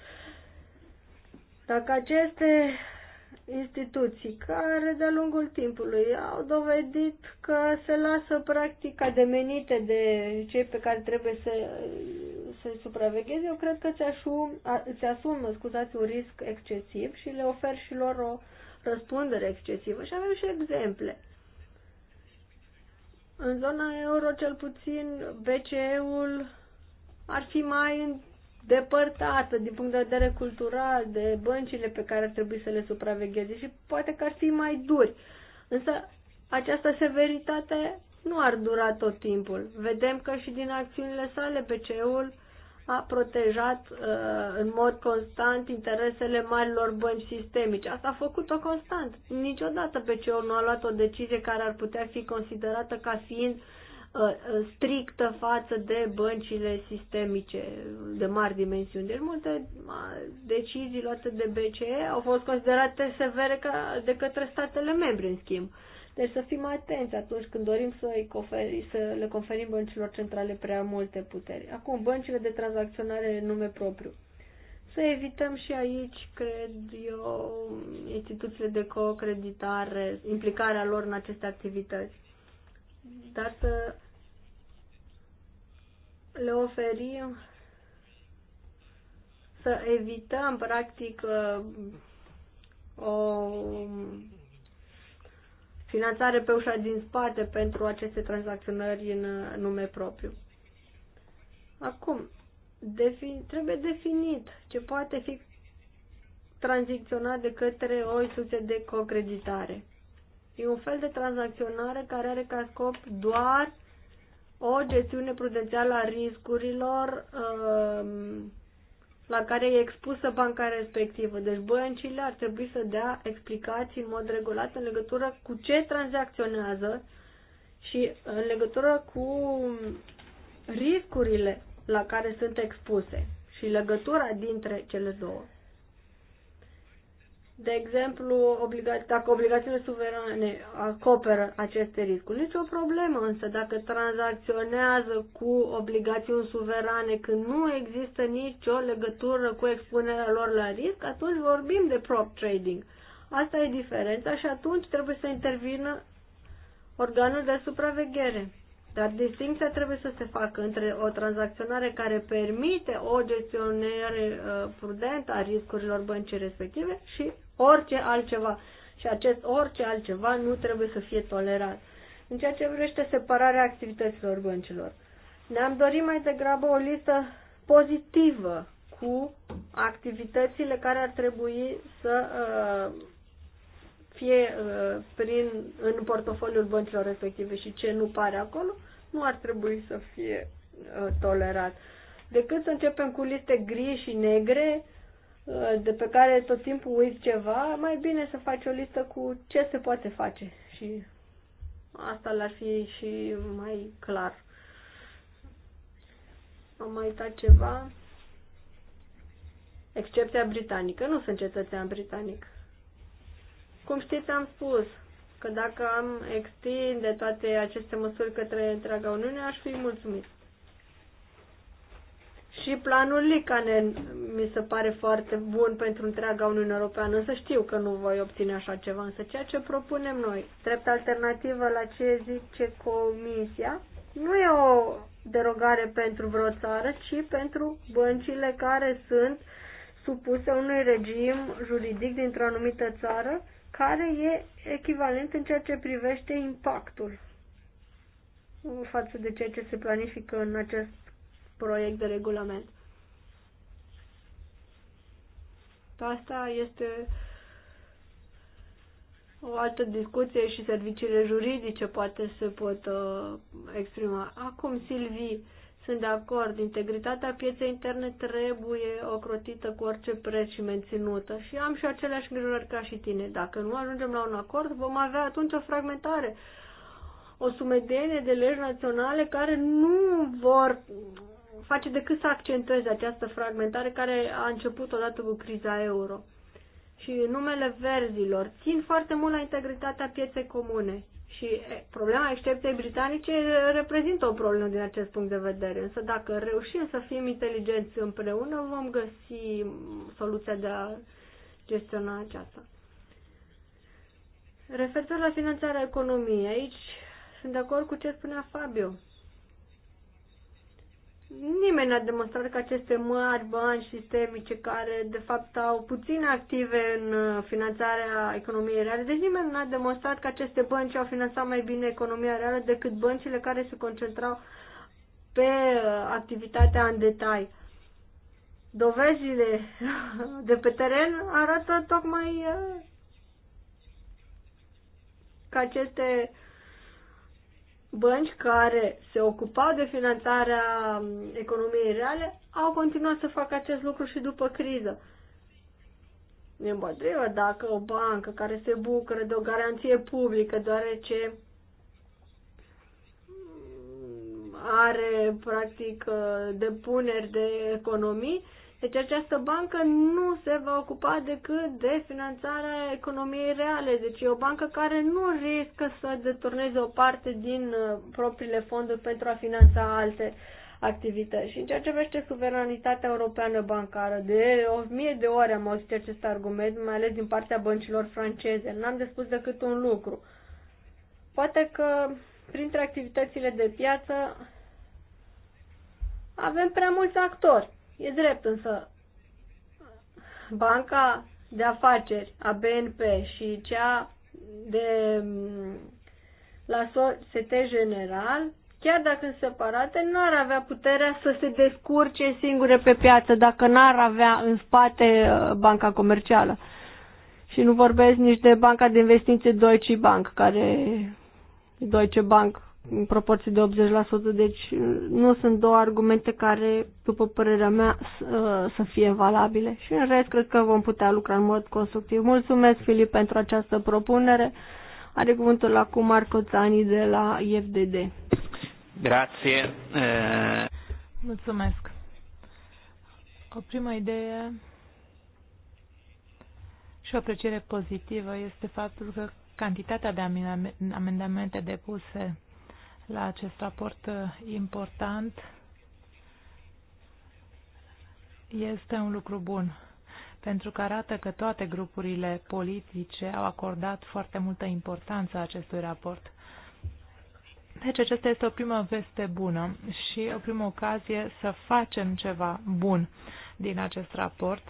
Dacă aceste instituții care de-a lungul timpului au dovedit că se lasă practic ademenite de cei pe care trebuie să, să-i supravegheze, eu cred că îți asumă scuzați, un risc excesiv și le ofer și lor o răspundere excesivă. Și avem și exemple. În zona euro, cel puțin, BCE-ul ar fi mai depărtată din punct de vedere cultural de băncile pe care ar trebui să le supravegheze și poate că ar fi mai duri. Însă această severitate nu ar dura tot timpul. Vedem că și din acțiunile sale BCE-ul a protejat uh, în mod constant interesele marilor bănci sistemice. Asta a făcut-o constant. Niciodată BCE-ul nu a luat o decizie care ar putea fi considerată ca fiind uh, Uh, uh, strictă față de băncile sistemice de mari dimensiuni. Deci multe uh, decizii luate de BCE au fost considerate severe ca de către statele membre, în schimb. Deci să fim atenți atunci când dorim să, îi conferi, să le conferim băncilor centrale prea multe puteri. Acum, băncile de tranzacționare în nume propriu. Să evităm și aici, cred eu, instituțiile de co-creditare, implicarea lor în aceste activități. Dar să le oferim să evităm, practic, uh, o finanțare pe ușa din spate pentru aceste tranzacționări în nume propriu. Acum, defin, trebuie definit ce poate fi tranzacționat de către o instituție de cocreditare. E un fel de tranzacționare care are ca scop doar o gestiune prudențială a riscurilor um, la care e expusă banca respectivă. Deci băncile ar trebui să dea explicații în mod regulat în legătură cu ce tranzacționează și în legătură cu riscurile la care sunt expuse și legătura dintre cele două de exemplu, obliga- dacă obligațiile suverane acoperă aceste riscuri. Nici o problemă, însă dacă tranzacționează cu obligațiuni suverane când nu există nicio legătură cu expunerea lor la risc, atunci vorbim de prop trading. Asta e diferența și atunci trebuie să intervină organul de supraveghere. Dar distinția trebuie să se facă între o tranzacționare care permite o gestionare uh, prudentă a riscurilor băncii respective și orice altceva. Și acest orice altceva nu trebuie să fie tolerat. În ceea ce vrește separarea activităților băncilor, ne-am dorit mai degrabă o listă pozitivă cu activitățile care ar trebui să uh, fie uh, prin, în portofoliul băncilor respective și ce nu pare acolo, nu ar trebui să fie uh, tolerat. Decât să începem cu liste gri și negre, Uh, de pe care tot timpul uiți ceva, mai bine să faci o listă cu ce se poate face și asta l-ar fi și mai clar. Am mai uitat ceva. Excepția britanică. Nu sunt cetățean britanic. Cum știți, am spus că dacă am extinde toate aceste măsuri către întreaga Uniune, aș fi mulțumit. Și planul Licanen mi se pare foarte bun pentru întreaga Uniune Europeană, însă știu că nu voi obține așa ceva, însă ceea ce propunem noi, drept alternativă la ce zice Comisia, nu e o derogare pentru vreo țară, ci pentru băncile care sunt supuse unui regim juridic dintr-o anumită țară care e echivalent în ceea ce privește impactul față de ceea ce se planifică în acest proiect de regulament. Asta este o altă discuție și serviciile juridice poate se pot uh, exprima. Acum, Silvii, sunt de acord, integritatea pieței interne trebuie ocrotită cu orice preț și menținută și am și aceleași îngrijorări ca și tine. Dacă nu ajungem la un acord, vom avea atunci o fragmentare, o sumedenie de legi naționale care nu vor face decât să accentueze această fragmentare care a început odată cu criza euro. Și numele verzilor țin foarte mult la integritatea pieței comune și problema excepției britanice reprezintă o problemă din acest punct de vedere. Însă dacă reușim să fim inteligenți împreună, vom găsi soluția de a gestiona aceasta. Referitor la finanțarea economiei, aici sunt de acord cu ce spunea Fabio nimeni n-a demonstrat că aceste mari bani sistemice care de fapt au puțin active în uh, finanțarea economiei reale, deci nimeni n-a demonstrat că aceste bănci au finanțat mai bine economia reală decât băncile care se concentrau pe uh, activitatea în detaliu. Dovezile de pe teren arată tocmai uh, că aceste uh, bănci care se ocupau de finanțarea um, economiei reale au continuat să facă acest lucru și după criză. Împotrivă, dacă o bancă care se bucură de o garanție publică, deoarece um, are practic uh, depuneri de economii, deci această bancă nu se va ocupa decât de finanțarea economiei reale. Deci e o bancă care nu riscă să deturneze o parte din uh, propriile fonduri pentru a finanța alte activități. Și în ceea ce vește suveranitatea europeană bancară, de o mie de ori am auzit acest argument, mai ales din partea băncilor franceze. N-am de spus decât un lucru. Poate că printre activitățile de piață avem prea mulți actori E drept, însă banca de afaceri a BNP și cea de mm, la ST General, chiar dacă sunt separate, nu ar avea puterea să se descurce singure pe piață dacă n-ar avea în spate uh, banca comercială. Și nu vorbesc nici de banca de investiții Deutsche Bank, care Deutsche Bank în proporție de 80%, deci uh, nu sunt două argumente care, după părerea mea, uh, să fie valabile. Și în rest, cred că vom putea lucra în mod constructiv. Mulțumesc, Filip, pentru această propunere. Are cuvântul acum Marco Țani de la IFDD. Grație. Uh. Mulțumesc. O prima idee și o apreciere pozitivă este faptul că cantitatea de amendamente depuse la acest raport uh, important. Este un lucru bun, pentru că arată că toate grupurile politice au acordat foarte multă importanță acestui raport. Deci aceasta este o primă veste bună și o primă ocazie să facem ceva bun din acest raport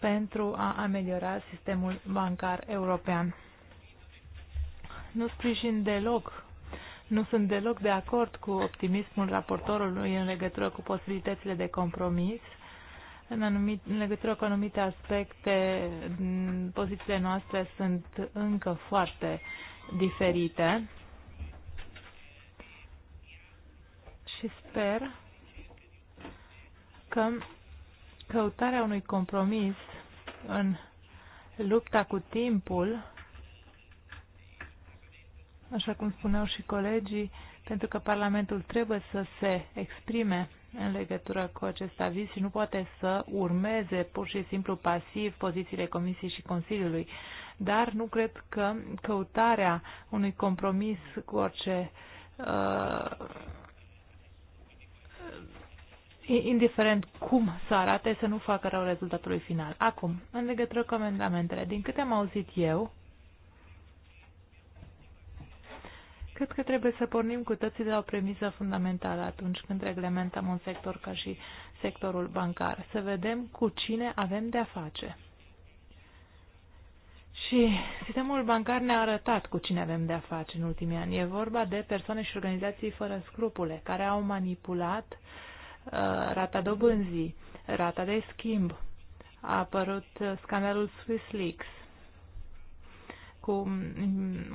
pentru a ameliora sistemul bancar european. Nu sprijin deloc nu sunt deloc de acord cu optimismul raportorului în legătură cu posibilitățile de compromis. În, anumit, în legătură cu anumite aspecte, pozițiile noastre sunt încă foarte diferite și sper că căutarea unui compromis în lupta cu timpul așa cum spuneau și colegii, pentru că Parlamentul trebuie să se exprime în legătură cu acest aviz și nu poate să urmeze pur și simplu pasiv pozițiile Comisiei și Consiliului. Dar nu cred că căutarea unui compromis cu orice uh, indiferent cum să arate, să nu facă rău rezultatului final. Acum, în legătură cu amendamentele, din câte am auzit eu, Cred că trebuie să pornim cu toții de la o premisă fundamentală atunci când reglementăm un sector ca și sectorul bancar. Să vedem cu cine avem de-a face. Și sistemul bancar ne-a arătat cu cine avem de-a face în ultimii ani. E vorba de persoane și organizații fără scrupule care au manipulat uh, rata dobânzii, rata de schimb. A apărut uh, scandalul SwissLeaks, cu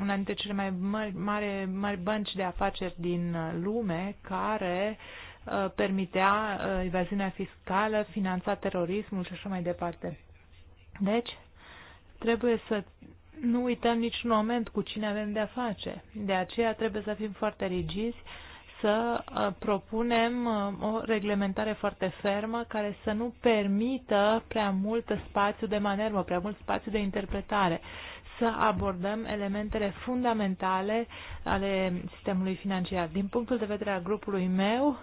una dintre cele mai mari, mari, mari bănci de afaceri din uh, lume care uh, permitea uh, evaziunea fiscală, finanța terorismul și așa mai departe. Deci, trebuie să nu uităm niciun moment cu cine avem de-a face. De aceea trebuie să fim foarte rigizi, să propunem o reglementare foarte fermă care să nu permită prea mult spațiu de manermă, prea mult spațiu de interpretare să abordăm elementele fundamentale ale sistemului financiar. Din punctul de vedere al grupului meu,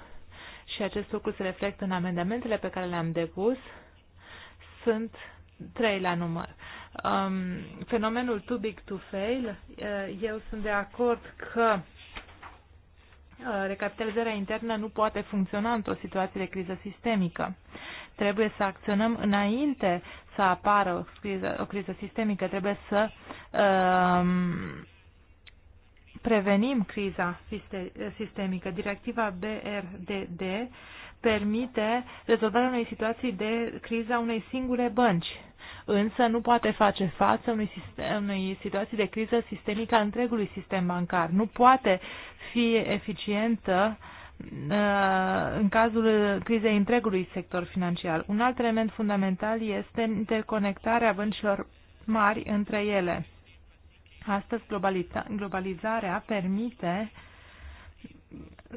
și acest lucru se reflectă în amendamentele pe care le-am depus, sunt trei la număr. Um, fenomenul too big to fail, uh, eu sunt de acord că recapitalizarea internă nu poate funcționa într-o situație de criză sistemică. Trebuie să acționăm înainte să apară o criză, o criză sistemică, trebuie să um, prevenim criza sistemică. Directiva BRDD permite rezolvarea unei situații de criza unei singure bănci, însă nu poate face față unei, sistem, unei situații de criză sistemică a întregului sistem bancar. Nu poate fi eficientă uh, în cazul crizei întregului sector financiar. Un alt element fundamental este interconectarea băncilor mari între ele. Astăzi globalizarea permite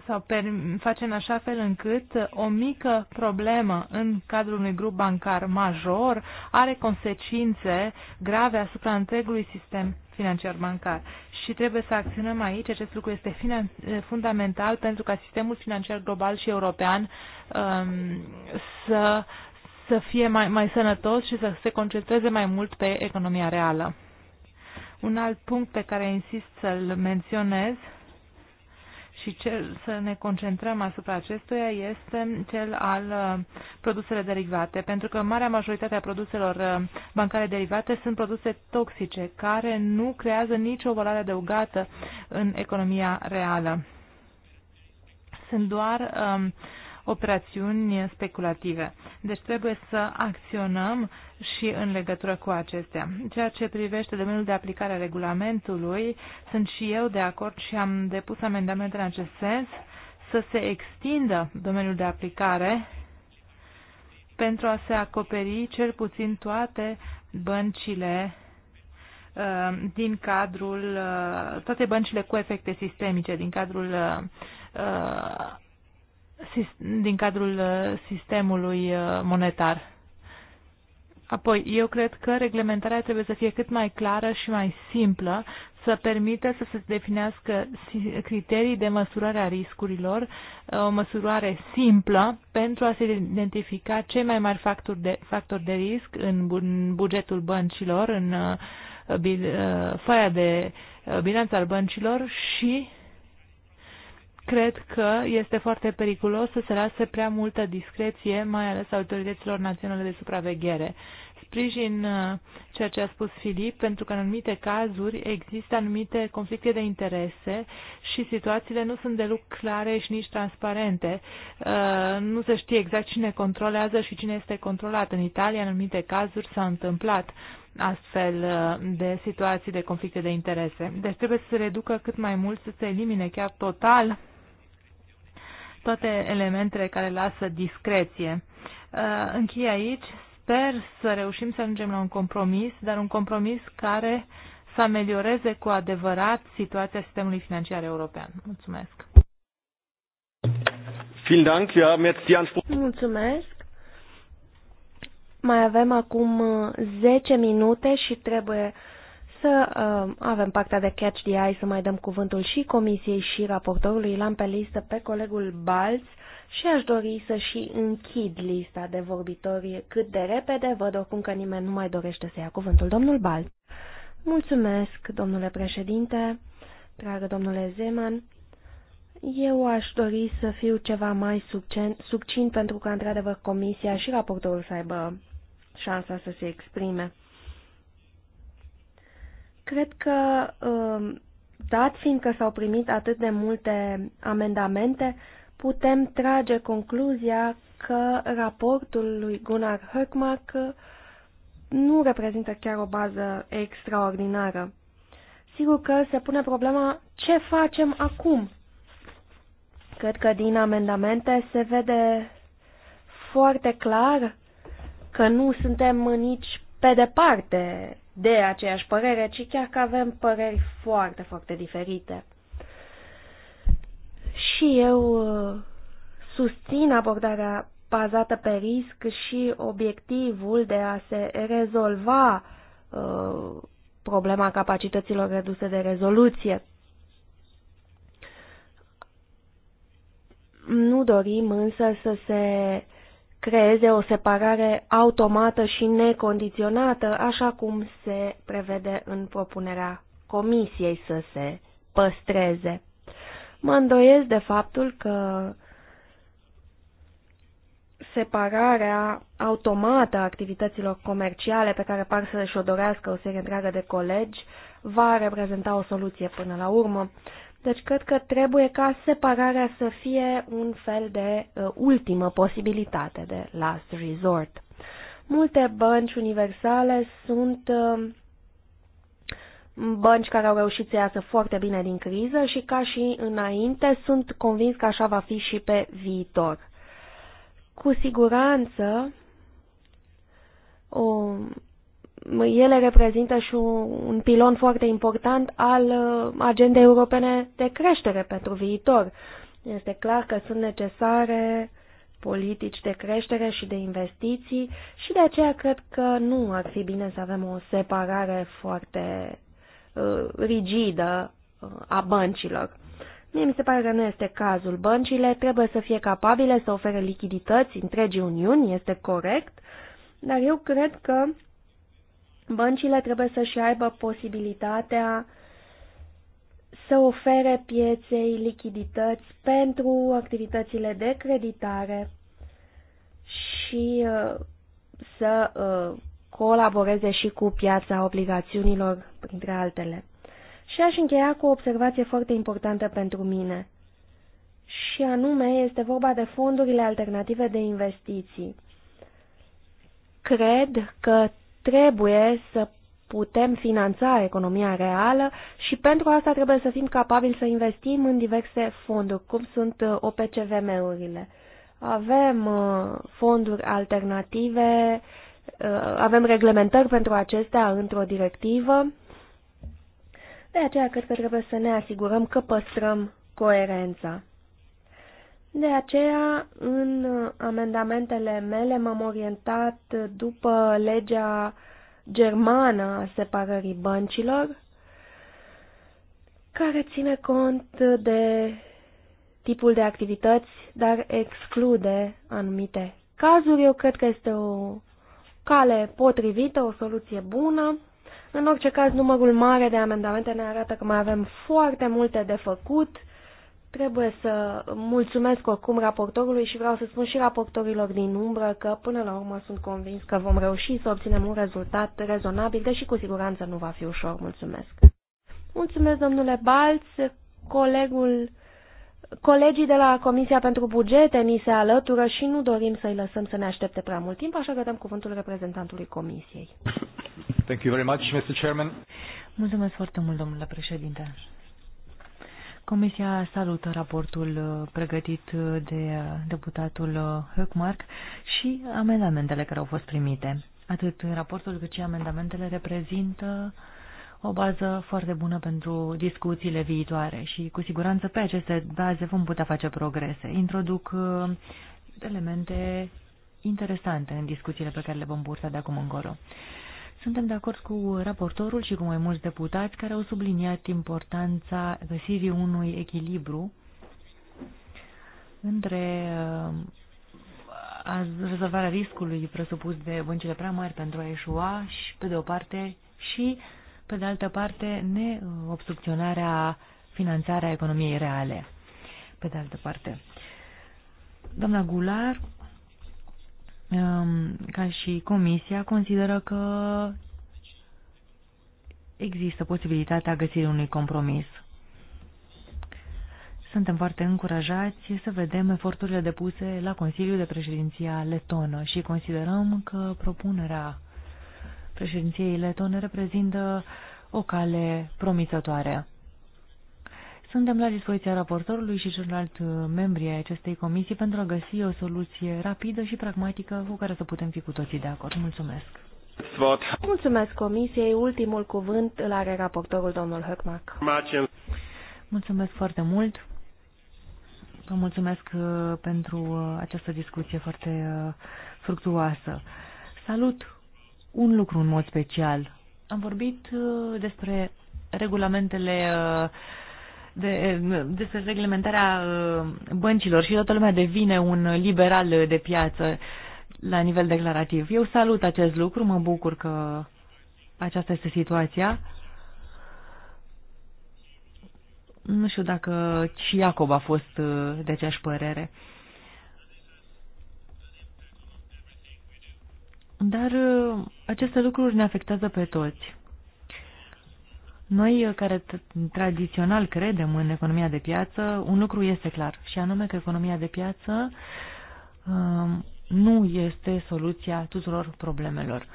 sau per, face în așa fel încât o mică problemă în cadrul unui grup bancar major are consecințe grave asupra întregului sistem financiar bancar. Și trebuie să acționăm aici. Acest lucru este fundamental pentru ca sistemul financiar global și european um, să, să fie mai, mai sănătos și să se concentreze mai mult pe economia reală. Un alt punct pe care insist să-l menționez și cel să ne concentrăm asupra acestuia este cel al uh, produselor derivate, pentru că marea majoritate a produselor uh, bancare derivate sunt produse toxice, care nu creează nicio valoare adăugată în economia reală. Sunt doar um, operațiuni speculative. Deci trebuie să acționăm și în legătură cu acestea. Ceea ce privește domeniul de aplicare a regulamentului, sunt și eu de acord și am depus amendamente în acest sens să se extindă domeniul de aplicare pentru a se acoperi cel puțin toate băncile uh, din cadrul, uh, toate băncile cu efecte sistemice din cadrul uh, din cadrul uh, sistemului uh, monetar. Apoi, eu cred că reglementarea trebuie să fie cât mai clară și mai simplă, să permită să se definească criterii de măsurare a riscurilor, uh, o măsurare simplă pentru a se identifica cei mai mari factori de, factori de risc în bugetul băncilor, în foaia de bilanț al băncilor și cred că este foarte periculos să se lase prea multă discreție, mai ales autorităților naționale de supraveghere. Sprijin uh, ceea ce a spus Filip, pentru că în anumite cazuri există anumite conflicte de interese și situațiile nu sunt deloc clare și nici transparente. Uh, nu se știe exact cine controlează și cine este controlat. În Italia, în anumite cazuri, s-a întâmplat astfel uh, de situații de conflicte de interese. Deci trebuie să se reducă cât mai mult, să se elimine chiar total toate elementele care lasă discreție. Uh, închei aici. Sper să reușim să ajungem la un compromis, dar un compromis care să amelioreze cu adevărat situația sistemului financiar european. Mulțumesc! Mulțumesc! Mai avem acum 10 minute și trebuie să uh, avem pacta de catch the eye, să mai dăm cuvântul și comisiei și raportorului. L-am pe listă pe colegul Balz și aș dori să și închid lista de vorbitori cât de repede. Văd oricum că nimeni nu mai dorește să ia cuvântul. Domnul Balz. Mulțumesc, domnule președinte, dragă domnule Zeman. Eu aș dori să fiu ceva mai succint pentru că, într-adevăr, comisia și raportorul să aibă șansa să se exprime. Cred că, um, dat fiindcă s-au primit atât de multe amendamente, putem trage concluzia că raportul lui Gunnar Höckmark nu reprezintă chiar o bază extraordinară. Sigur că se pune problema ce facem acum. Cred că din amendamente se vede foarte clar că nu suntem nici pe departe de aceeași părere, ci chiar că avem păreri foarte, foarte diferite. Și eu uh, susțin abordarea bazată pe risc și obiectivul de a se rezolva uh, problema capacităților reduse de rezoluție. Nu dorim însă să se creeze o separare automată și necondiționată, așa cum se prevede în propunerea comisiei să se păstreze. Mă îndoiesc de faptul că separarea automată a activităților comerciale pe care par să și-o dorească o serie întreagă de colegi va reprezenta o soluție până la urmă. Deci cred că trebuie ca separarea să fie un fel de uh, ultimă posibilitate, de last resort. Multe bănci universale sunt uh, bănci care au reușit să iasă foarte bine din criză și ca și înainte sunt convins că așa va fi și pe viitor. Cu siguranță, o, ele reprezintă și un pilon foarte important al uh, agendei europene de creștere pentru viitor. Este clar că sunt necesare politici de creștere și de investiții și de aceea cred că nu ar fi bine să avem o separare foarte uh, rigidă uh, a băncilor. Mie mi se pare că nu este cazul. Băncile trebuie să fie capabile să ofere lichidități întregii Uniuni, este corect, dar eu cred că Băncile trebuie să-și aibă posibilitatea să ofere pieței lichidități pentru activitățile de creditare și uh, să uh, colaboreze și cu piața obligațiunilor, printre altele. Și aș încheia cu o observație foarte importantă pentru mine. Și anume, este vorba de fondurile alternative de investiții. Cred că Trebuie să putem finanța economia reală și pentru asta trebuie să fim capabili să investim în diverse fonduri, cum sunt uh, OPCVM-urile. Avem uh, fonduri alternative, uh, avem reglementări pentru acestea într-o directivă, de aceea cred că trebuie să ne asigurăm că păstrăm coerența. De aceea, în amendamentele mele m-am orientat după legea germană a separării băncilor, care ține cont de tipul de activități, dar exclude anumite cazuri. Eu cred că este o cale potrivită, o soluție bună. În orice caz, numărul mare de amendamente ne arată că mai avem foarte multe de făcut Trebuie să mulțumesc oricum raportorului și vreau să spun și raportorilor din umbră că până la urmă sunt convins că vom reuși să obținem un rezultat rezonabil, deși cu siguranță nu va fi ușor. Mulțumesc. Mulțumesc, domnule Balț, colegul Colegii de la Comisia pentru Bugete ni se alătură și nu dorim să-i lăsăm să ne aștepte prea mult timp, așa că dăm cuvântul reprezentantului Comisiei. Thank you very much, Mr. Chairman. Mulțumesc foarte mult, domnule președinte. Comisia salută raportul uh, pregătit uh, de uh, deputatul Höckmark și amendamentele care au fost primite. Atât raportul cât și amendamentele reprezintă o bază foarte bună pentru discuțiile viitoare și cu siguranță pe aceste baze vom putea face progrese. Introduc elemente interesante în discuțiile pe care le vom purta de acum încolo. Suntem de acord cu raportorul și cu mai mulți deputați care au subliniat importanța găsirii unui echilibru între uh, rezolvarea riscului presupus de băncile prea mari pentru a eșua și, pe de o parte, și, pe de altă parte, neobstrucționarea finanțarea economiei reale. Pe de altă parte, doamna Gular Ehm, ca și Comisia, consideră că există posibilitatea găsirii unui compromis. Suntem foarte încurajați să vedem eforturile depuse la Consiliul de Președinția Letonă și considerăm că propunerea președinției letone reprezintă o cale promițătoare. Suntem la dispoziția raportorului și celorlalți uh, membri ai acestei comisii pentru a găsi o soluție rapidă și pragmatică cu care să putem fi cu toții de acord. Mulțumesc! Mulțumesc comisiei. Ultimul cuvânt îl are raportorul domnul Höckmark. Mulțumesc foarte mult. Vă mulțumesc uh, pentru uh, această discuție foarte fructuoasă. Salut un lucru în mod special. Am vorbit despre regulamentele uh, de, despre reglementarea uh, băncilor și toată lumea devine un liberal de piață la nivel declarativ. Eu salut acest lucru, mă bucur că aceasta este situația. Nu știu dacă și Iacob a fost uh, de aceeași părere. Dar uh, aceste lucruri ne afectează pe toți. Noi care tradițional credem în economia de piață, un lucru este clar, și anume că economia de piață um, nu este soluția tuturor problemelor.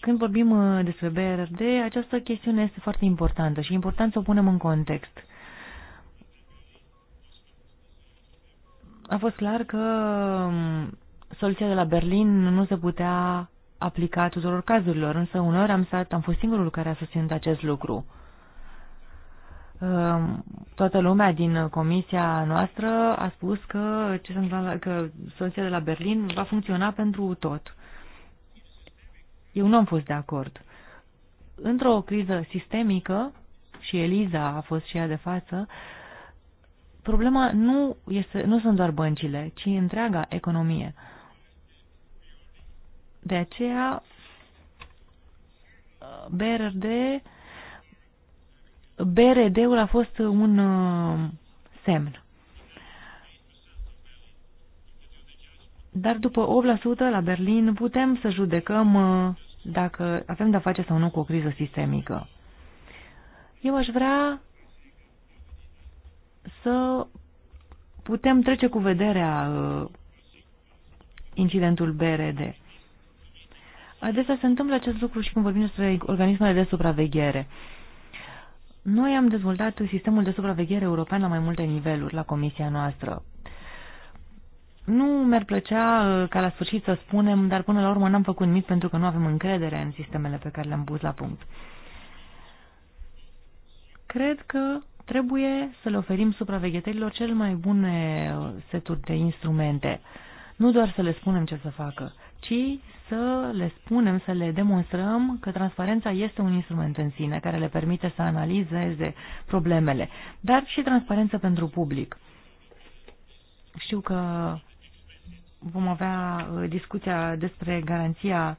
Când vorbim uh, despre BRD, această chestiune este foarte importantă și e important să o punem în context. A fost clar că um, soluția de la Berlin nu se putea aplica tuturor cazurilor, însă uneori am, stat, am fost singurul care a susținut acest lucru. Ehm, toată lumea din comisia noastră a spus că, ce la, că soluția de la Berlin va funcționa pentru tot. Eu nu am fost de acord. Într-o criză sistemică, și Eliza a fost și ea de față, problema nu, este, nu sunt doar băncile, ci întreaga economie. Uh, de aceea, BRD, BRD-ul a fost un uh, semn. Dar după 8% la Berlin putem să judecăm uh, dacă avem de-a face sau nu cu o criză sistemică. Eu aș vrea să putem trece cu vederea uh, incidentul BRD. Adesea se întâmplă acest lucru și când vorbim despre organismele de supraveghere. Noi am dezvoltat sistemul de supraveghere european la mai multe niveluri la comisia noastră. Nu mi-ar plăcea uh, ca la sfârșit să spunem, dar până la urmă n-am făcut nimic pentru că nu avem încredere în sistemele pe care le-am pus la punct. Cred că trebuie să le oferim supraveghetorilor cel mai bune uh, seturi de instrumente. Nu doar să le spunem ce să facă, ci să le spunem, să le demonstrăm că transparența este un instrument în sine care le permite să analizeze problemele, dar și transparență pentru public. Știu că vom avea uh, discuția despre garanția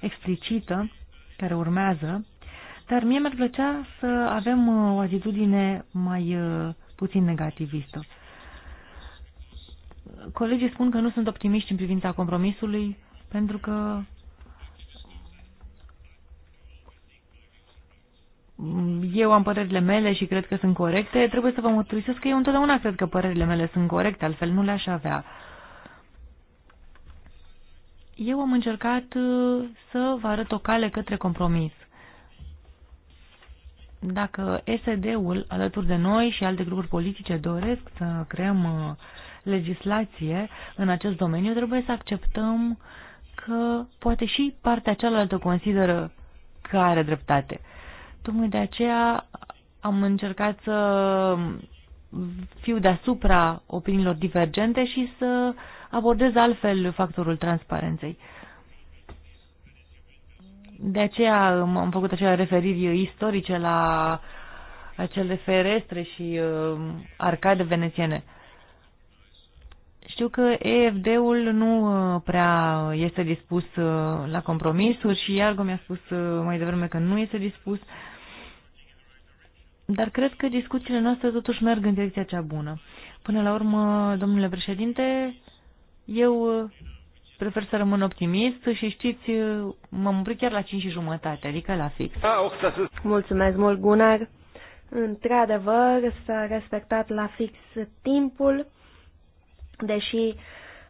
explicită care urmează, dar mie mi-ar plăcea să avem uh, o atitudine mai uh, puțin negativistă. Colegii spun că nu sunt optimiști în privința compromisului pentru că eu am părerile mele și cred că sunt corecte, trebuie să vă mărturisesc că eu întotdeauna cred că părerile mele sunt corecte, altfel nu le-aș avea. Eu am încercat uh, să vă arăt o cale către compromis. Dacă SD-ul, alături de noi și alte grupuri politice, doresc să creăm uh, legislație în acest domeniu, trebuie să acceptăm că poate și partea cealaltă consideră că are dreptate. Tocmai de aceea am încercat să fiu deasupra opiniilor divergente și să abordez altfel factorul transparenței. De aceea am făcut acele referiri istorice la acele ferestre și uh, arcade venețiene. Știu că EFD-ul nu uh, prea este dispus uh, la compromisuri și Iargo mi-a spus uh, mai devreme că nu este dispus, dar cred că discuțiile noastre totuși merg în direcția cea bună. Până la urmă, domnule președinte, eu prefer să rămân optimist și știți, m-am oprit chiar la 5 și jumătate, adică la fix. Ah, Mulțumesc mult, Gunnar! Într-adevăr, s-a respectat la fix timpul deși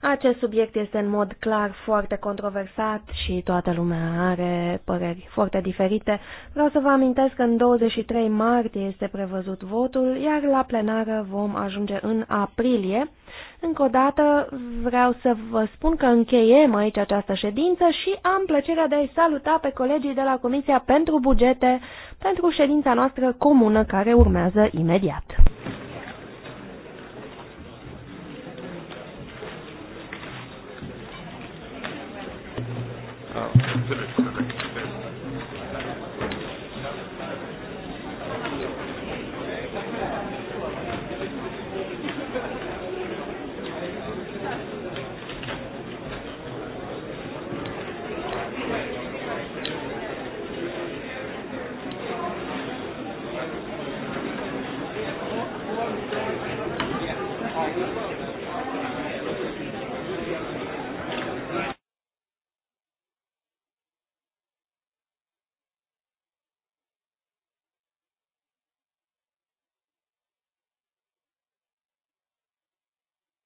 acest subiect este în mod clar foarte controversat și toată lumea are păreri foarte diferite. Vreau să vă amintesc că în 23 martie este prevăzut votul, iar la plenară vom ajunge în aprilie. Încă o dată vreau să vă spun că încheiem aici această ședință și am plăcerea de a-i saluta pe colegii de la Comisia pentru Bugete pentru ședința noastră comună care urmează imediat. Mulțumesc.